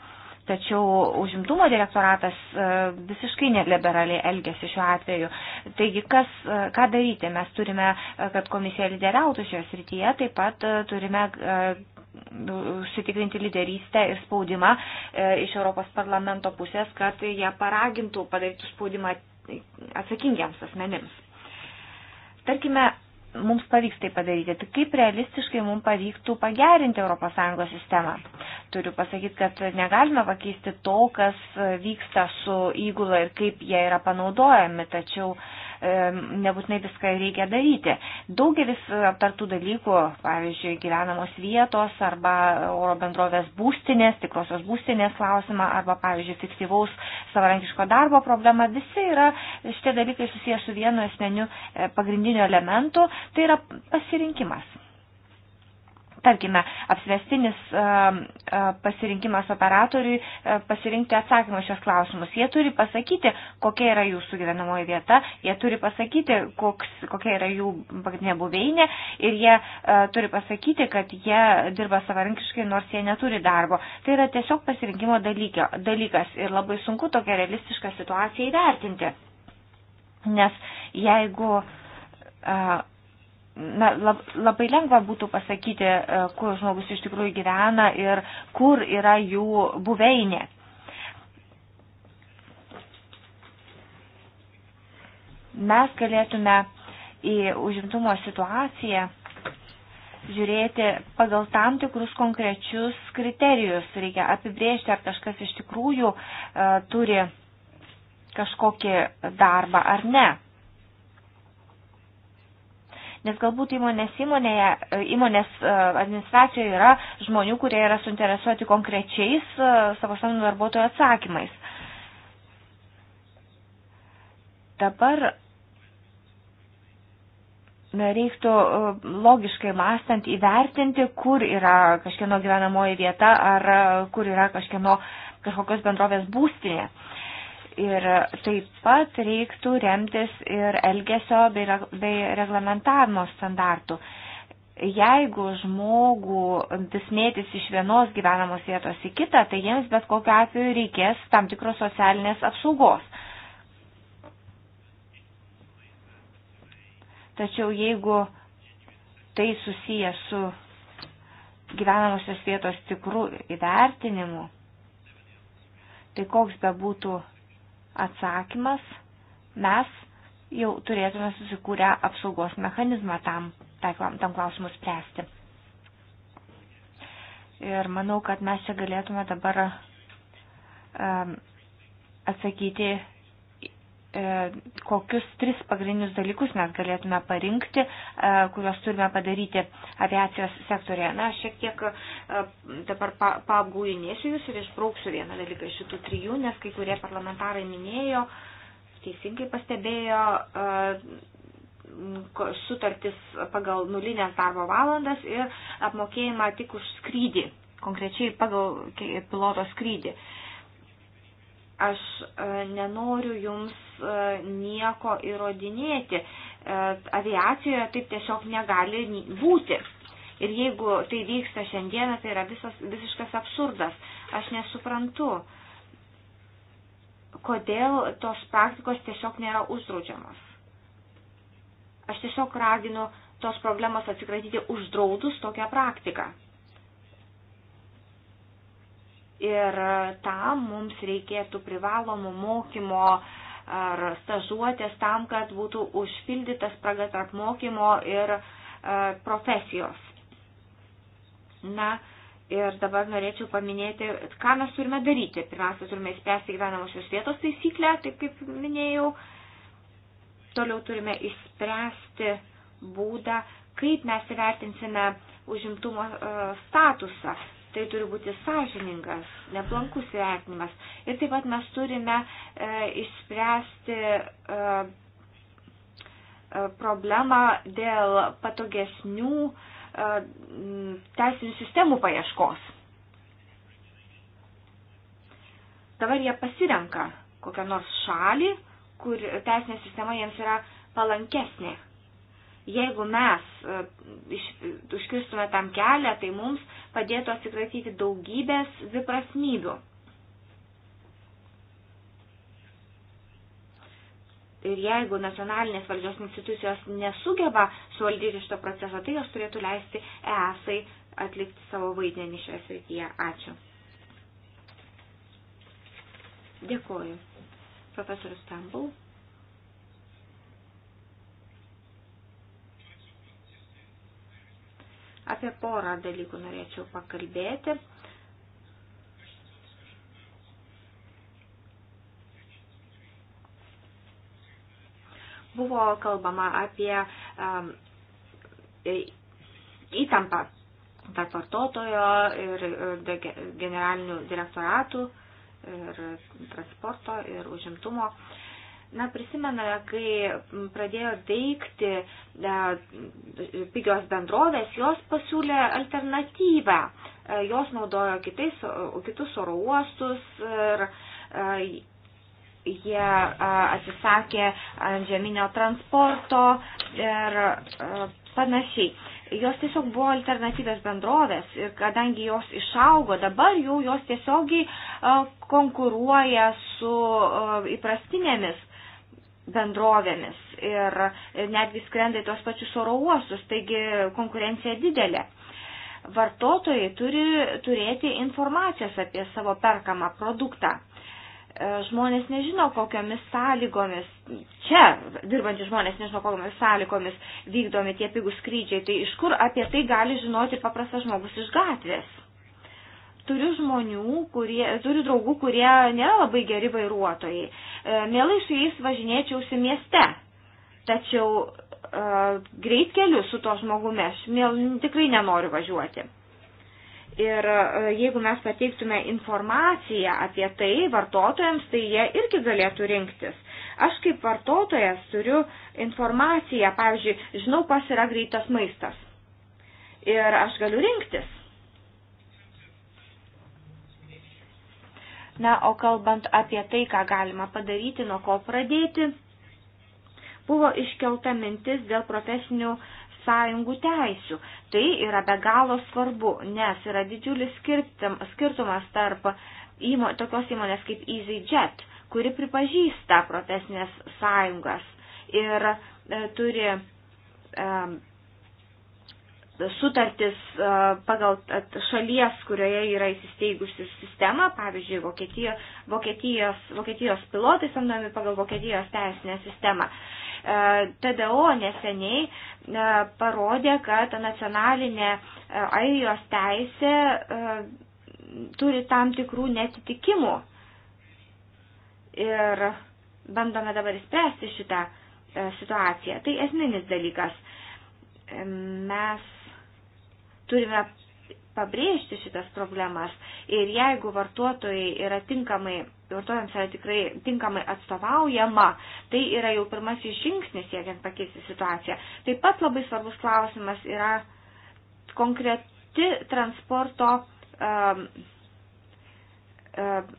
Tačiau užimtumo direktoratas e, visiškai neliberaliai elgesi šiuo atveju. Taigi, kas, e, ką daryti? Mes turime, e, kad komisija lyderiautų šioje srityje, taip pat turime užsitikrinti lyderystę ir spaudimą e, iš Europos parlamento pusės, kad jie paragintų padaryti spaudimą atsakingiams asmenims. Tarkime, mums pavyks tai padaryti, tai kaip realistiškai mums pavyktų pagerinti ES sistemą. Turiu pasakyti, kad negalime pakeisti to, kas vyksta su įgula ir kaip jie yra panaudojami, tačiau uh, E, nebūtinai viską reikia daryti. Daugelis aptartų dalykų, pavyzdžiui, gyvenamos vietos arba oro bendrovės būstinės, tikrosios būstinės klausimą arba, pavyzdžiui, fiktyvaus savarankiško darbo problema, visi yra šitie dalykai susiję su vienu esmeniu e, pagrindiniu elementu, tai yra pasirinkimas. Tarkime, apsvestinis e, e, pasirinkimas operatoriui e, pasirinkti atsakymus šios klausimus. Jie turi pasakyti, kokia yra jūsų gyvenamoji vieta, jie turi pasakyti, koks, kokia yra jų pagrindinė buveinė ir jie turi pasakyti, kad jie dirba savarankiškai, nors jie neturi darbo. Tai yra tiesiog pasirinkimo dalykio, dalykas ir labai sunku tokią realistišką situaciją įvertinti. Nes jeigu uh, na, lab, labai lengva būtų pasakyti, e, kur žmogus iš tikrųjų gyvena ir kur yra jų buveinė. Mes galėtume į užimtumo situaciją žiūrėti pagal tam tikrus konkrečius kriterijus. Reikia apibriežti, ar kažkas iš tikrųjų e, turi kažkokį darbą ar ne. Nes galbūt įmonės, įmonėje, įmonės e, administracijoje yra žmonių, kurie yra suinteresuoti konkrečiais e, savo samdomų darbuotojų atsakymais. Dabar reiktų e, logiškai mąstant įvertinti, kur yra kažkieno gyvenamoji vieta ar kur yra kažkieno kažkokios bendrovės būstinė. Uh, Ir taip pat reiktų remtis ir elgesio bei, bei reglamentavimo standartų. Jeigu žmogų dismėtis iš vienos gyvenamos vietos į kitą, tai jiems bet kokiu atveju reikės tam tikros socialinės apsaugos. Tačiau jeigu tai susiję su gyvenamosios vietos tikrų įvertinimu, tai koks be būtų atsakymas, mes jau turėtume susikūrę apsaugos mechanizmą tam, tai tam klausimus spręsti. Ir manau, kad mes čia galėtume dabar um, atsakyti E, kokius tris pagrindinius dalykus mes galėtume parinkti, e, kuriuos turime padaryti aviacijos sektorėje. Na, šiek tiek e, dabar paapgūinėsiu jūs ir išbrauksiu vieną dalyką iš šitų trijų, nes kai kurie parlamentarai minėjo, teisingai pastebėjo sutartis pagal nulinės darbo valandas ir apmokėjimą tik už skrydį, konkrečiai pagal piloto skrydį. Aš nenoriu jums E, nieko įrodinėti. E, aviacijoje taip tiesiog negali būti. Ir jeigu tai vyksta šiandieną, tai yra visas, visiškas absurdas. Aš nesuprantu, kodėl tos praktikos tiesiog nėra uždraudžiamas. Aš tiesiog raginu tos problemos atsikratyti uždraudus tokią praktiką. Ir e, tam mums reikėtų privalomo mokymo ar stažuotės tam, kad būtų užpildytas spragas tarp mokymo ir e, profesijos. Na, ir dabar norėčiau paminėti, ką mes turime daryti. Pirmiausia, turime įspręsti gyvenamosios vietos taisyklę, taip kaip minėjau. Toliau turime įspręsti būdą, kaip mes įvertinsime užimtumo e, statusą, tai turi būti sąžiningas, neplankus vertinimas. Ir taip pat mes turime e, išspręsti e, e, problemą dėl patogesnių e, teisinių sistemų paieškos. Dabar jie pasirenka kokią nors šalį, kur teisinė sistema jiems yra palankesnė. Jeigu mes e, iš, užkirstume tam kelią, tai mums padėtų atsikratyti daugybės dviprasmybių. Ir jeigu nacionalinės valdžios institucijos nesugeba suvaldyti šito proceso, tai jos turėtų leisti ESai atlikti savo vaidmenį šioje srityje. Ačiū. Dėkoju. Profesorius Stambul. Apie porą dalykų norėčiau pakalbėti. Buvo kalbama apie um, įtampą tarp vartotojo ir generalinių direktoratų ir transporto ir užimtumo. Uh, Na, prisimename, kai pradėjo veikti e, pigios bendrovės, jos pasiūlė alternatyvą. E, jos naudojo kitais, kitus oro uostus ir e, jie e, atsisakė žeminio transporto ir e, panašiai. Jos tiesiog buvo alternatyvės bendrovės ir kadangi jos išaugo, dabar jau jos tiesiogiai e, konkuruoja su e, įprastinėmis bendrovėmis ir netgi skrenda į tos pačius oro uostus, taigi konkurencija didelė. Vartotojai turi turėti informacijos apie savo perkamą produktą. E, žmonės nežino, kokiomis sąlygomis, čia dirbantys žmonės nežino, kokiomis sąlygomis vykdomi tie pigų skrydžiai, tai iš kur apie tai gali žinoti paprastas žmogus iš gatvės turiu žmonių, kurie, turiu draugų, kurie nėra labai geri vairuotojai. E, mielai su jais važinėčiausi mieste, tačiau uh, e, greit keliu su to žmogumi aš mėl, tikrai nenoriu važiuoti. Ir uh, jeigu mes pateiktume informaciją apie tai vartotojams, tai jie irgi galėtų rinktis. Aš kaip vartotojas turiu informaciją, pavyzdžiui, žinau, kas yra greitas maistas. Ir aš galiu rinktis Na, o kalbant apie tai, ką galima padaryti, nuo ko pradėti, buvo iškelta mintis dėl profesinių sąjungų teisių. Tai yra be galo svarbu, nes yra didžiulis skirtumas tarp įmo, tokios įmonės kaip EasyJet, kuri pripažįsta profesinės sąjungas ir e, turi e, sutartis pagal šalies, kurioje yra įsisteigusi sistema, pavyzdžiui, Vokietijos, Vokietijos, Vokietijos pilotai samdomi pagal Vokietijos teisinę sistemą. TDO neseniai parodė, kad nacionalinė airijos teisė turi tam tikrų netitikimų. Ir bandome dabar įspręsti šitą situaciją. Tai esminis dalykas. Mes turime pabrėžti šitas problemas ir jeigu vartotojai yra tinkamai, vartotojams yra tikrai tinkamai atstovaujama, tai yra jau pirmasis žingsnis siekiant pakeisti situaciją. Taip pat labai svarbus klausimas yra konkreti transporto um, um,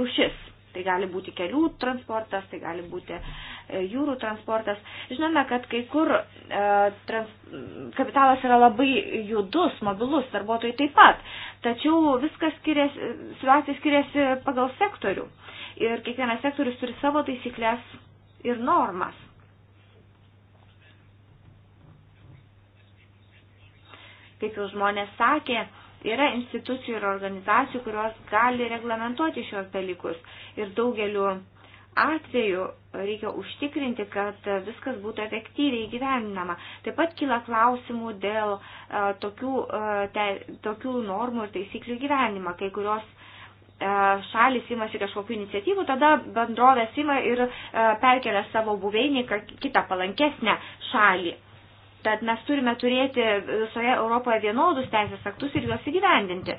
rušis. Tai gali būti kelių transportas, tai gali būti uh, E, jūrų transportas. Žinome, kad kai kur e, trans, kapitalas yra labai judus, mobilus, darbuotojai taip pat, tačiau viskas skiriasi, e, situacija skiriasi pagal sektorių ir kiekvienas sektorius turi savo taisyklės ir normas. Kaip jau žmonės sakė, yra institucijų ir organizacijų, kurios gali reglamentuoti šios dalykus ir daugeliu atveju reikia užtikrinti, kad viskas būtų efektyviai gyveninama. Taip pat kyla klausimų dėl e, tokių, e, te, tokių normų ir taisyklių gyvenimą. Kai kurios e, šalis imasi kažkokių iniciatyvų, tada bendrovės ima ir perkelia savo buveinį kitą palankesnę šalį. Tad mes turime turėti visoje Europoje vienodus teisės aktus ir juos įgyvendinti,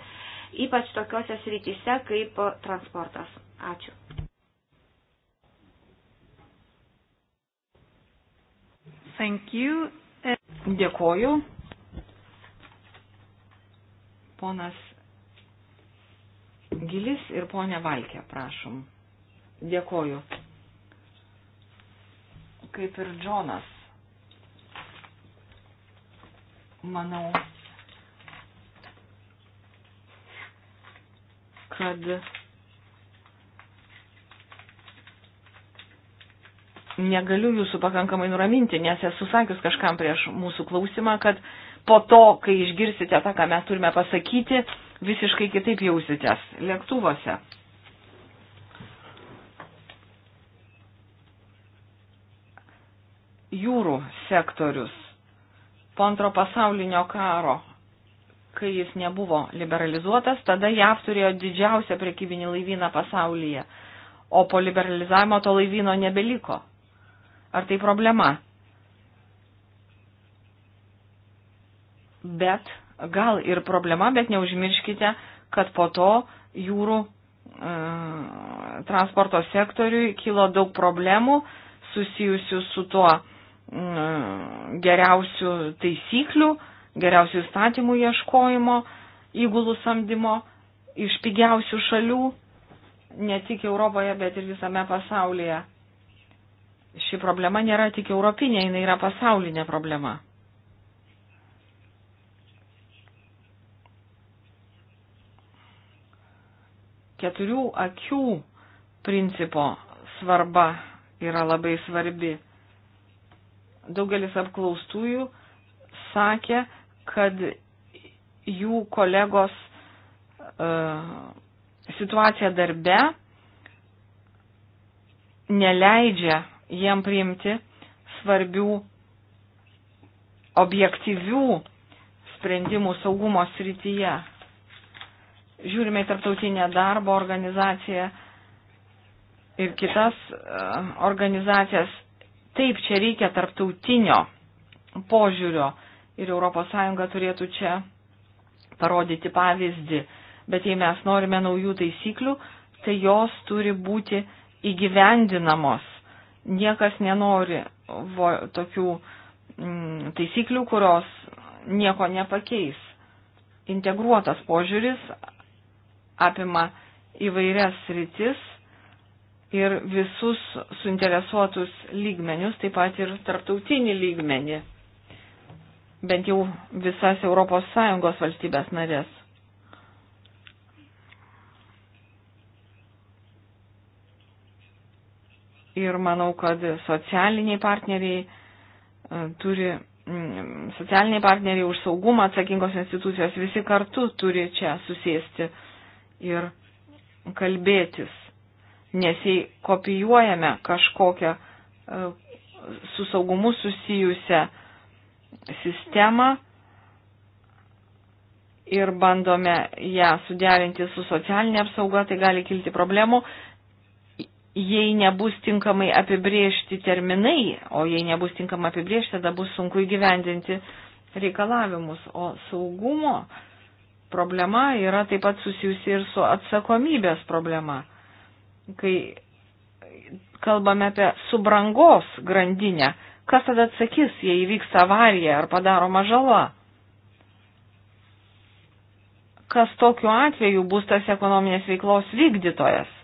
ypač tokiuose srityse kaip transportas. Ačiū. Thank you. Dėkoju. Ponas Gilis ir ponė Valkė, prašom. Dėkoju. Kaip ir Džonas. Manau, kad negaliu jūsų pakankamai nuraminti, nes esu sakius kažkam prieš mūsų klausimą, kad po to, kai išgirsite tą, ką mes turime pasakyti, visiškai kitaip jausitės lėktuvuose. Jūrų sektorius po antro pasaulinio karo, kai jis nebuvo liberalizuotas, tada JAV turėjo didžiausią prekybinį laivyną pasaulyje, o po liberalizavimo to laivyno nebeliko. Ar tai problema? Bet gal ir problema, bet neužmirškite, kad po to jūrų e, transporto sektoriui kilo daug problemų susijusių su tuo mm, e, geriausių taisyklių, geriausių įstatymų ieškojimo, įgulų samdymo iš pigiausių šalių, ne tik Europoje, bet ir visame pasaulyje ši problema nėra tik europinė, jinai yra pasaulinė problema. Keturių akių principo svarba yra labai svarbi. Daugelis apklaustųjų sakė, kad jų kolegos uh, situacija darbe neleidžia jiem priimti svarbių objektyvių sprendimų saugumo srityje. Žiūrime į tarptautinę darbo organizaciją ir kitas e, organizacijas. Taip, čia reikia tarptautinio požiūrio ir ES turėtų čia parodyti pavyzdį. Bet jei mes norime naujų taisyklių, tai jos turi būti įgyvendinamos Niekas nenori vo, tokių mm, taisyklių, kurios nieko nepakeis. Integruotas požiūris apima įvairias rytis ir visus suinteresuotus lygmenius, taip pat ir tarptautinį lygmenį, bent jau visas ES valstybės narės. ir manau, kad socialiniai partneriai e, turi, mm, socialiniai partneriai už saugumą atsakingos institucijos visi kartu turi čia susėsti ir kalbėtis. Nes jei kopijuojame kažkokią e, su saugumu susijusią sistemą ir bandome ją suderinti su socialinė apsauga, tai gali kilti problemų, jei nebus tinkamai apibriežti terminai, o jei nebus tinkamai apibriežti, tada bus sunku įgyvendinti reikalavimus. O saugumo problema yra taip pat susijusi ir su atsakomybės problema. Kai kalbame apie subrangos grandinę, kas tada atsakys, jei įvyks avarija ar padaroma žala? Kas tokiu atveju bus tas ekonominės veiklos vykdytojas?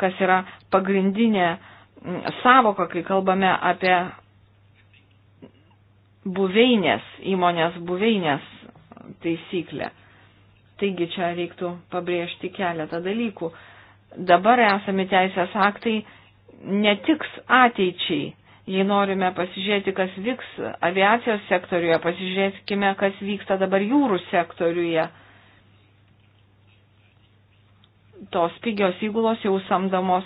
kas yra pagrindinė savoka, kai kalbame apie buveinės, įmonės buveinės taisyklę. Taigi čia reiktų pabrėžti keletą dalykų. Dabar esami teisės aktai netiks ateičiai. Jei norime pasižiūrėti, kas vyks aviacijos sektoriuje, pasižiūrėkime, kas vyksta dabar jūrų sektoriuje tos pigios įgulos jau samdamos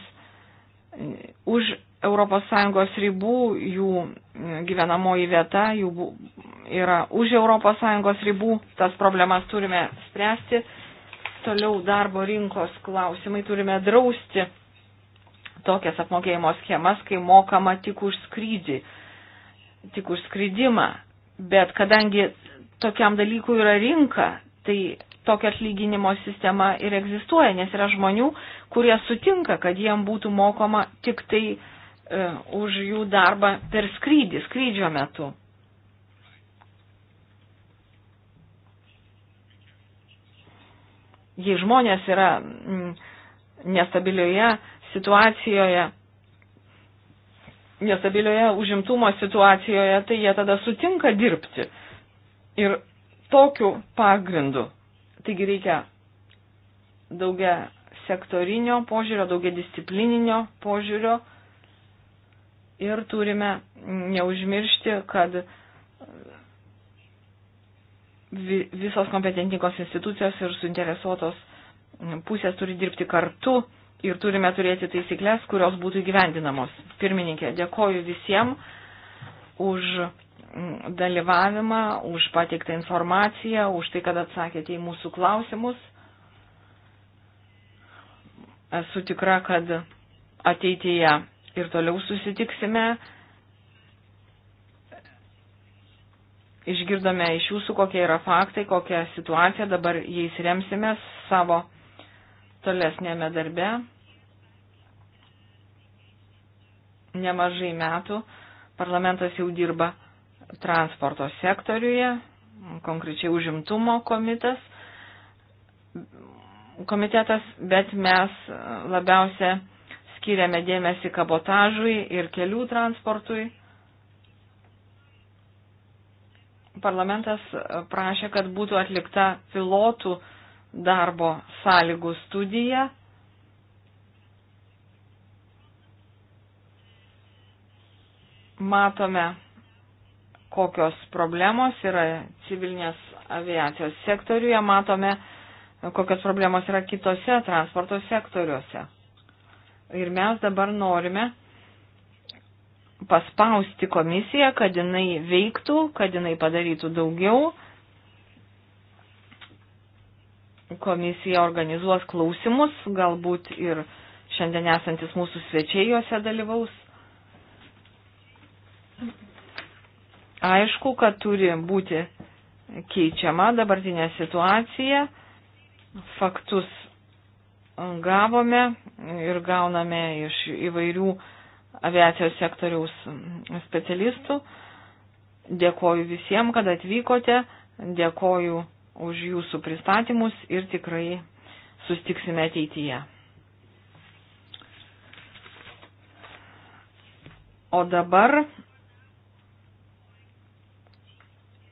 e, už ES ribų, jų e, gyvenamoji vieta jų yra už ES ribų, tas problemas turime spręsti. Toliau darbo rinkos klausimai turime drausti tokias apmokėjimo schemas, kai mokama tik už skrydį, tik už skrydimą. Bet kadangi tokiam dalykui yra rinka, tai tokia atlyginimo sistema ir egzistuoja, nes yra žmonių, kurie sutinka, kad jiem būtų mokoma tik tai e, už jų darbą per skrydį, skrydžio metu. Jei žmonės yra m, mm, nestabilioje situacijoje, nestabilioje užimtumo situacijoje, tai jie tada sutinka dirbti. Ir tokiu pagrindu Taigi reikia daugia sektorinio požiūrio, daugia disciplininio požiūrio ir turime neužmiršti, kad visos kompetentingos institucijos ir suinteresuotos pusės turi dirbti kartu ir turime turėti taisyklės, kurios būtų gyvendinamos. Pirmininkė, dėkoju visiems už dalyvavimą, už pateiktą informaciją, už tai, kad atsakėte į mūsų klausimus. Esu tikra, kad ateityje ir toliau susitiksime. Išgirdome iš jūsų, kokie yra faktai, kokia situacija, dabar jais remsime savo tolesnėme darbe. Nemažai metų parlamentas jau dirba transporto sektoriuje, konkrečiai užimtumo komitas, komitetas, bet mes labiausia skiriame dėmesį kabotažui ir kelių transportui. Parlamentas prašė, kad būtų atlikta pilotų darbo sąlygų studija. Matome kokios problemos yra civilinės aviacijos sektoriuje, matome, kokios problemos yra kitose transporto sektoriuose. Ir mes dabar norime paspausti komisiją, kad jinai veiktų, kad jinai padarytų daugiau. Komisija organizuos klausimus, galbūt ir šiandien esantis mūsų svečiai juose dalyvaus. aišku, kad turi būti keičiama dabartinė situacija. Faktus gavome ir gauname iš įvairių aviacijos sektoriaus specialistų. Dėkoju visiems, kad atvykote, dėkoju už jūsų pristatymus ir tikrai sustiksime ateityje. O dabar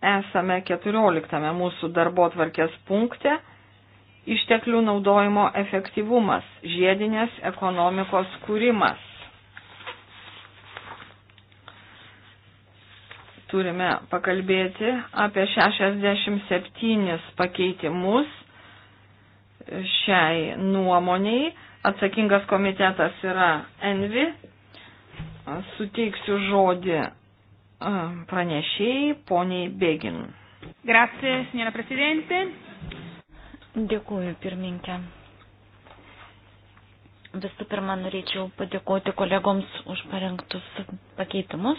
esame 14 mūsų darbo tvarkės punkte išteklių naudojimo efektyvumas, žiedinės ekonomikos kūrimas. Turime pakalbėti apie 67 pakeitimus šiai nuomoniai. Atsakingas komitetas yra Envi. Suteiksiu žodį pranešėjai poniai Begin. Grazie, signora prezidentė. Dėkuoju, pirminkė. Visų pirma, norėčiau padėkoti kolegoms už parengtus pakeitimus.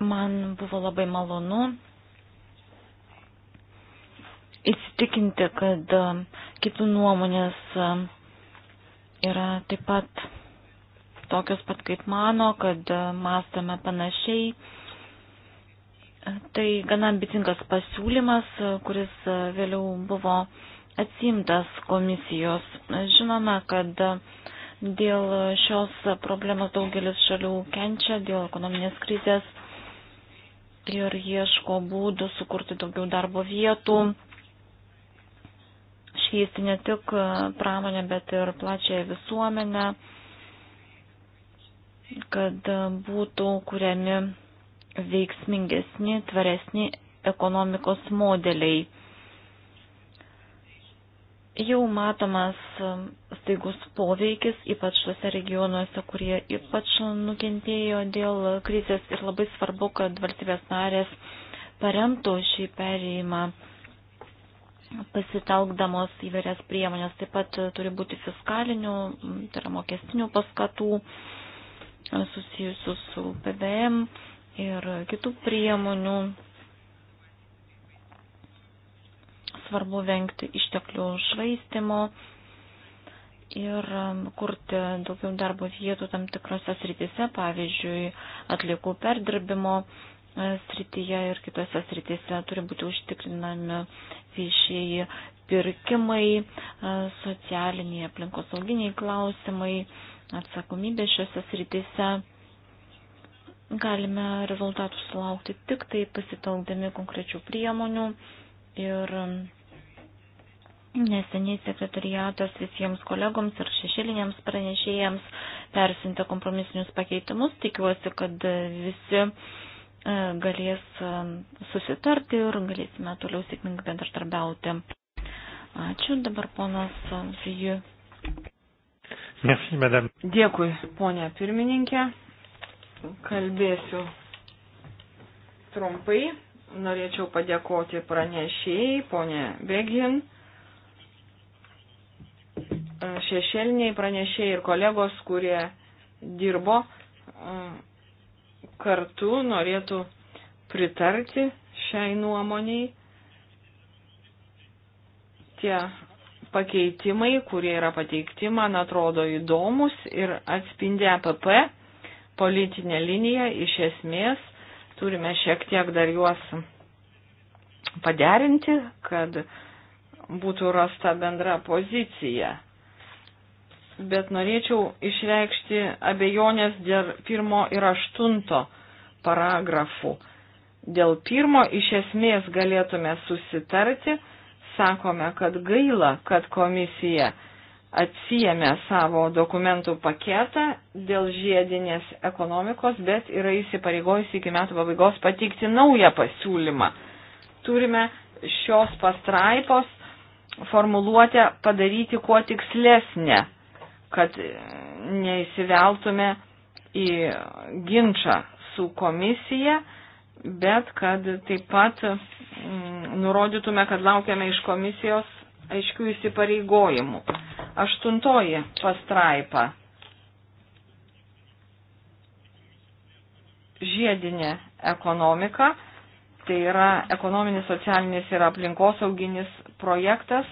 Man buvo labai malonu įsitikinti, kad kitų nuomonės yra taip pat tokios pat kaip mano, kad e, mąstome panašiai. Tai gana ambicingas pasiūlymas, e, kuris e, vėliau buvo atsimtas komisijos. Žinome, kad dėl šios problemos daugelis šalių kenčia, dėl ekonominės krizės ir ieško būdų sukurti daugiau darbo vietų, šviesti ne tik pramonę, bet ir plačiąją visuomenę kad e, būtų kuriami veiksmingesni, tvaresni ekonomikos modeliai. Jau matomas e, staigus poveikis, ypač tuose regionuose, kurie ypač nukentėjo dėl krizės ir labai svarbu, kad valstybės narės paremtų šį perėjimą pasitelkdamos įvairias priemonės. Taip pat turi būti fiskalinių, tai yra mokestinių paskatų, susijusių su PVM ir kitų priemonių. Svarbu vengti išteklių švaistimo ir kurti daugiau darbo vietų tam tikrose srityse, pavyzdžiui, atliekų perdirbimo srityje ir kitose srityse turi būti užtikrinami viešieji pirkimai, socialiniai aplinkosauginiai klausimai atsakomybę šiose srityse, galime rezultatų sulaukti tik tai pasitelkdami konkrečių priemonių ir Neseniai sekretariatas visiems kolegoms ir šešėliniams pranešėjams persintė kompromisinius pakeitimus. Tikiuosi, kad visi e, galės e, susitarti ir galėsime toliau sėkmingai bendradarbiauti. Ačiū. Dabar ponas Vijų. E, Merci, madame. Dėkui, ponia pirmininkė. Kalbėsiu trumpai. Norėčiau padėkoti pranešėjai, ponė Begin, šešelniai pranešėjai ir kolegos, kurie dirbo e, kartu, norėtų pritarti šiai nuomoniai. Tie pakeitimai, kurie yra pateikti, man atrodo įdomus ir atspindi APP politinę liniją iš esmės. Turime šiek tiek dar juos paderinti, kad būtų rasta bendra pozicija. Bet norėčiau išreikšti abejonės dėl pirmo ir aštunto paragrafų. Dėl pirmo iš esmės galėtume susitarti, sakome, kad gaila, kad komisija atsijėmė savo dokumentų paketą dėl žiedinės ekonomikos, bet yra įsipareigojusi iki metų pabaigos pateikti naują pasiūlymą. Turime šios pastraipos formuluotę padaryti kuo tikslesnę, kad neįsiveltume į ginčą su komisija bet kad taip pat mm, nurodytume, kad laukiame iš komisijos aiškių įsipareigojimų. Aštuntoji pastraipa. Žiedinė ekonomika. Tai yra ekonominis, socialinis ir aplinkosauginis projektas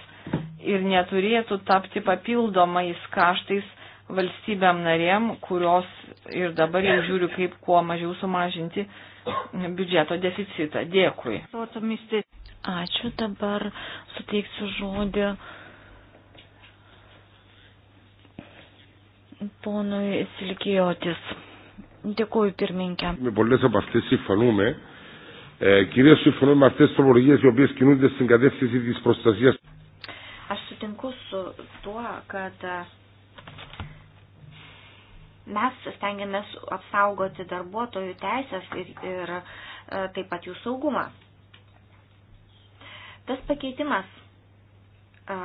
ir neturėtų tapti papildomais kaštais valstybėm narėm, kurios ir dabar jau žiūriu, kaip kuo mažiau sumažinti biudžeto deficitą. Dėkui. Ačiū, dabar suteiksiu žodį ponui Silkijotis. Dėkuoju pirminkė. Με πολλές από αυτές συμφωνούμε. Ε, κυρίως συμφωνούμε με αυτές τις τροπολογίες οι οποίες κινούνται στην κατεύθυνση της προστασίας. Aš sutinku su tuo, kad Mes stengiamės apsaugoti darbuotojų teisės ir, ir e, taip pat jų saugumą. Tas pakeitimas, e,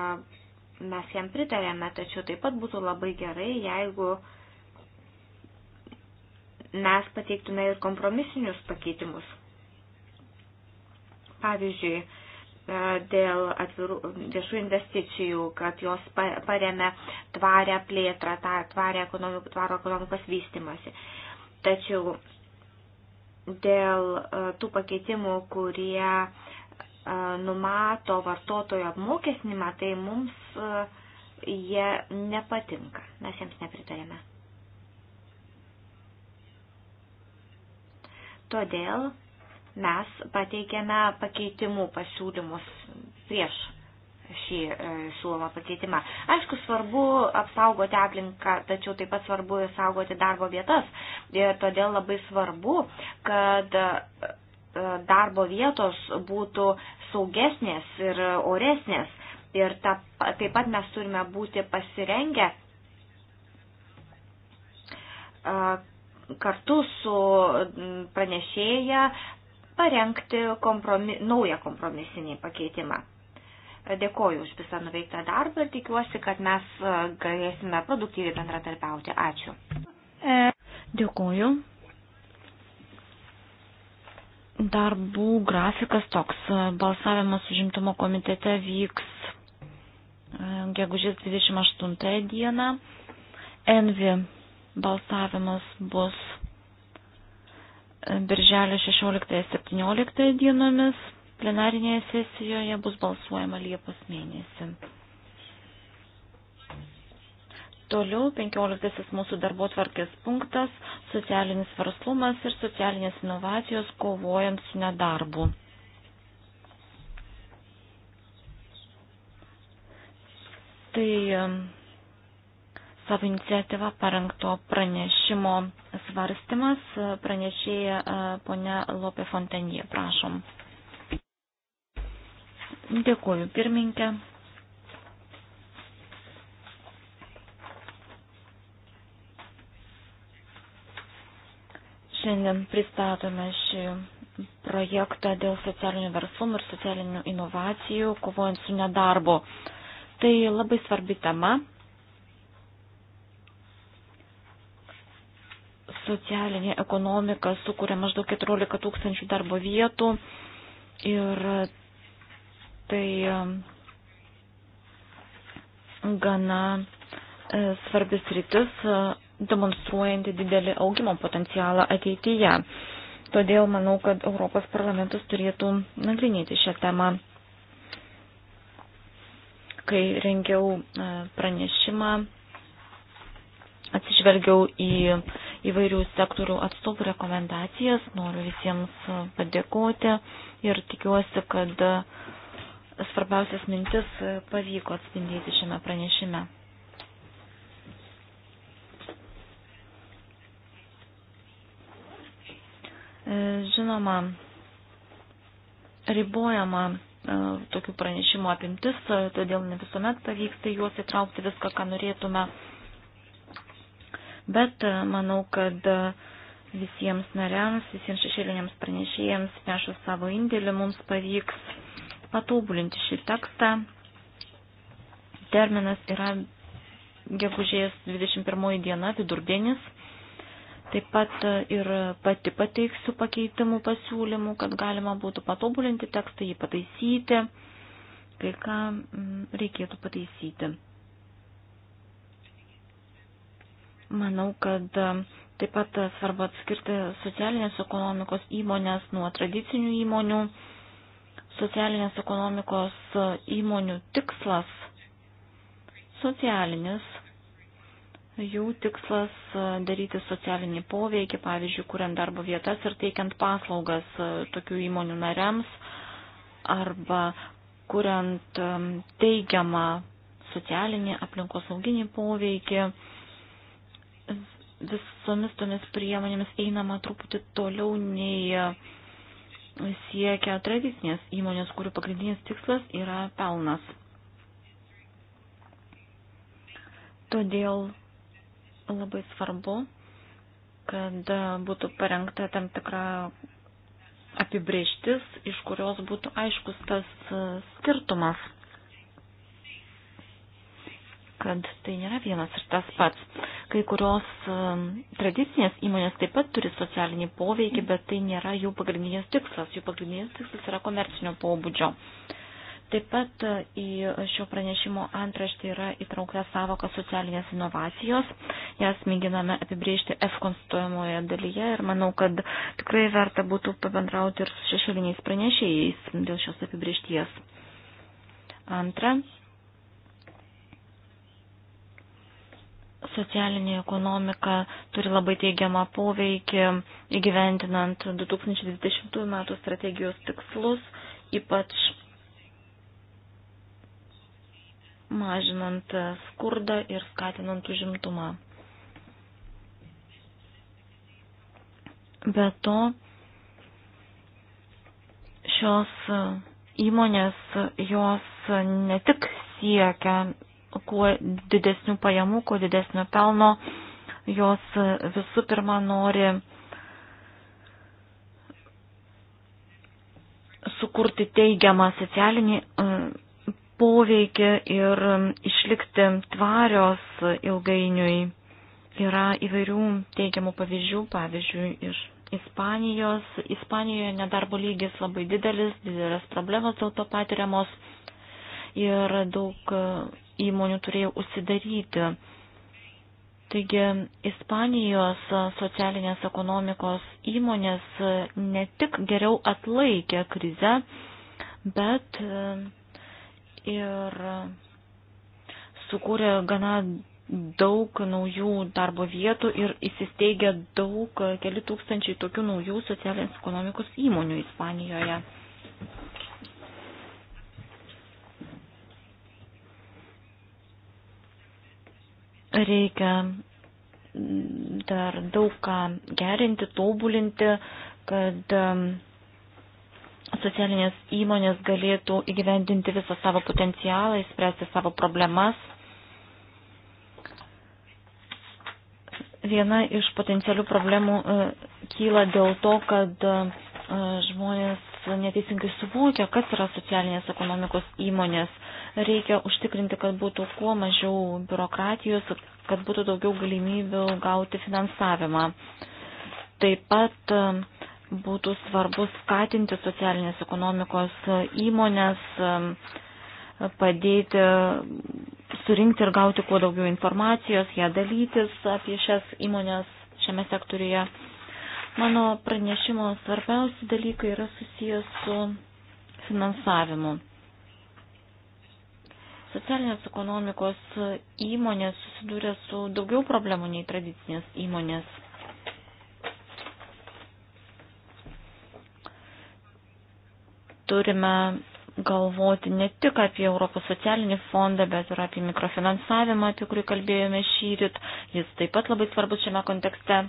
mes jam pritarėme, tačiau taip pat būtų labai gerai, jeigu mes pateiktume ir kompromisinius pakeitimus. Pavyzdžiui, E, dėl atvirų viešų investicijų, kad jos paremia tvarę plėtrą, tą tvarę ekonomik, tvaro ekonomikos vystimasi. Tačiau dėl e, tų pakeitimų, kurie e, numato vartotojo apmokesnimą, tai mums jie nepatinka. Mes jiems nepritarėme. Todėl mes pateikėme pakeitimų pasiūlymus prieš šį e, siūlomą pakeitimą. Aišku, svarbu apsaugoti aplinką, tačiau taip pat svarbu ir saugoti darbo vietas. Ir todėl labai svarbu, kad e, darbo vietos būtų saugesnės ir oresnės. Ir ta, taip pat mes turime būti pasirengę e, kartu su pranešėja parengti kompromi, naują kompromisinį pakeitimą. Dėkoju už visą nuveiktą darbą ir tikiuosi, kad mes e, galėsime produktyviai bendradarbiauti. Ačiū. E. Dėkoju. Darbų grafikas toks. Balsavimas užimtumo komitete vyks e, gegužės 28 dieną. Envi balsavimas bus Birželio 16-17 dienomis plenarinėje sesijoje bus balsuojama Liepos mėnesį. Toliau 15 mūsų darbo tvarkės punktas - socialinis verslumas ir socialinės inovacijos kovojant su nedarbu. Tai savo iniciatyvą parengto pranešimo svarstymas. Pranešėja e, ponia Lopė Fontanie, prašom. Dėkuoju, pirmininkė. Šiandien pristatome šį projektą dėl socialinių verslumų ir socialinių inovacijų, kovojant su nedarbu. Tai labai svarbi tema, Socialinė ekonomika sukuria maždaug 14 tūkstančių darbo vietų ir tai um, gana e, svarbis rytis, e, demonstruojanti didelį augimo potencialą ateityje. Todėl manau, kad Europos parlamentas turėtų nagrinėti šią temą. Kai rengiau e, pranešimą, atsižvelgiau į įvairių sektorių atstovų rekomendacijas. Noriu visiems padėkoti ir tikiuosi, kad svarbiausias mintis pavyko atspindėti šiame pranešime. Žinoma, ribojama e, tokių pranešimų apimtis, todėl ne visuomet pavyksta juos įtraukti viską, ką norėtume bet e, manau, kad e, visiems nariams, visiems šešėliniams pranešėjams nešus savo indėlį mums pavyks patobulinti šį tekstą. Terminas yra gegužės 21 diena, vidurdienis. Taip pat e, ir pati pateiksiu pakeitimų pasiūlymų, kad galima būtų patobulinti tekstą, jį pataisyti, kai ką mm, reikėtų pataisyti. Manau, kad e, taip pat svarbu atskirti socialinės ekonomikos įmonės nuo tradicinių įmonių. Socialinės ekonomikos e, įmonių tikslas socialinis. Jų tikslas e, daryti socialinį poveikį, pavyzdžiui, kuriant darbo vietas ir teikiant paslaugas tokių įmonių nariams arba kuriant teigiamą socialinį aplinkosauginį poveikį visomis tomis priemonėmis einama truputį toliau nei e, siekia tradicinės įmonės, kurių pagrindinis tikslas yra pelnas. Todėl labai svarbu, kad būtų parengta tam tikra apibrieštis, iš kurios būtų aiškus tas e, skirtumas kad tai nėra vienas ir tas pats. Kai kurios um, tradicinės įmonės taip pat turi socialinį poveikį, bet tai nėra jų pagrindinis tikslas. Jų pagrindinis tikslas yra komercinio pobūdžio. Taip pat uh, į šio pranešimo antraštį yra įtraukta savoka socialinės inovacijos. Jas mėginame apibriežti F konstituojamoje dalyje ir manau, kad tikrai verta būtų pabendrauti ir su šešėliniais pranešėjais dėl šios apibriežties. Antra, socialinė ekonomika turi labai teigiamą poveikį įgyvendinant 2020 m. strategijos tikslus, ypač mažinant skurdą ir skatinant užimtumą. Be to, šios įmonės jos ne tik siekia kuo didesnių pajamų, kuo didesnio pelno, jos visų pirma nori sukurti teigiamą socialinį e, poveikį ir išlikti tvarios ilgainiui. Yra įvairių teigiamų pavyzdžių, pavyzdžiui, iš Ispanijos. Ispanijoje nedarbo lygis labai didelis, didelės problemos dėl to patiriamos ir daug e, įmonių turėjo užsidaryti. Taigi Ispanijos socialinės ekonomikos įmonės e, ne tik geriau atlaikė krizę, bet e, ir sukūrė gana daug naujų darbo vietų ir įsisteigė daug, keli tūkstančiai tokių naujų socialinės ekonomikos įmonių Ispanijoje. Reikia dar daug ką gerinti, tobulinti, kad um, socialinės įmonės galėtų įgyvendinti visą savo potencialą, įspręsti savo problemas. Viena iš potencialių problemų uh, kyla dėl to, kad uh, žmonės neteisingai suvokia, kas yra socialinės ekonomikos įmonės. Reikia užtikrinti, kad būtų kuo mažiau biurokratijos, kad būtų daugiau galimybių gauti finansavimą. Taip pat um, būtų svarbu skatinti socialinės ekonomikos įmonės, um, padėti surinkti ir gauti kuo daugiau informacijos, ją dalytis apie šias įmonės šiame sektoriuje Mano pranešimo svarbiausi dalykai yra susijęs su finansavimu. Socialinės ekonomikos įmonės susidūrė su daugiau problemų nei tradicinės įmonės. Turime galvoti ne tik apie Europos socialinį fondą, bet ir apie mikrofinansavimą, apie kurį kalbėjome šyrit. Jis taip pat labai svarbus šiame kontekste.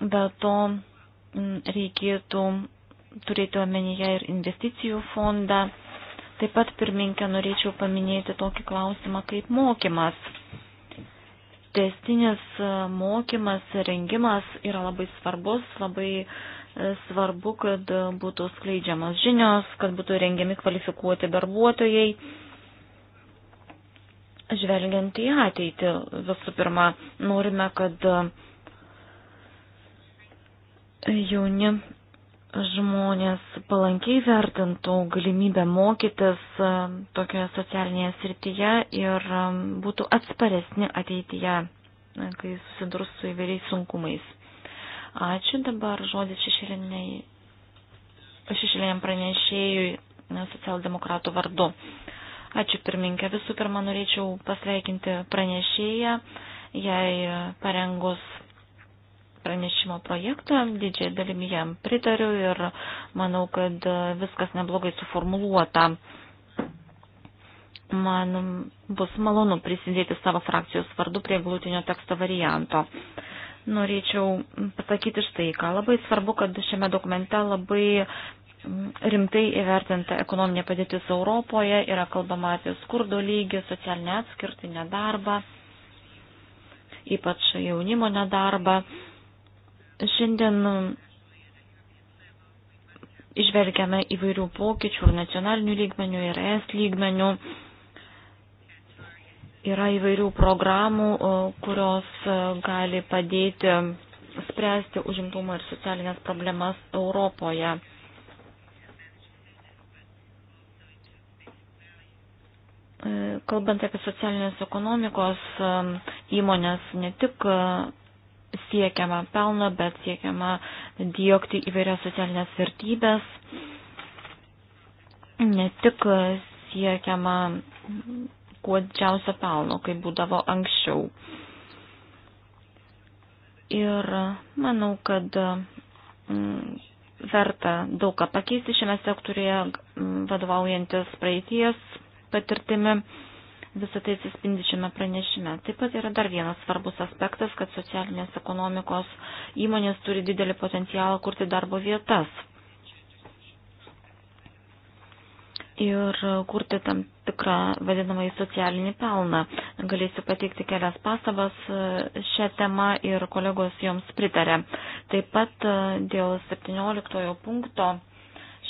Be to mm, reikėtų turėti omenyje ir investicijų fondą. Taip pat pirminkę norėčiau paminėti tokį klausimą kaip mokymas. Testinis e, mokymas, rengimas yra labai svarbus, labai e, svarbu, kad būtų skleidžiamas žinios, kad būtų rengiami kvalifikuoti darbuotojai. Žvelgiant į ateitį, visų pirma, norime, kad jauni žmonės palankiai vertintų galimybę mokytis e, tokioje socialinėje srityje ir e, būtų atsparesni ateityje, e, kai susidurs su įvairiais sunkumais. Ačiū dabar žodis šešėliniam pranešėjui socialdemokratų vardu. Ačiū pirminkė. Visų pirma, norėčiau pasveikinti pranešėją, jai parengus pranešimo projektą, didžiai dalimi jam pritariu ir manau, kad viskas neblogai suformuluota. Man bus malonu prisidėti savo frakcijos vardu prie glutinio teksto varianto. Norėčiau pasakyti štai ką. Labai svarbu, kad šiame dokumente labai rimtai įvertinta ekonominė padėtis Europoje, yra kalbama apie skurdo lygį, socialinę atskirtį, nedarbą, ypač jaunimo nedarbą. Šiandien um, išvelgiame įvairių pokyčių ir nacionalinių lygmenių, ir ES lygmenių. Yra įvairių programų, uh, kurios uh, gali padėti um, spręsti užimtumą ir socialinės problemas Europoje. Uh, kalbant apie socialinės ekonomikos um, įmonės, ne tik siekiama pelno, bet siekiama diokti įvairias socialinės vertybės. Ne tik siekiama kuo didžiausio pelno, kaip būdavo anksčiau. Ir manau, kad mm, verta daug ką pakeisti šiame sektorėje, mm, vadovaujantis praeities patirtimi. Visą tai atsispindi šiame pranešime. Taip pat yra dar vienas svarbus aspektas, kad socialinės ekonomikos įmonės turi didelį potencialą kurti darbo vietas. Ir kurti tam tikrą vadinamą į socialinį pelną. Galėsiu pateikti kelias pastabas šią temą ir kolegos joms pritarė. Taip pat dėl 17 punkto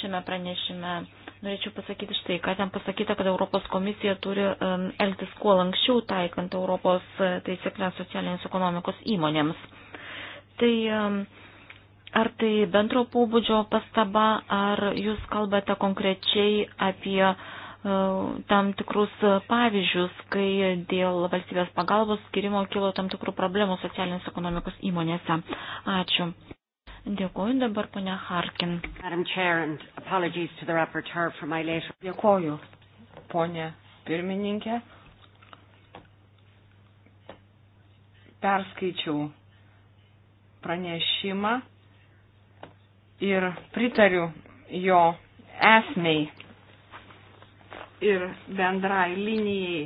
šiame pranešime Norėčiau pasakyti štai, ką ten pasakyta, kad Europos komisija turi elgtis kuo lankščiau taikant Europos e, taisyklę socialinės ekonomikos įmonėms. Tai Ar tai bendro pobūdžio pastaba, ar jūs kalbate konkrečiai apie e, tam tikrus pavyzdžius, kai dėl valstybės pagalbos skirimo kilo tam tikrų problemų socialinės ekonomikos įmonėse. Ačiū. Dėkuoju dabar, ponia Harkin. Dėkuoju, ponia pirmininkė. Perskaičiau pranešimą ir pritariu jo esmei ir bendrai linijai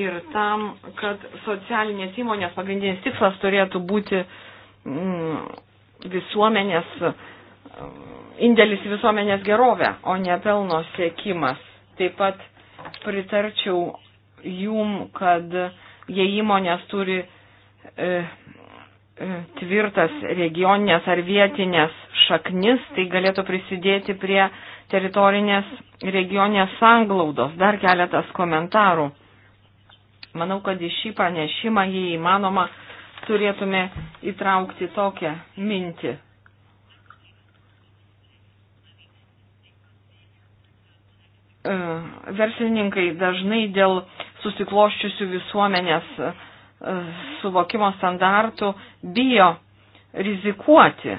ir tam, kad socialinės įmonės pagrindinis tikslas turėtų būti mm, visuomenės, mm, indėlis visuomenės gerovę, o ne pelno siekimas. Taip pat pritarčiau jum, kad jei įmonės turi e, e, tvirtas regioninės ar vietinės šaknis, tai galėtų prisidėti prie teritorinės regioninės sanglaudos. Dar keletas komentarų. Manau, kad į šį panešimą, jei įmanoma, turėtume įtraukti tokią mintį. E, verslininkai dažnai dėl susikloščiusių visuomenės e, suvokimo standartų bijo rizikuoti,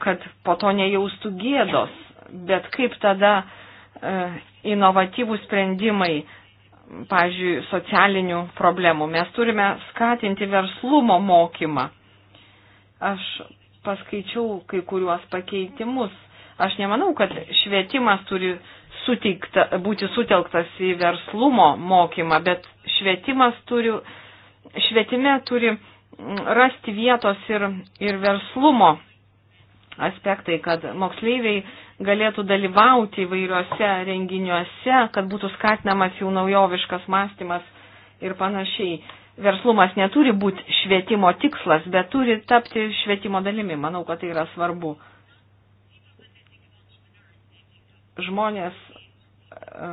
kad po to nejaustų gėdos, bet kaip tada e, inovatyvų sprendimai pavyzdžiui, socialinių problemų. Mes turime skatinti verslumo mokymą. Aš paskaičiau kai kuriuos pakeitimus. Aš nemanau, kad švietimas turi suteikta, būti sutelktas į verslumo mokymą, bet švietimas turi, švietime turi rasti vietos ir, ir verslumo aspektai, kad moksleiviai galėtų dalyvauti įvairiuose renginiuose, kad būtų skatinamas jų naujoviškas mąstymas ir panašiai. Verslumas neturi būti švietimo tikslas, bet turi tapti švietimo dalimi. Manau, kad tai yra svarbu. Žmonės e,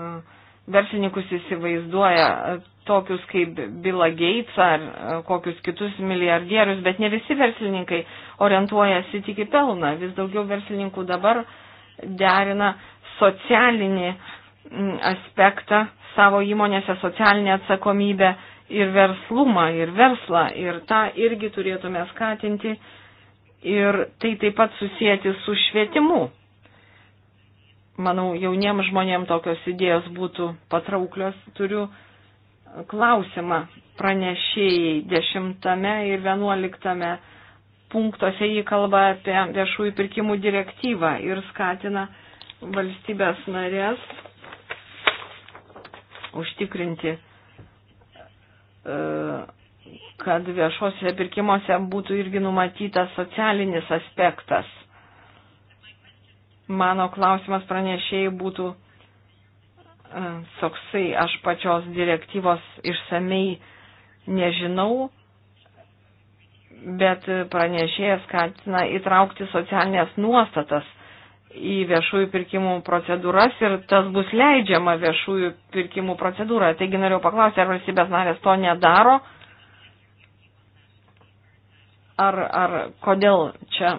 versininkus įsivaizduoja tokius kaip Bila Gates ar e, kokius kitus milijardierius, bet ne visi verslininkai orientuojasi tik į pelną. Vis daugiau verslininkų dabar derina socialinį aspektą savo įmonėse, socialinę atsakomybę ir verslumą, ir verslą. Ir tą irgi turėtume skatinti ir tai taip pat susijęti su švietimu. Manau, jauniems žmonėms tokios idėjos būtų patrauklios. Turiu klausimą pranešėjai 10 ir 11 punktuose jį kalba apie viešųjų pirkimų direktyvą ir skatina valstybės narės užtikrinti, e, kad viešuose pirkimuose būtų irgi numatytas socialinis aspektas. Mano klausimas pranešėjai būtų toksai, aš pačios direktyvos išsamei nežinau, bet pranešėjas skatina įtraukti socialinės nuostatas į viešųjų pirkimų procedūras ir tas bus leidžiama viešųjų pirkimų procedūroje. Taigi norėjau paklausti, ar valstybės narės to nedaro, ar, ar kodėl čia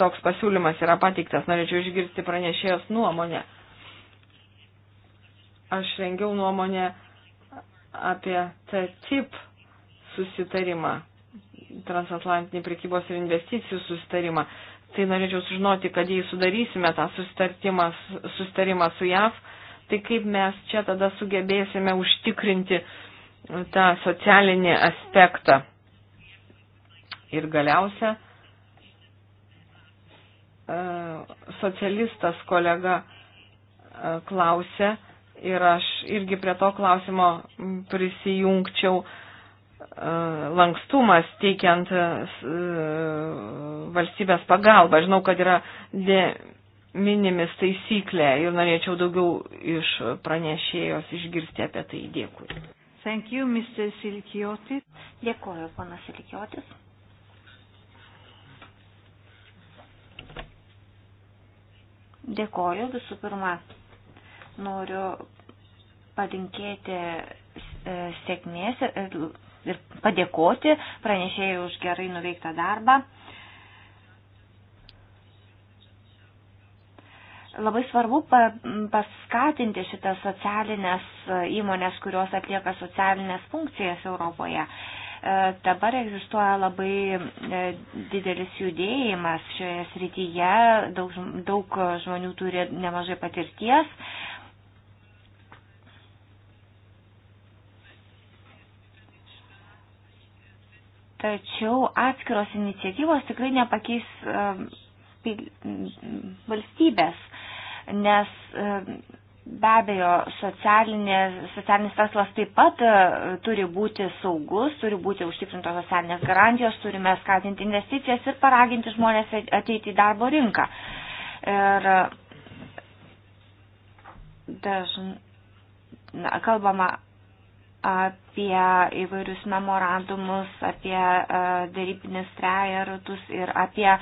toks pasiūlymas yra pateiktas, norėčiau išgirsti pranešėjos nuomonę aš rengiau nuomonę apie tą tip susitarimą, transatlantinį prekybos ir investicijų susitarimą. Tai norėčiau sužinoti, kad jei sudarysime tą susitarimą su JAV, tai kaip mes čia tada sugebėsime užtikrinti tą socialinį aspektą. Ir galiausia, e, socialistas kolega e, klausė, ir aš irgi prie to klausimo prisijungčiau e, lankstumas teikiant e, valstybės pagalbą. Žinau, kad yra de minimis taisyklė ir norėčiau daugiau iš pranešėjos išgirsti apie tai. Dėkui. Thank you, Mr. Silikiotis. Dėkuoju, panas Silikiotis. Dėkuoju visų pirma Noriu palinkėti e, sėkmės ir padėkoti pranešėjai už gerai nuveiktą darbą. labai svarbu paskatinti šitas socialinės įmonės, kurios atlieka socialinės funkcijas Europoje. E, dabar egzistuoja labai e, didelis judėjimas šioje srityje, daug, daug žmonių turi nemažai patirties, Tačiau atskiros iniciatyvos tikrai nepakeis valstybės, nes be abejo socialinis verslas taip pat e, turi būti saugus, turi būti užtikrintos socialinės garantijos, turime skatinti investicijas ir paraginti žmonės ateiti į darbo rinką. Ir e, dažnai kalbama apie įvairius memorandumus, apie e, darybinius trejerutus ir apie e,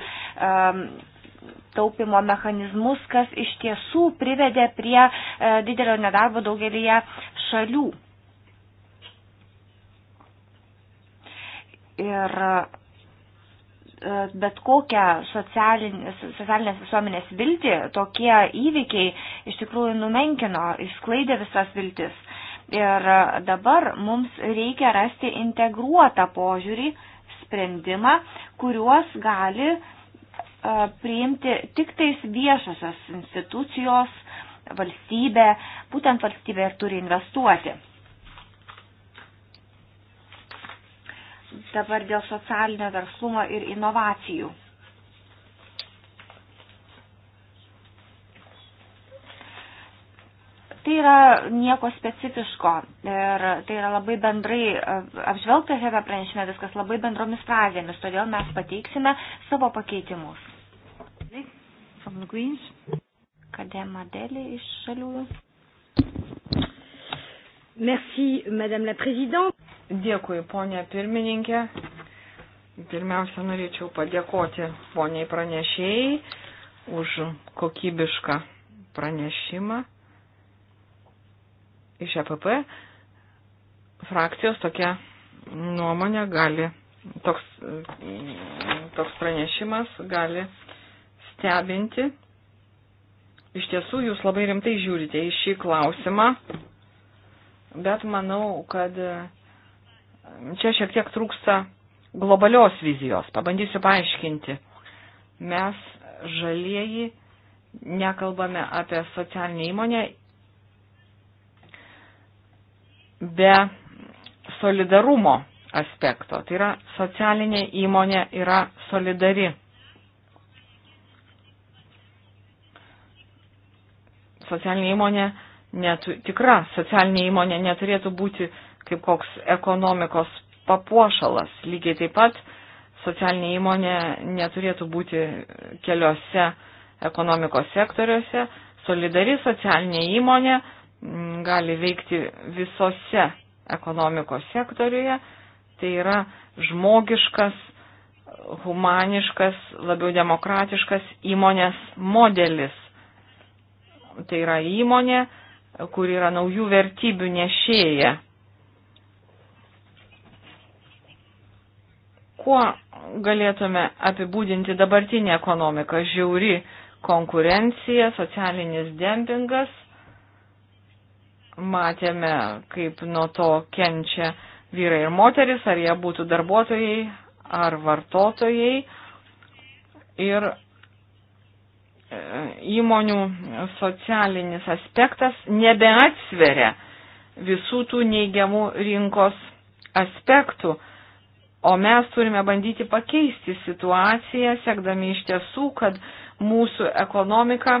taupimo mechanizmus, kas iš tiesų privedė prie e, didelio nedarbo daugelįje šalių. Ir bet kokią socialinės, socialinės visuomenės viltį tokie įvykiai iš tikrųjų numenkino, išsklaidė visas viltis. Ir dabar mums reikia rasti integruotą požiūrį, sprendimą, kuriuos gali e, priimti tik tais viešosios institucijos, valstybė, būtent valstybė ir turi investuoti. Dabar dėl socialinio verslumo ir inovacijų. Tai yra nieko specifiško ir tai yra labai bendrai apžvelgta šiame pranešime, viskas labai bendromis frazėmis, todėl mes pateiksime savo pakeitimus. Kadema Deli iš šaliųjų. Merci, Madame la Présidente. Dėkui, ponė pirmininkė. Pirmiausia, norėčiau padėkoti poniai pranešėjai už kokybišką pranešimą iš EPP frakcijos tokia nuomonė gali, toks, toks pranešimas gali stebinti. Iš tiesų, jūs labai rimtai žiūrite į šį klausimą, bet manau, kad čia šiek tiek trūksta globalios vizijos. Pabandysiu paaiškinti. Mes žalieji nekalbame apie socialinę įmonę be solidarumo aspekto. Tai yra socialinė įmonė yra solidari. Socialinė įmonė netu, tikra socialinė įmonė neturėtų būti kaip koks ekonomikos papuošalas. Lygiai taip pat socialinė įmonė neturėtų būti keliose ekonomikos sektoriuose. Solidari socialinė įmonė Mm, gali veikti visose ekonomikos sektoriuje. Tai yra žmogiškas, humaniškas, labiau demokratiškas įmonės modelis. Tai yra įmonė, kur yra naujų vertybių nešėja. Kuo galėtume apibūdinti dabartinį ekonomiką? Žiauri konkurencija, socialinis dempingas – matėme, kaip nuo to kenčia vyrai ir moteris, ar jie būtų darbuotojai ar vartotojai. Ir e, įmonių socialinis aspektas nebeatsveria visų tų neigiamų rinkos aspektų. O mes turime bandyti pakeisti situaciją, siekdami iš tiesų, kad mūsų ekonomika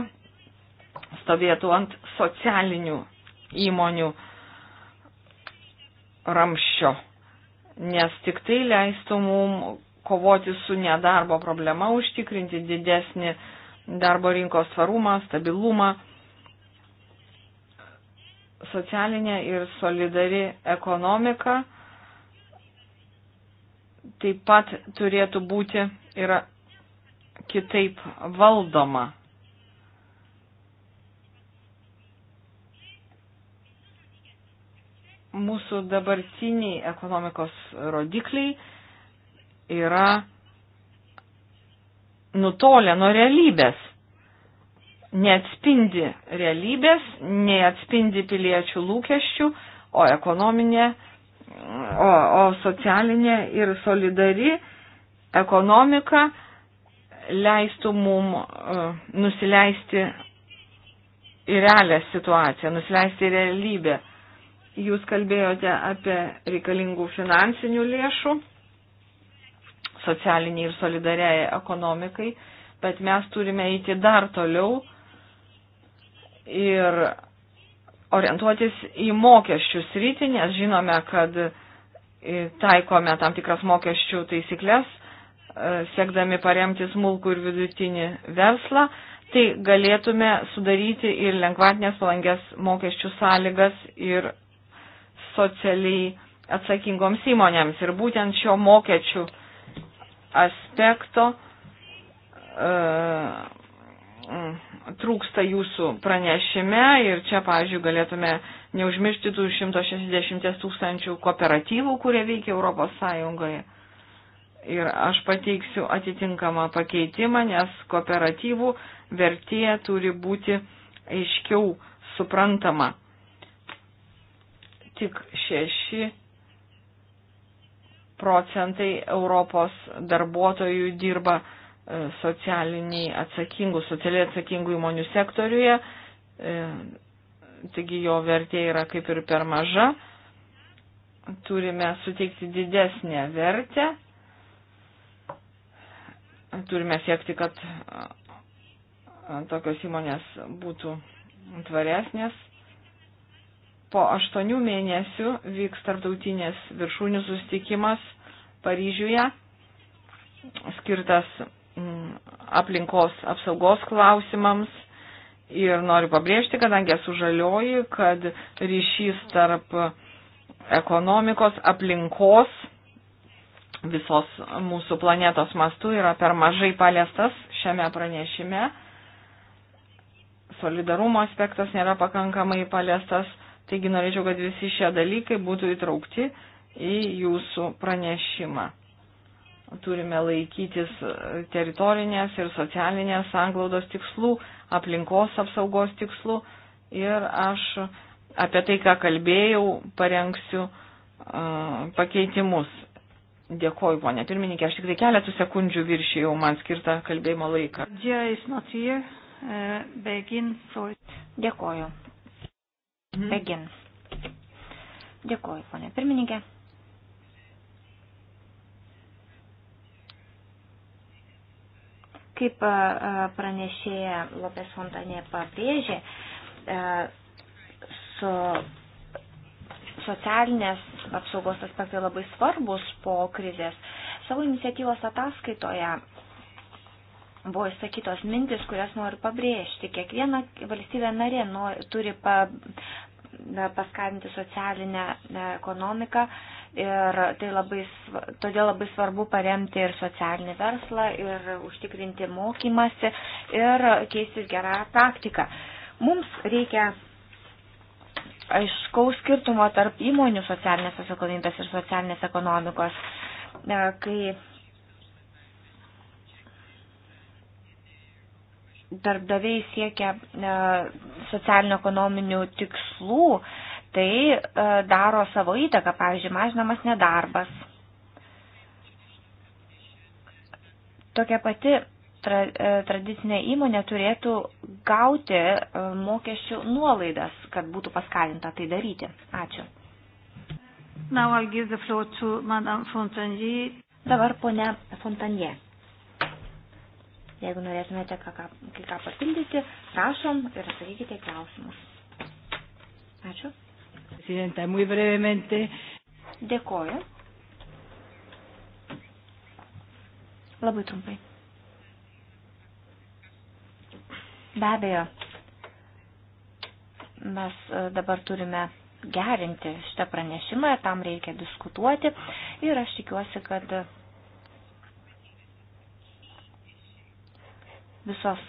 stovėtų ant socialinių įmonių ramščio, nes tik tai leistų mums kovoti su nedarbo problema, užtikrinti didesnį darbo rinkos tvarumą, stabilumą. Socialinė ir solidari ekonomika taip pat turėtų būti yra kitaip valdoma mūsų dabartiniai ekonomikos rodikliai yra nutolę nuo realybės. Neatspindi realybės, neatspindi piliečių lūkesčių, o ekonominė, o, o socialinė ir solidari ekonomika leistų mum uh, nusileisti į realią situaciją, nusileisti į realybę. Uh, Jūs kalbėjote apie reikalingų finansinių lėšų socialiniai ir solidariai ekonomikai, bet mes turime eiti dar toliau ir orientuotis į mokesčių sritį, nes žinome, kad e, taikome tam tikras mokesčių taisyklės, e, siekdami paremti smulkų ir vidutinį verslą, tai galėtume sudaryti ir lengvatinės palangės mokesčių sąlygas ir socialiai atsakingoms įmonėms. Ir būtent šio mokesčių aspekto e, mm, trūksta jūsų pranešime ir čia, pavyzdžiui, galėtume neužmiršti tų 160 tūkstančių kooperatyvų, kurie veikia Europos Sąjungoje. Ir aš pateiksiu atitinkamą pakeitimą, nes kooperatyvų vertė turi būti aiškiau suprantama tik 6 procentai Europos darbuotojų dirba e, socialiniai atsakingų, socialiai atsakingų įmonių sektoriuje, e, taigi jo vertė yra kaip ir per maža. Turime suteikti didesnę vertę, turime siekti, kad e, tokios įmonės būtų tvaresnės, Po aštuonių mėnesių vyks tarptautinės viršūnių sustikimas Paryžiuje, skirtas mm, aplinkos apsaugos klausimams. Ir noriu pabrėžti, kadangi esu žalioji, kad ryšys tarp ekonomikos, aplinkos, visos mūsų planetos mastų yra per mažai paliestas šiame pranešime. Solidarumo aspektas nėra pakankamai paliestas Taigi norėčiau, kad visi šie dalykai būtų įtraukti į jūsų pranešimą. Turime laikytis teritorinės ir socialinės sanglaudos tikslų, aplinkos apsaugos tikslų ir aš apie tai, ką kalbėjau, parengsiu pakeitimus. Dėkoju, ponė pirmininkė, aš tik tai keletų sekundžių viršėjau man skirtą kalbėjimo laiką. Uh, Dėkoju. Mhm. Begin. Dėkuoju, ponė pirmininkė. Kaip pranešėja Lopes Fontanė pabrėžė, su socialinės apsaugos aspektai labai svarbus po krizės. Savo iniciatyvos ataskaitoje buvo išsakytos mintis, kurias noriu pabrėžti. Kiekviena valstybė narė nori, turi pa, paskatinti socialinę ekonomiką ir tai labai, todėl labai svarbu paremti ir socialinį verslą ir užtikrinti mokymasi ir keistis gerą praktiką. Mums reikia aiškaus skirtumo tarp įmonių socialinės atsakomybės ir socialinės ekonomikos. Kai darbdaviai siekia e, socialinio-ekonominių tikslų, tai e, daro savo įtaką, pavyzdžiui, mažinamas nedarbas. Tokia pati tra, e, tradicinė įmonė turėtų gauti mokesčių nuolaidas, kad būtų paskatinta tai daryti. Ačiū. Dabar ponia Fontanje. Jeigu norėtumėte ką, ką, kai ką papildyti, prašom ir atsakykite klausimus. Ačiū. Presidenta, muy brevemente. Dėkoju. Labai trumpai. Be abejo, mes e, dabar turime gerinti šitą pranešimą, tam reikia diskutuoti ir aš tikiuosi, kad visos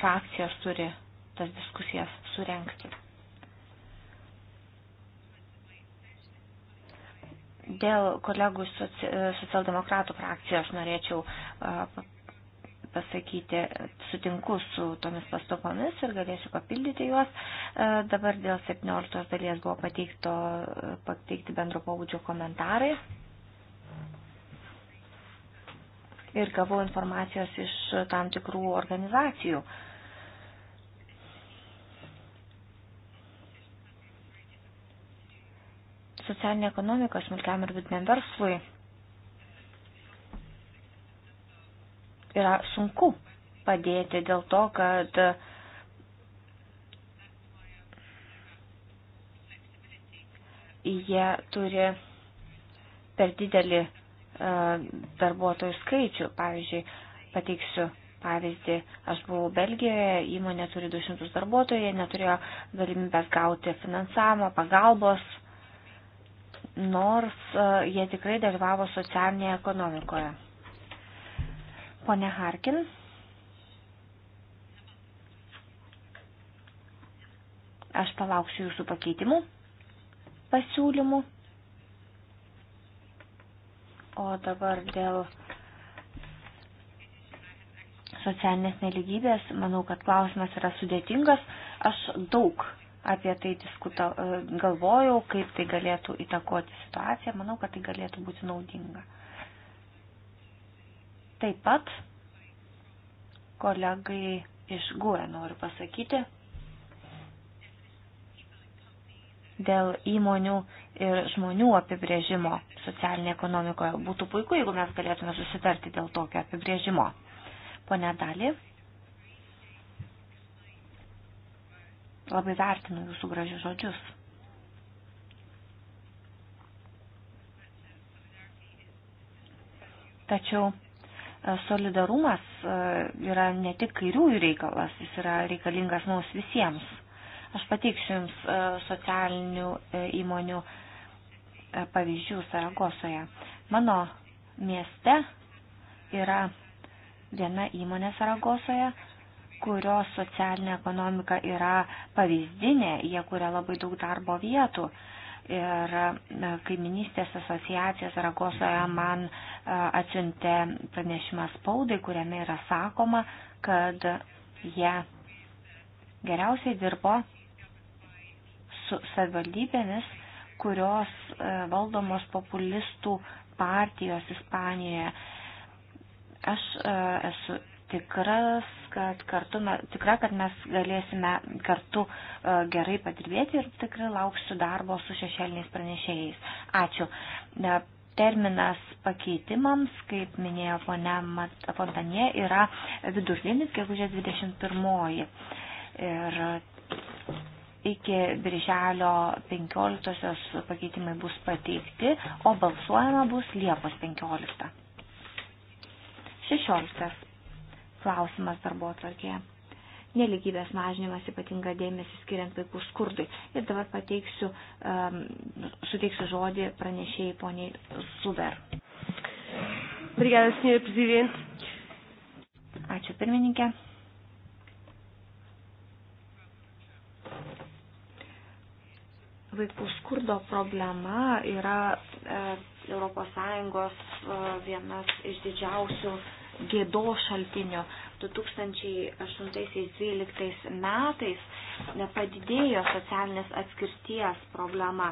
frakcijos turi tas diskusijas surenkti. Dėl kolegų socialdemokratų frakcijos norėčiau pasakyti, sutinku su tomis pastabomis ir galėsiu papildyti juos. Dabar dėl 17 dalies buvo pateikto, pateikti bendro pobūdžio komentarai. ir gavau informacijos iš tam tikrų organizacijų. Socialinė ekonomika smulkiam ir vidiniam verslui yra sunku padėti dėl to, kad jie turi per didelį E, darbuotojų skaičių. Pavyzdžiui, pateiksiu pavyzdį, aš buvau Belgijoje, įmonė turi 200 darbuotojų, jie neturėjo galimybės gauti finansavimo, pagalbos, nors e, jie tikrai dalyvavo socialinėje ekonomikoje. Pone Harkin. Aš palauksiu jūsų pakeitimų, pasiūlymų. O dabar dėl socialinės neligybės, manau, kad klausimas yra sudėtingas. Aš daug apie tai diskuta, e, galvojau, kaip tai galėtų įtakoti situaciją. Manau, kad tai galėtų būti naudinga. Taip pat kolegai iš GUE noriu pasakyti, dėl įmonių ir žmonių apibrėžimo socialinėje ekonomikoje. Būtų puiku, jeigu mes galėtume susitarti dėl tokio apibrėžimo. Pone Dali, labai vertinu jūsų gražius žodžius. Tačiau e, solidarumas e, yra ne tik kairiųjų reikalas, jis yra reikalingas mums visiems. Aš pateiksiu Jums e, socialinių e, įmonių e, pavyzdžių Saragosoje. Mano mieste yra viena įmonė Saragosoje, kurios socialinė ekonomika yra pavyzdinė, jie kuria labai daug darbo vietų. Ir kaiminystės asociacija Saragosoje man atsiuntė pranešimą spaudai, kuriame yra sakoma, kad jie geriausiai dirbo su savivaldybėmis, kurios e, valdomos populistų partijos Ispanijoje. Aš e, esu tikras, kad kartu, tikra, kad mes galėsime kartu e, gerai padirbėti ir tikrai lauksiu darbo su šešėliniais pranešėjais. Ačiū. Terminas pakeitimams, kaip minėjo ponia Fontanė, yra vidurdienis, gegužės 21. Ir Iki birželio 15-osios pakeitimai bus pateikti, o balsuojama bus Liepos 15. 16. Klausimas darbo atvarkėje neligybės mažinimas ypatinga dėmesį skiriant vaikų skurdui. Ir dabar pateiksiu, um, suteiksiu žodį pranešėjai poniai Suber. Brigadas, senjor prezident. Ačiū pirmininkė. Vaikų skurdo problema yra ES e, vienas iš didžiausių gėdo šaltinių. 2008-2012 metais padidėjo socialinės atskirties problema.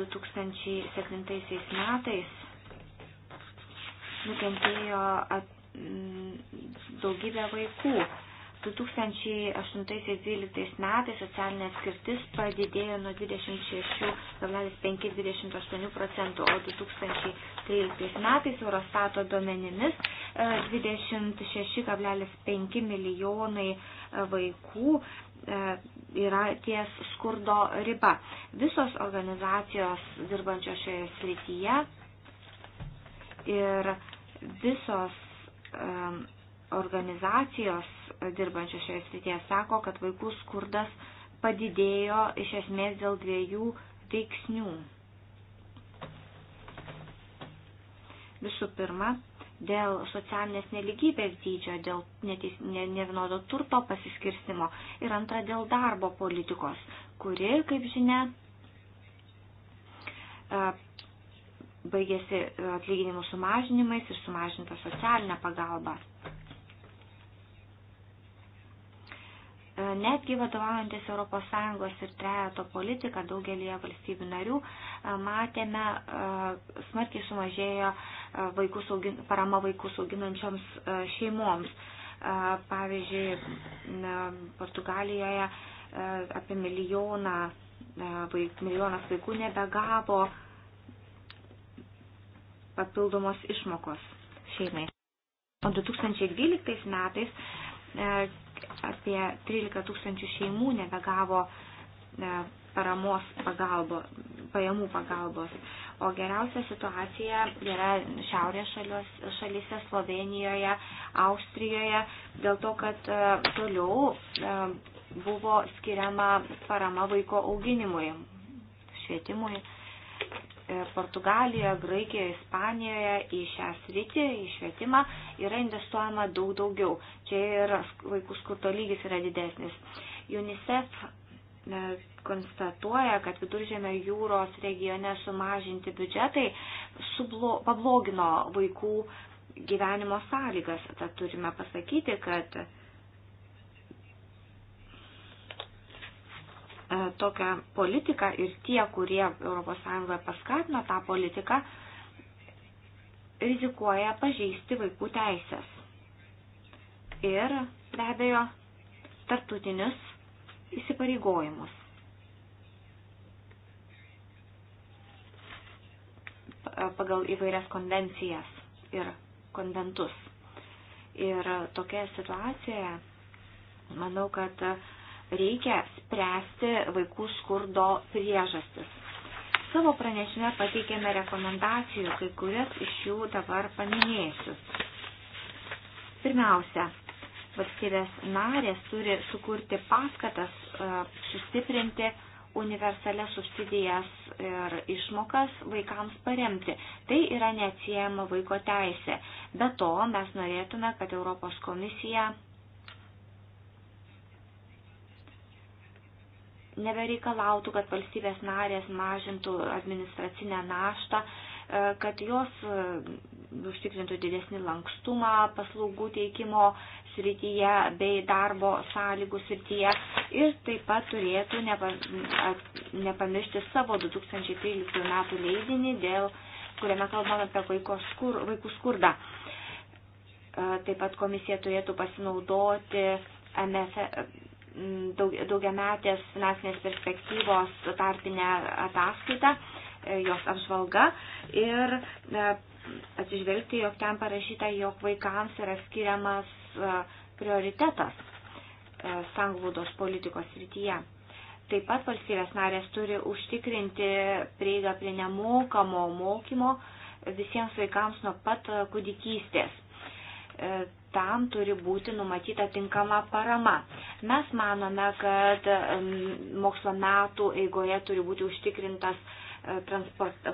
2007 e, metais nukentėjo at, daugybė vaikų 2008-2012 metais socialinė skirtis padidėjo nuo 26,5-28 procentų, o 2013 metais Eurostato duomenimis 26,5 e, milijonai e, vaikų e, yra ties skurdo riba. Visos organizacijos dirbančios šioje srityje ir visos organizacijos dirbančių šioje srityje sako, kad vaikų skurdas padidėjo iš esmės dėl dviejų veiksnių. Visų pirma, dėl socialinės neligybės dydžio, dėl nevienodo ne, ne turto pasiskirstimo ir antra dėl darbo politikos, kuri, kaip žinia, e, baigėsi atlyginimų sumažinimais ir sumažinta socialinė pagalba. E, netgi vadovaujantis ES ir trejato politika daugelie valstybių narių e, matėme e, smarkiai sumažėjo vaikus augin, parama vaikus auginančioms šeimoms. Pavyzdžiui, Portugalijoje apie milijoną, milijonas vaikų nebegavo papildomos išmokos šeimai. O 2012 metais apie 13 tūkstančių šeimų nebegavo e, paramos pagalbo, pajamų pagalbos. O geriausia situacija yra šiaurės šalios, šalyse, Slovenijoje, Austrijoje, dėl to, kad e, toliau e, buvo skiriama parama vaiko auginimui, švietimui. Portugalijoje, Graikijoje, Ispanijoje į šią sritį, į švietimą yra investuojama daug daugiau. Čia ir vaikų skurto lygis yra didesnis. UNICEF e, konstatuoja, kad viduržėmio jūros regione sumažinti biudžetai sublo, pablogino vaikų gyvenimo sąlygas. Tad turime pasakyti, kad E, tokią politiką ir tie, kurie ES paskatino tą politiką, rizikuoja pažeisti vaikų teisės. Ir be abejo, tartutinius įsipareigojimus. pagal įvairias konvencijas ir konventus. Ir tokioje situacijoje manau, kad reikia spręsti vaikų skurdo priežastis. Savo pranešime pateikėme rekomendacijų, kai kurias iš jų dabar paminėsiu. Pirmiausia, valstybės narės turi sukurti paskatas, e, sustiprinti universalias subsidijas ir išmokas vaikams paremti. Tai yra neatsiejama vaiko teisė. Be to, mes norėtume, kad Europos komisija nebereikalautų, kad valstybės narės mažintų administracinę naštą, e, kad jos e, užtikrintų didesnį lankstumą paslaugų teikimo srityje bei darbo sąlygų srityje ir taip pat turėtų nepamiršti savo 2013 metų leidinį, dėl, kuriame kalbame apie skur, vaikų skurdą. E, taip pat komisija turėtų pasinaudoti MF, daug, daugiametės finansinės perspektyvos tarpinę ataskaitą, e, jos apžvalga ir e, atsižvelgti, jog ten parašyta, jog vaikams yra skiriamas e, prioritetas sanglaudos politikos rytyje. Taip pat valstybės narės turi užtikrinti prieigą prie nemokamo mokymo visiems vaikams nuo pat kūdikystės tam turi būti numatyta tinkama parama. Mes manome, kad mokslo metų eigoje turi būti užtikrintas e,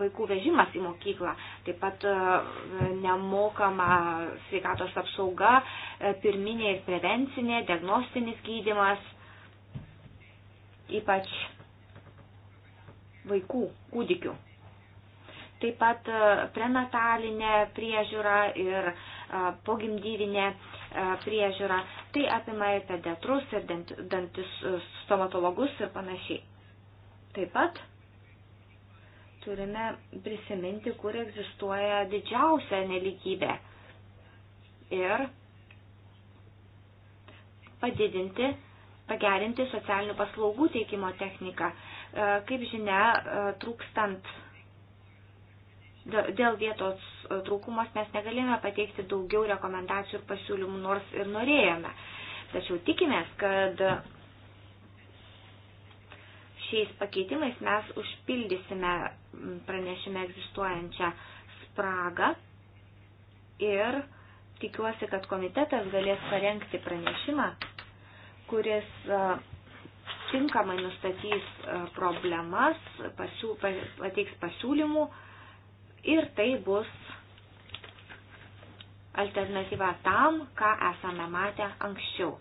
vaikų vežimas į mokyklą, taip pat e, nemokama sveikatos apsauga, e, pirminė ir prevencinė, diagnostinis gydimas, ypač vaikų, kūdikių. Taip pat prenatalinė priežiūra ir uh, pogimdyvinę priežiūrą. Tai apima ir pediatrus, ir dantis stomatologus ir panašiai. Taip pat turime prisiminti, kur egzistuoja didžiausia neligybė ir padidinti, pagerinti socialinių paslaugų teikimo techniką. Kaip žinia, trūkstant dėl vietos e, trūkumos mes negalėjome pateikti daugiau rekomendacijų ir pasiūlymų, nors ir norėjome. Tačiau tikimės, kad šiais pakeitimais mes užpildysime pranešime egzistuojančią spragą ir tikiuosi, kad komitetas galės parengti pranešimą, kuris e, tinkamai nustatys e, problemas, pasiū, pateiks pasiūlymų ir tai bus alternatyva tam, ką esame matę anksčiau.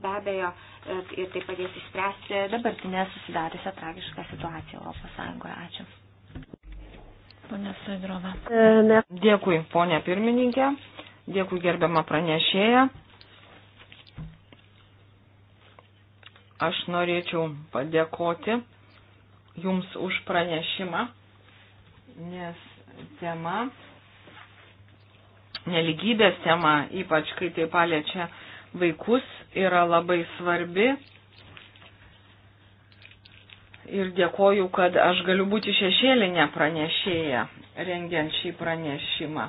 Be abejo, e, ir tai padės išspręsti dabartinę susidariusią tragišką situaciją Europos Sąjungoje. Ačiū. Pone Saidrova. E, Dėkui, ponė pirmininkė. Dėkui, gerbiama pranešėja. Aš norėčiau padėkoti Jums už pranešimą, nes tema, neligybės tema, ypač kai tai paliečia vaikus, yra labai svarbi. Ir dėkoju, kad aš galiu būti šešėlinė pranešėja, rengiant šį pranešimą.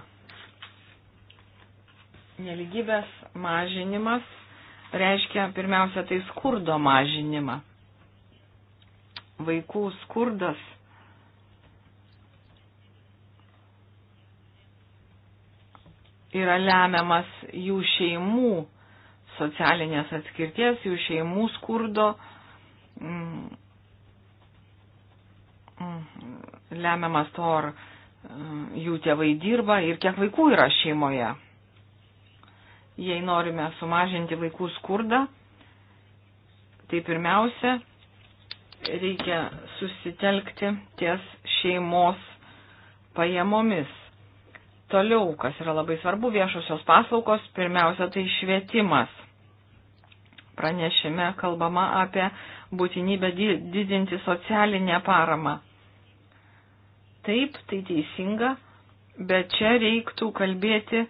Neligybės mažinimas reiškia pirmiausia tai skurdo mažinimą. Vaikų skurdas yra lemiamas jų šeimų socialinės atskirties, jų šeimų skurdo, mm, mm, lemiamas to, ar mm, jų tėvai dirba ir kiek vaikų yra šeimoje. Jei norime sumažinti vaikų skurdą, tai pirmiausia, reikia susitelkti ties šeimos pajamomis. Toliau, kas yra labai svarbu, viešosios paslaugos, pirmiausia, tai švietimas. Pranešime kalbama apie būtinybę didinti socialinę paramą. Taip, tai teisinga, bet čia reiktų kalbėti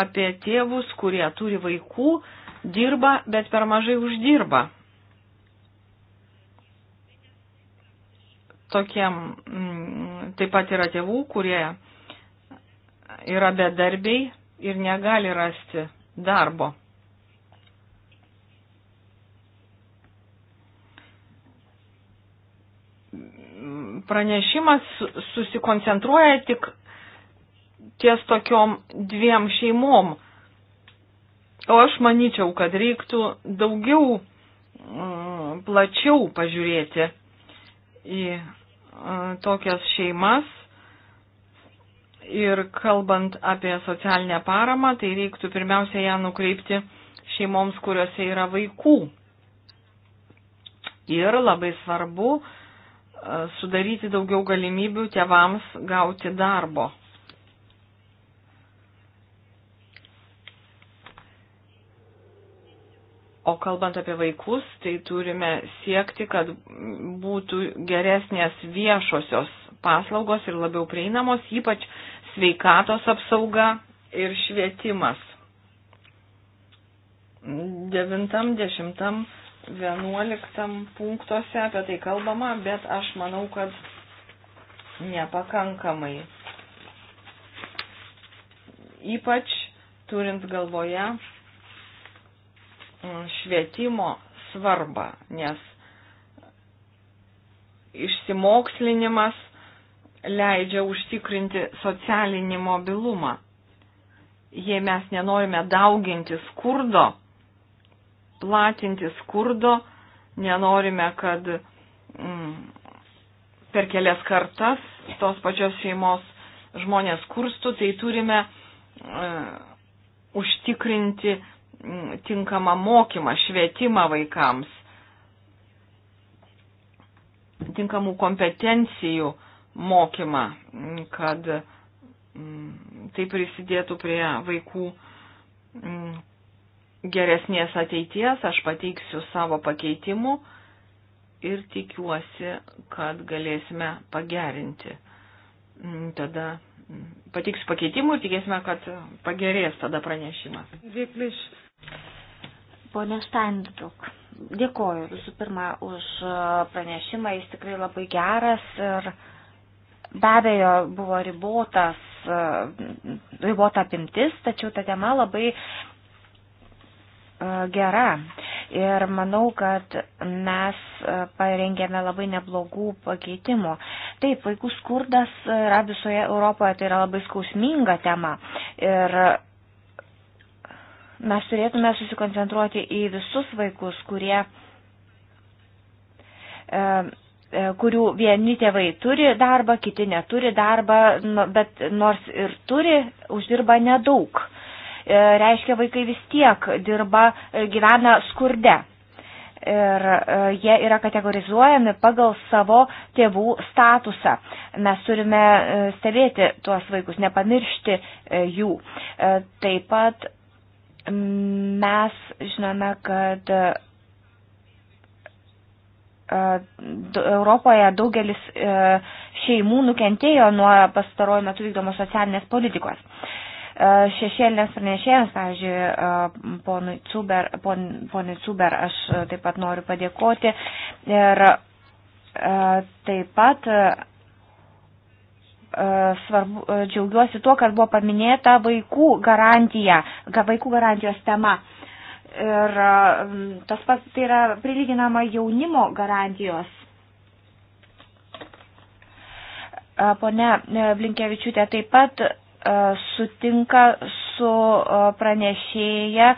apie tėvus, kurie turi vaikų, dirba, bet per mažai uždirba. Tokiem mm, taip pat yra tėvų, kurie yra bedarbiai ir negali rasti darbo. Pranešimas susikoncentruoja tik ties tokiom dviem šeimom. O aš manyčiau, kad reiktų daugiau mm, plačiau pažiūrėti į mm, tokias šeimas, Ir kalbant apie socialinę paramą, tai reiktų pirmiausia ją nukreipti šeimoms, kuriuose yra vaikų. Ir labai svarbu e, sudaryti daugiau galimybių tėvams gauti darbo. O kalbant apie vaikus, tai turime siekti, kad būtų geresnės viešosios paslaugos ir labiau prieinamos, ypač sveikatos apsauga ir švietimas. Devintam, dešimtam, vienuoliktam punktuose apie tai kalbama, bet aš manau, kad nepakankamai. Ypač turint galvoje mm, švietimo svarbą, nes išsimokslinimas leidžia užtikrinti socialinį mobilumą. Jei mes nenorime dauginti skurdo, platinti skurdo, nenorime, kad mm, per kelias kartas tos pačios šeimos žmonės kurstų, tai turime mm, užtikrinti mm, tinkamą mokymą, švietimą vaikams, tinkamų kompetencijų, mm, mokymą, kad mm, tai prisidėtų prie vaikų mm, geresnės ateities. Aš pateiksiu savo pakeitimų ir tikiuosi, kad galėsime pagerinti. Mm, tada pateiksiu pakeitimų ir tikėsime, kad pagerės tada pranešimas. Vykliš. Pone Steinbruk, dėkoju visų pirma už pranešimą, jis tikrai labai geras ir uh, Be abejo, buvo ribotas, e, ribota apimtis, tačiau ta tema labai e, gera. Ir manau, kad mes e, parengėme labai neblogų pakeitimų. Taip, vaikų skurdas yra visoje Europoje, tai yra labai skausminga tema. Ir mes turėtume susikoncentruoti į visus vaikus, kurie E, kurių vieni tėvai turi darbą, kiti neturi darbą, bet nors ir turi, uždirba nedaug. E, reiškia, vaikai vis tiek dirba, e, gyvena skurde. Ir jie yra kategorizuojami pagal savo tėvų statusą. Mes turime stebėti tuos vaikus, nepamiršti jų. Taip pat mes žinome, kad Europoje daugelis e, šeimų nukentėjo nuo pastaruoju metu vykdomos socialinės politikos. E, šešėlinės pranešėjams, pavyzdžiui, e, ponui Cuber, pon, ponui Cuber aš taip pat noriu padėkoti. Ir taip pat svarbu, džiaugiuosi tuo, kad buvo paminėta vaikų garantija, vaikų garantijos tema. Ir mm, tas pats tai yra prilyginama jaunimo garantijos. Pone e, Blinkevičiūtė taip pat e, sutinka su e, pranešėja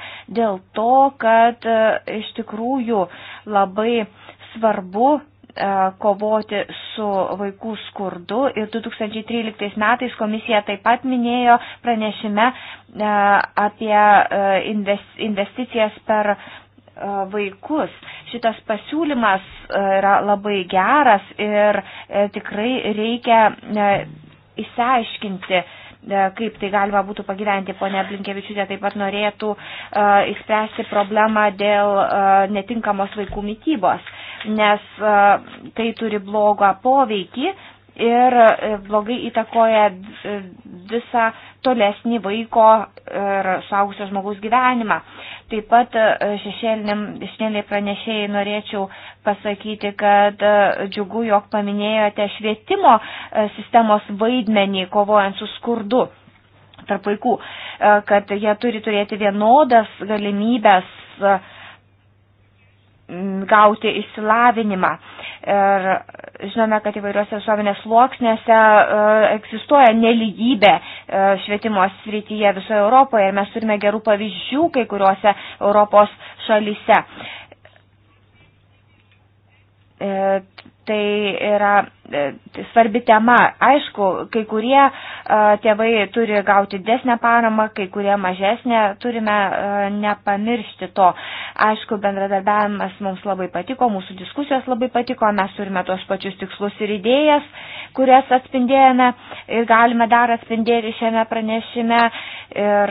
dėl to, kad iš tikrųjų labai svarbu E, kovoti su vaikų skurdu ir 2013 metais komisija taip pat minėjo pranešime e, apie e, investicijas per vaikus. Šitas pasiūlymas yra labai geras ir tikrai reikia įsiaiškinti, E, kaip tai galima būtų pagyventi. Pone Blinkevičiūtė taip pat norėtų e, išspręsti problemą dėl e, netinkamos vaikų mytybos, nes tai turi blogą poveikį ir e, blogai įtakoja e, visą tolesnį vaiko ir suaugusio žmogaus gyvenimą. Taip pat e, šešėliniai pranešėjai norėčiau pasakyti, kad džiugu, jog paminėjote švietimo sistemos vaidmenį kovojant su skurdu tarp vaikų, kad jie turi turėti vienodas galimybės gauti išsilavinimą. Ir žinome, kad įvairiuose visuomenės sluoksniuose e, egzistuoja neligybė e, švietimo srityje visoje Europoje ir mes turime gerų pavyzdžių kai kuriuose Europos šalyse. E, Tai yra e, svarbi tema. Aišku, kai kurie e, tėvai turi gauti desnę paramą, kai kurie mažesnę, turime e, nepamiršti to. Aišku, bendradarbiavimas mums labai patiko, mūsų diskusijos labai patiko, mes turime tuos pačius tikslus ir idėjas, kurias atspindėjome ir galime dar atspindėti šiame pranešime. Ir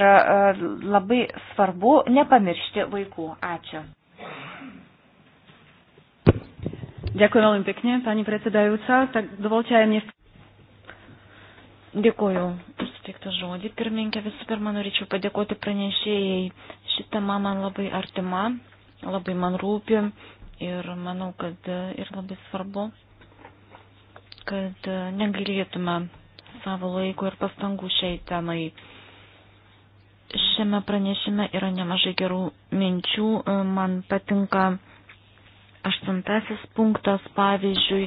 labai svarbu nepamiršti vaikų. Ačiū. Ďakujem veľmi pekne, pani predsedajúca. Tak dovolte aj mne. Dėkuoju už suteiktą žodį. Pirmininkė, visų pirma, norėčiau padėkoti pranešėjai. Šitą temą man labai artima, labai man rūpi ir manau, kad ir labai svarbu, kad negalėtume savo laiko ir pastangų šiai temai šiame pranešime yra nemažai gerų minčių. Eh, man patinka Aštuntasis punktas, pavyzdžiui,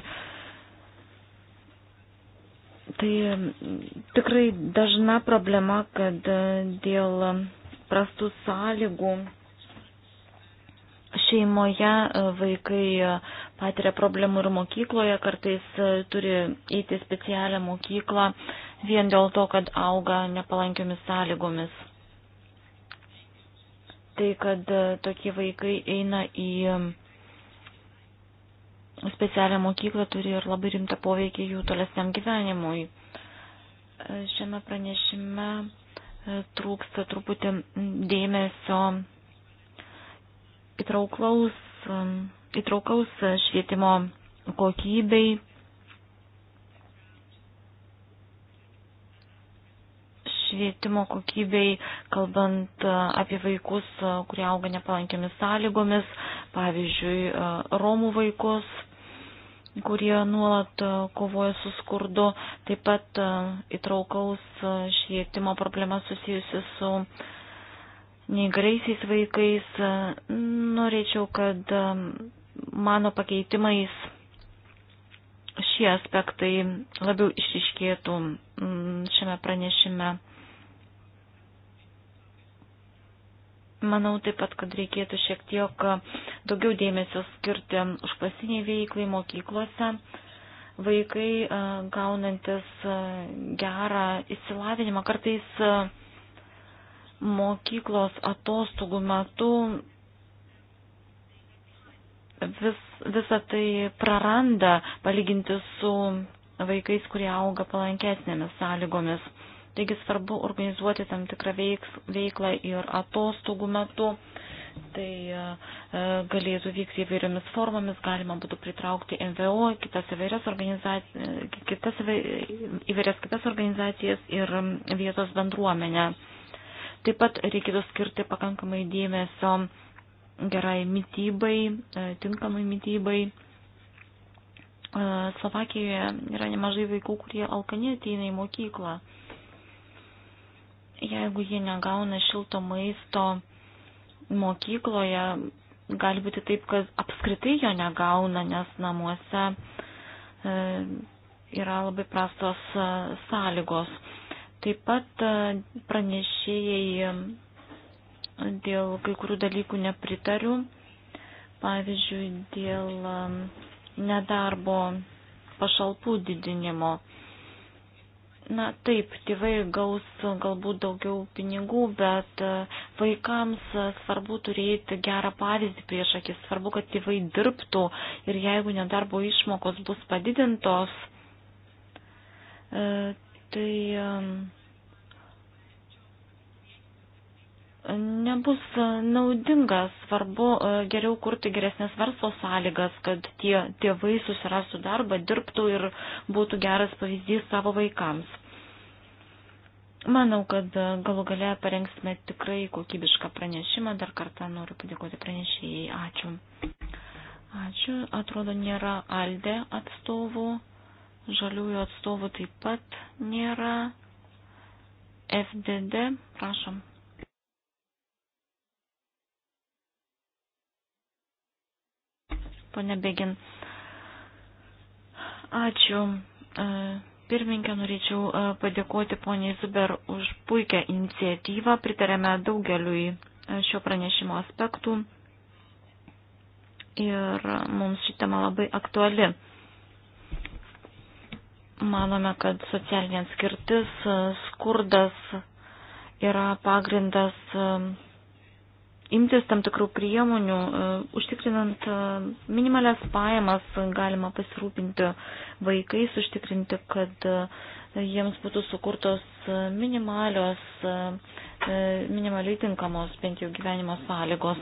tai tikrai dažna problema, kad e, dėl prastų sąlygų šeimoje e, vaikai e, patiria problemų ir mokykloje, kartais turi eiti specialią mokyklą vien dėl to, kad auga nepalankiomis sąlygomis. Tai, kad tokie vaikai eina į specialią mokyklą turi ir labai rimtą poveikį jų tolesniam gyvenimui. E, šiame pranešime e, trūksta truputį dėmesio įtrauklaus, e, įtraukaus švietimo kokybei. Švietimo kokybei, kalbant apie vaikus, kurie auga nepalankiamis sąlygomis, pavyzdžiui, Romų vaikus, kurie nuolat e, kovoja su skurdu, taip pat e, įtraukaus e, švietimo problema susijusi su neįgaliaisiais vaikais. Norėčiau, kad mano pakeitimais šie aspektai labiau išiškėtų šiame pranešime. Manau taip pat, kad reikėtų šiek tiek daugiau dėmesio skirti užpasiniai veiklai mokyklose. Vaikai e, gaunantis e, gerą įsilavinimą kartais e, mokyklos atostogų metu vis, visą tai praranda palyginti su vaikais, kurie auga palankesnėmis sąlygomis. Taigi svarbu organizuoti tam tikrą veiks, veiklą ir atostogų metu. Tai e, e, galėtų vykti įvairiomis formomis, galima būtų pritraukti MVO, kitas įvairias, e, kitas, įvairias kitas organizacijas ir vietos bendruomenę. Taip pat reikėtų skirti pakankamai dėmesio gerai mytybai, tinkamai mytybai. Slovakijoje yra nemažai vaikų, kurie alkani ateina į mokyklą. Jeigu jie negauna šilto maisto, mokykloje gali būti taip, kad apskritai jo negauna, nes namuose e, yra labai prastos e, sąlygos. Taip pat e, pranešėjai dėl kai kurių dalykų nepritariu, pavyzdžiui, dėl nedarbo pašalpų didinimo. Na taip, tėvai gaus galbūt daugiau pinigų, bet e, vaikams e, svarbu turėti gerą pavyzdį prieš akis, svarbu, kad tėvai dirbtų ir jeigu nedarbo išmokos bus padidintos, e, tai nebus naudinga. Svarbu e, geriau kurti geresnės verslo sąlygas, kad tie tėvai susirastų darbą, dirbtų ir būtų geras pavyzdys savo vaikams. Manau, kad e, galų gale parengsime tikrai kokybišką pranešimą. Dar kartą noriu padėkoti pranešėjai. Ačiū. Ačiū. Atrodo, nėra Alde atstovų. Žaliųjų atstovų taip pat nėra. FDD, prašom. Pone Begin. Ačiū. E, Pirminkė, norėčiau e, padėkoti poniai Zuber už puikią iniciatyvą. Pritarėme daugeliui e, šio pranešimo aspektų ir mums ši tema labai aktuali. Manome, kad socialinė atskirtis, skurdas yra pagrindas imtis tam tikrų priemonių, e, užtikrinant e, minimalias pajamas galima pasirūpinti vaikais, užtikrinti, kad e, jiems būtų sukurtos minimalios, minimaliai tinkamos bent jau gyvenimo sąlygos.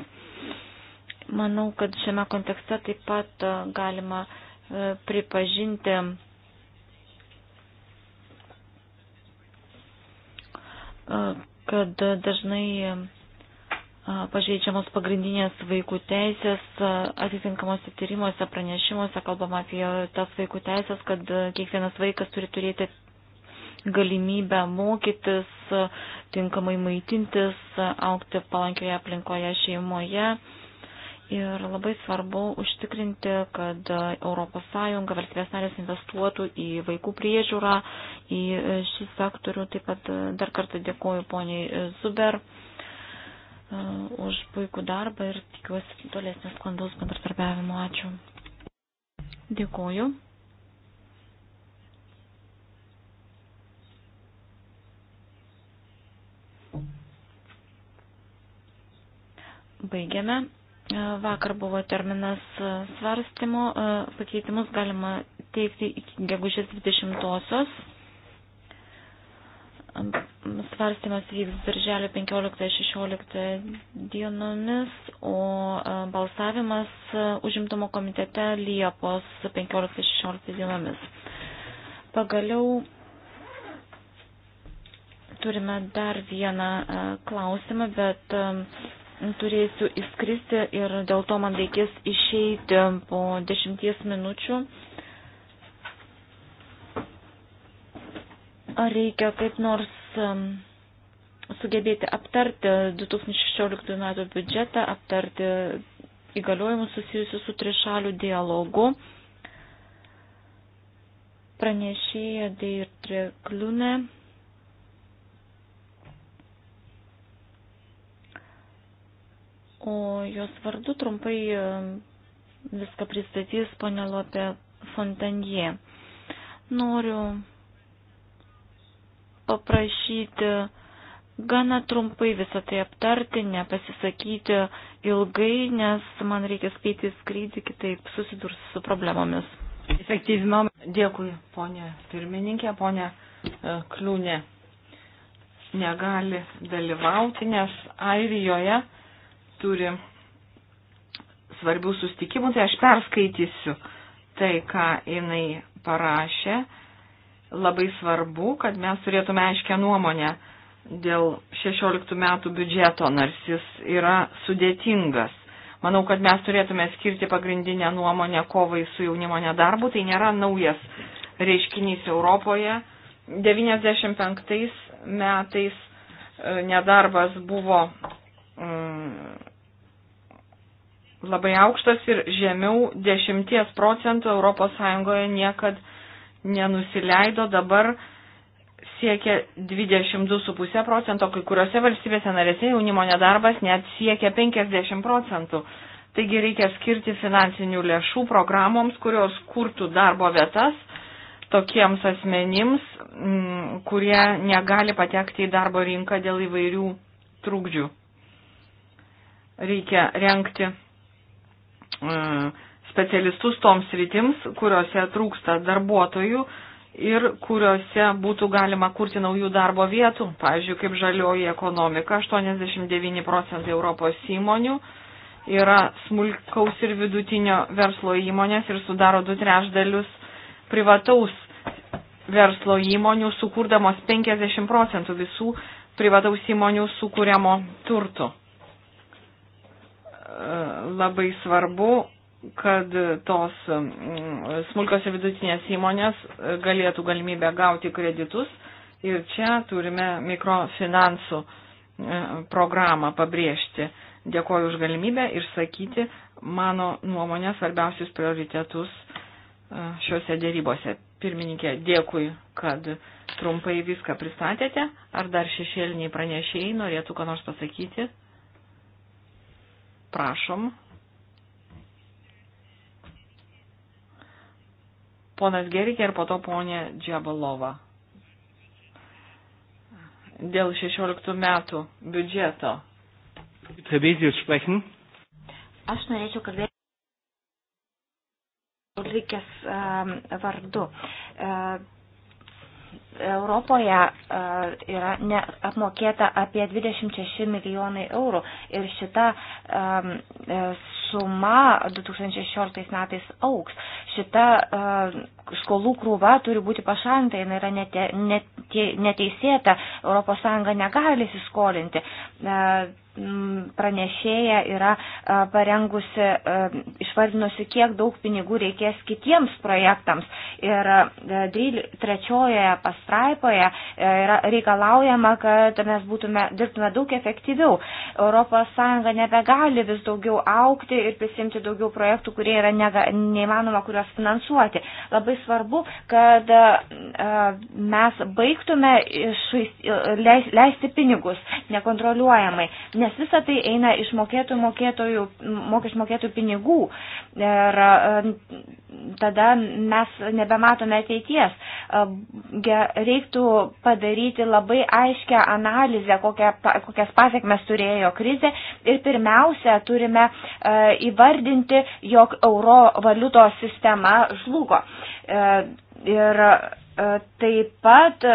Manau, kad šiame kontekste taip pat galima pripažinti kad dažnai pažeidžiamos pagrindinės vaikų teisės, atitinkamuose tyrimuose, pranešimuose kalbama apie tas vaikų teisės, kad kiekvienas vaikas turi turėti galimybę mokytis, tinkamai maitintis, aukti palankioje aplinkoje šeimoje. Ir labai svarbu užtikrinti, kad ES valstybės narės investuotų į vaikų priežiūrą, į e, šį sektorių. Taip pat dar kartą dėkoju poniai e, Zuber už puikų darbą ir tikiuosi tolesnės sklandaus bendradarbiavimo. Ačiū. Dėkuoju. Baigiame. Vakar buvo terminas svarstymo. Pakeitimus galima teikti iki gegužės 20-osios. Svarstymas vyks birželio 15-16 dienomis, o e, balsavimas e, užimtumo komitete Liepos 15-16 dienomis. Pagaliau turime dar vieną e, klausimą, bet turėsiu įskristi ir dėl to man reikės išeiti po dešimties minučių. Ar reikia kaip nors sugebėti aptarti 2016 metų biudžetą, aptarti įgaliojimus susijusius su trišalių dialogu. Pranešėja Deirdre Kliune. O jos vardu trumpai viską pristatys ponė Lopė Fontanje. Noriu paprašyti gana trumpai visą tai aptarti, nepasisakyti ilgai, nes man reikia skaityti skrydį, kitaip susidurs su problemomis. Efektyvimam. Dėkui, ponė pirmininkė, ponė e, Kliūnė negali dalyvauti, nes Airijoje turi svarbių sustikimų, tai aš perskaitysiu tai, ką jinai parašė labai svarbu, kad mes turėtume aiškę nuomonę dėl 16 metų biudžeto, nors jis yra sudėtingas. Manau, kad mes turėtume skirti pagrindinę nuomonę kovai su jaunimo nedarbu. Tai nėra naujas reiškinys Europoje. 95 metais e, nedarbas buvo mm, labai aukštas ir žemiau 10 procentų ES niekad nenusileido, dabar siekia 22,5 procento, kai kuriuose valstybėse narėse jaunimo nedarbas net siekia 50 procentų. Taigi reikia skirti finansinių lėšų programoms, kurios kurtų darbo vietas tokiems asmenims, m, mm, kurie negali patekti į darbo rinką dėl įvairių trūkdžių. Reikia renkti m, e, specialistus toms rytims, kuriuose trūksta darbuotojų ir kuriuose būtų galima kurti naujų darbo vietų. Pavyzdžiui, kaip žalioji ekonomika, 89 procentai Europos įmonių yra smulkaus ir vidutinio verslo įmonės ir sudaro du trešdalius privataus verslo įmonių, sukūrdamos 50 procentų visų privataus įmonių sukūriamo turtų. Labai svarbu kad tos smulkios ir vidutinės įmonės galėtų galimybę gauti kreditus. Ir čia turime mikrofinansų e, programą pabrėžti. Dėkoju už galimybę išsakyti mano nuomonę svarbiausius prioritetus e, šiuose dėrybose. Pirmininkė, dėkui, kad trumpai viską pristatėte. Ar dar šešėliniai pranešėjai norėtų ką nors pasakyti? Prašom. ponas Gerikė ir po to ponė Džiabalova. Dėl 16 metų biudžeto. Aš norėčiau kalbėti. Ulrikės ehm, vardu. Ehm, Europoje ehm, yra apmokėta apie 26 milijonai eurų ir šita e, suma 2016 metais auks. Šita uh, skolų krūva turi būti pašalinta, jinai yra nete, nete, neteisėta, ES negali įsiskolinti. Uh, pranešėja yra e, parengusi, išvardinusi, kiek daug pinigų reikės kitiems projektams. Ir trečiojoje pastraipoje yra reikalaujama, kad mes būtume, dirbtume daug efektyviau. ES nebegali vis daugiau aukti dalyvauti ir prisimti daugiau projektų, kurie yra nega, neįmanoma, kuriuos finansuoti. Labai svarbu, kad e, mes baigtume švaist, leis, leisti pinigus nekontroliuojamai, nes visa tai eina iš mokėtų mokėtojų, mokesčių mokėtojų pinigų ir e, tada mes nebematome ateities. E, reiktų padaryti labai aiškę analizę, kokią, kokias pasiekmes turėjo krizė ir pirmiausia turime įvardinti, jog euro valiutos sistema žlugo. E, ir e, taip pat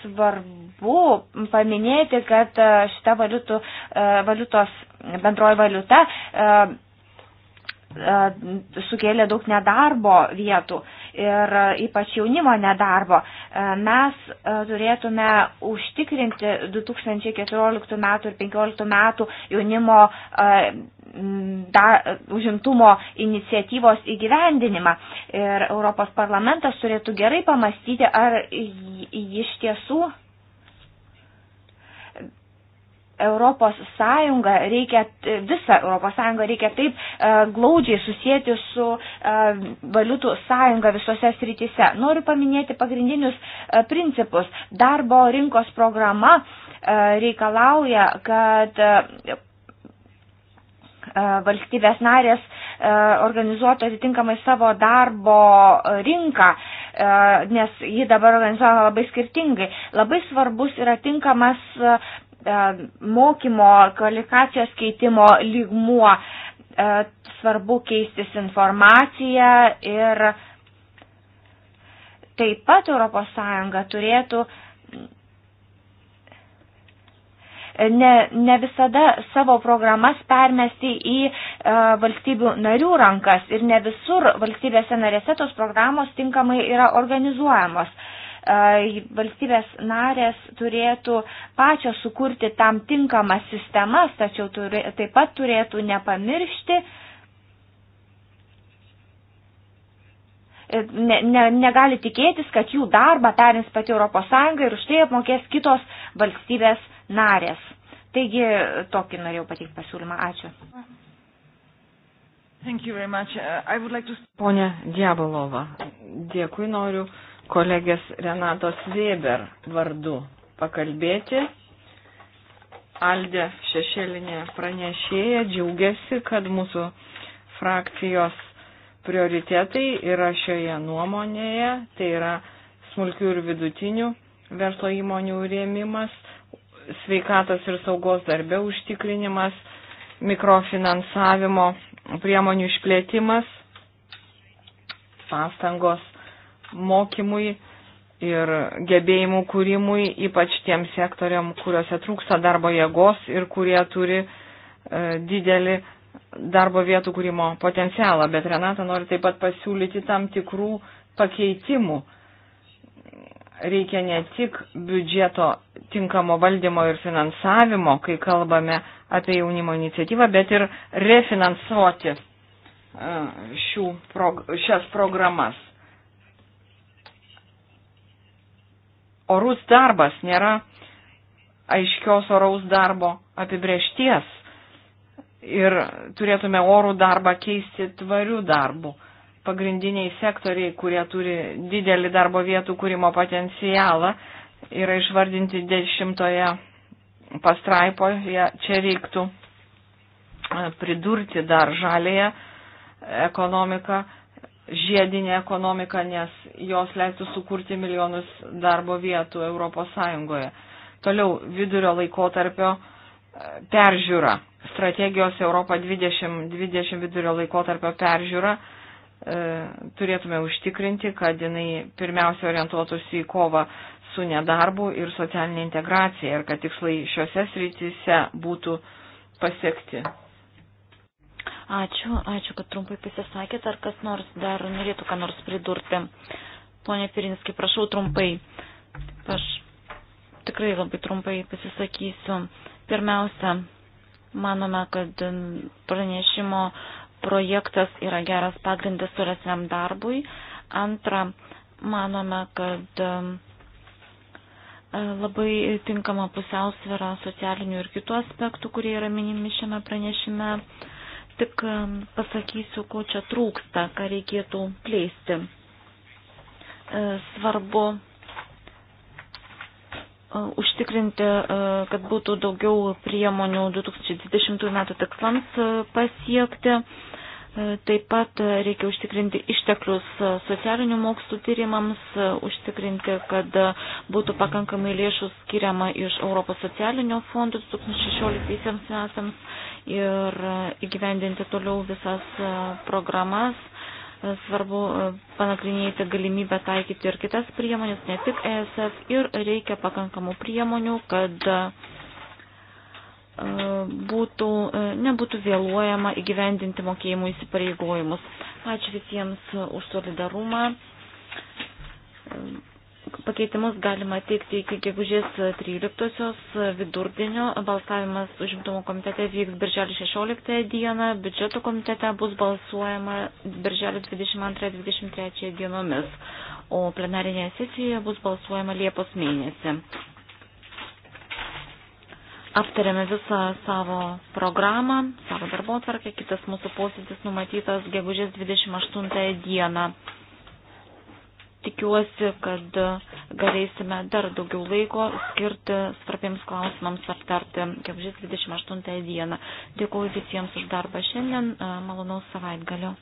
svarbu paminėti, kad e, šita valiutų, valiutos bendroji valiuta sukėlė daug nedarbo vietų ir ypač jaunimo nedarbo. Mes turėtume užtikrinti 2014 metų ir 2015 metų jaunimo da, užimtumo iniciatyvos įgyvendinimą. Ir Europos parlamentas turėtų gerai pamastyti, ar iš tiesų Europos Sąjungą reikia, visą Europos Sąjungą reikia taip uh, glaudžiai susijęti su uh, valiutų sąjunga visose srityse. Noriu paminėti pagrindinius uh, principus. Darbo rinkos programa uh, reikalauja, kad uh, E, valstybės narės e, organizuotų atitinkamai savo darbo rinką, e, nes ji dabar organizuoja labai skirtingai. Labai svarbus yra tinkamas mokymo, kvalifikacijos keitimo lygmuo. Svarbu keistis informaciją ir taip pat ES turėtų uh, ne, ne visada savo programas permesti į e, valstybių narių rankas ir ne visur valstybėse narėse tos programos tinkamai yra organizuojamos. E, valstybės narės turėtų pačios sukurti tam tinkamas sistemas, tačiau turi, taip pat turėtų nepamiršti, e, ne, ne, negali tikėtis, kad jų darbą perims pati ES ir už tai apmokės kitos valstybės narės. Taigi tokį norėjau pateikti pasiūlymą. Ačiū. Uh, like to... Pone Diabolova, dėkui noriu kolegės Renatos Weber vardu pakalbėti. Aldė šešėlinė pranešėja džiaugiasi, kad mūsų frakcijos prioritetai yra šioje nuomonėje, tai yra smulkių ir vidutinių verslo įmonių rėmimas, sveikatos ir saugos darbe užtikrinimas, mikrofinansavimo priemonių išplėtimas, pastangos mokymui ir gebėjimų kūrimui, ypač tiem sektoriam, kuriuose trūksta darbo jėgos ir kurie turi e, didelį darbo vietų kūrimo potencialą, bet Renata nori taip pat pasiūlyti tam tikrų pakeitimų. Reikia ne tik biudžeto tinkamo valdymo ir finansavimo, kai kalbame apie jaunimo iniciatyvą, bet ir refinansuoti e, šių, šias programas. Orus darbas nėra aiškios oraus darbo apibriešties ir turėtume orų darbą keisti tvarių darbų. Pagrindiniai sektoriai, kurie turi didelį darbo vietų kūrimo potencialą, yra išvardinti dešimtoje pastraipoje. Čia reiktų e, pridurti dar žalėje ekonomiką, žiedinę ekonomiką, nes jos leistų sukurti milijonus darbo vietų Europos Sąjungoje. Toliau vidurio laikotarpio tarpio peržiūra, strategijos Europa 2020 20 vidurio laikotarpio peržiūra, e, turėtume užtikrinti, kad jinai pirmiausia orientuotųsi į kovą su nedarbu ir socialinė integracija ir kad tikslai šiuose srityse būtų pasiekti. Ačiū, ačiū, kad trumpai pasisakėt. Ar kas nors dar norėtų ką nors pridurti? Pone Pirinskai, prašau trumpai. Aš tikrai labai trumpai pasisakysiu. Pirmiausia, manome, kad pranešimo projektas yra geras pagrindas surasiam darbui. Antra, manome, kad e, labai tinkama pusiausvėra socialinių ir kitų aspektų, kurie yra minimi šiame pranešime. Tik e, pasakysiu, ko čia trūksta, ką reikėtų plėsti. E, svarbu užtikrinti, kad būtų daugiau priemonių 2020 metų tikslams pasiekti. Taip pat reikia užtikrinti išteklius socialinių mokslų tyrimams, užtikrinti, kad būtų pakankamai lėšų skiriama iš Europos socialinio fondo 2016 metams ir įgyvendinti toliau visas programas Svarbu e, panagrinėti galimybę taikyti ir kitas priemonės, ne tik ESF, ir reikia pakankamų priemonių, kad e, būtų, e, nebūtų vėluojama įgyvendinti mokėjimų įsipareigojimus. Ačiū visiems už solidarumą. Pakeitimus galima teikti iki gegužės 13-osios vidurdienio. Balsavimas užimtumo komitete vyks birželio 16 dieną, biudžeto komitete bus balsuojama birželio 22-23 dienomis, o plenarinėje sesijoje bus balsuojama Liepos mėnesį. Aptarėme visą savo programą, savo darbo tvarkę, kitas mūsų posėdis numatytas gegužės 28 dieną. Tikiuosi, kad galėsime dar daugiau laiko skirti svarbiems klausimams aptarti gegužės 28 dieną. Dėkuoju visiems už darbą šiandien, malonaus savaitgalio.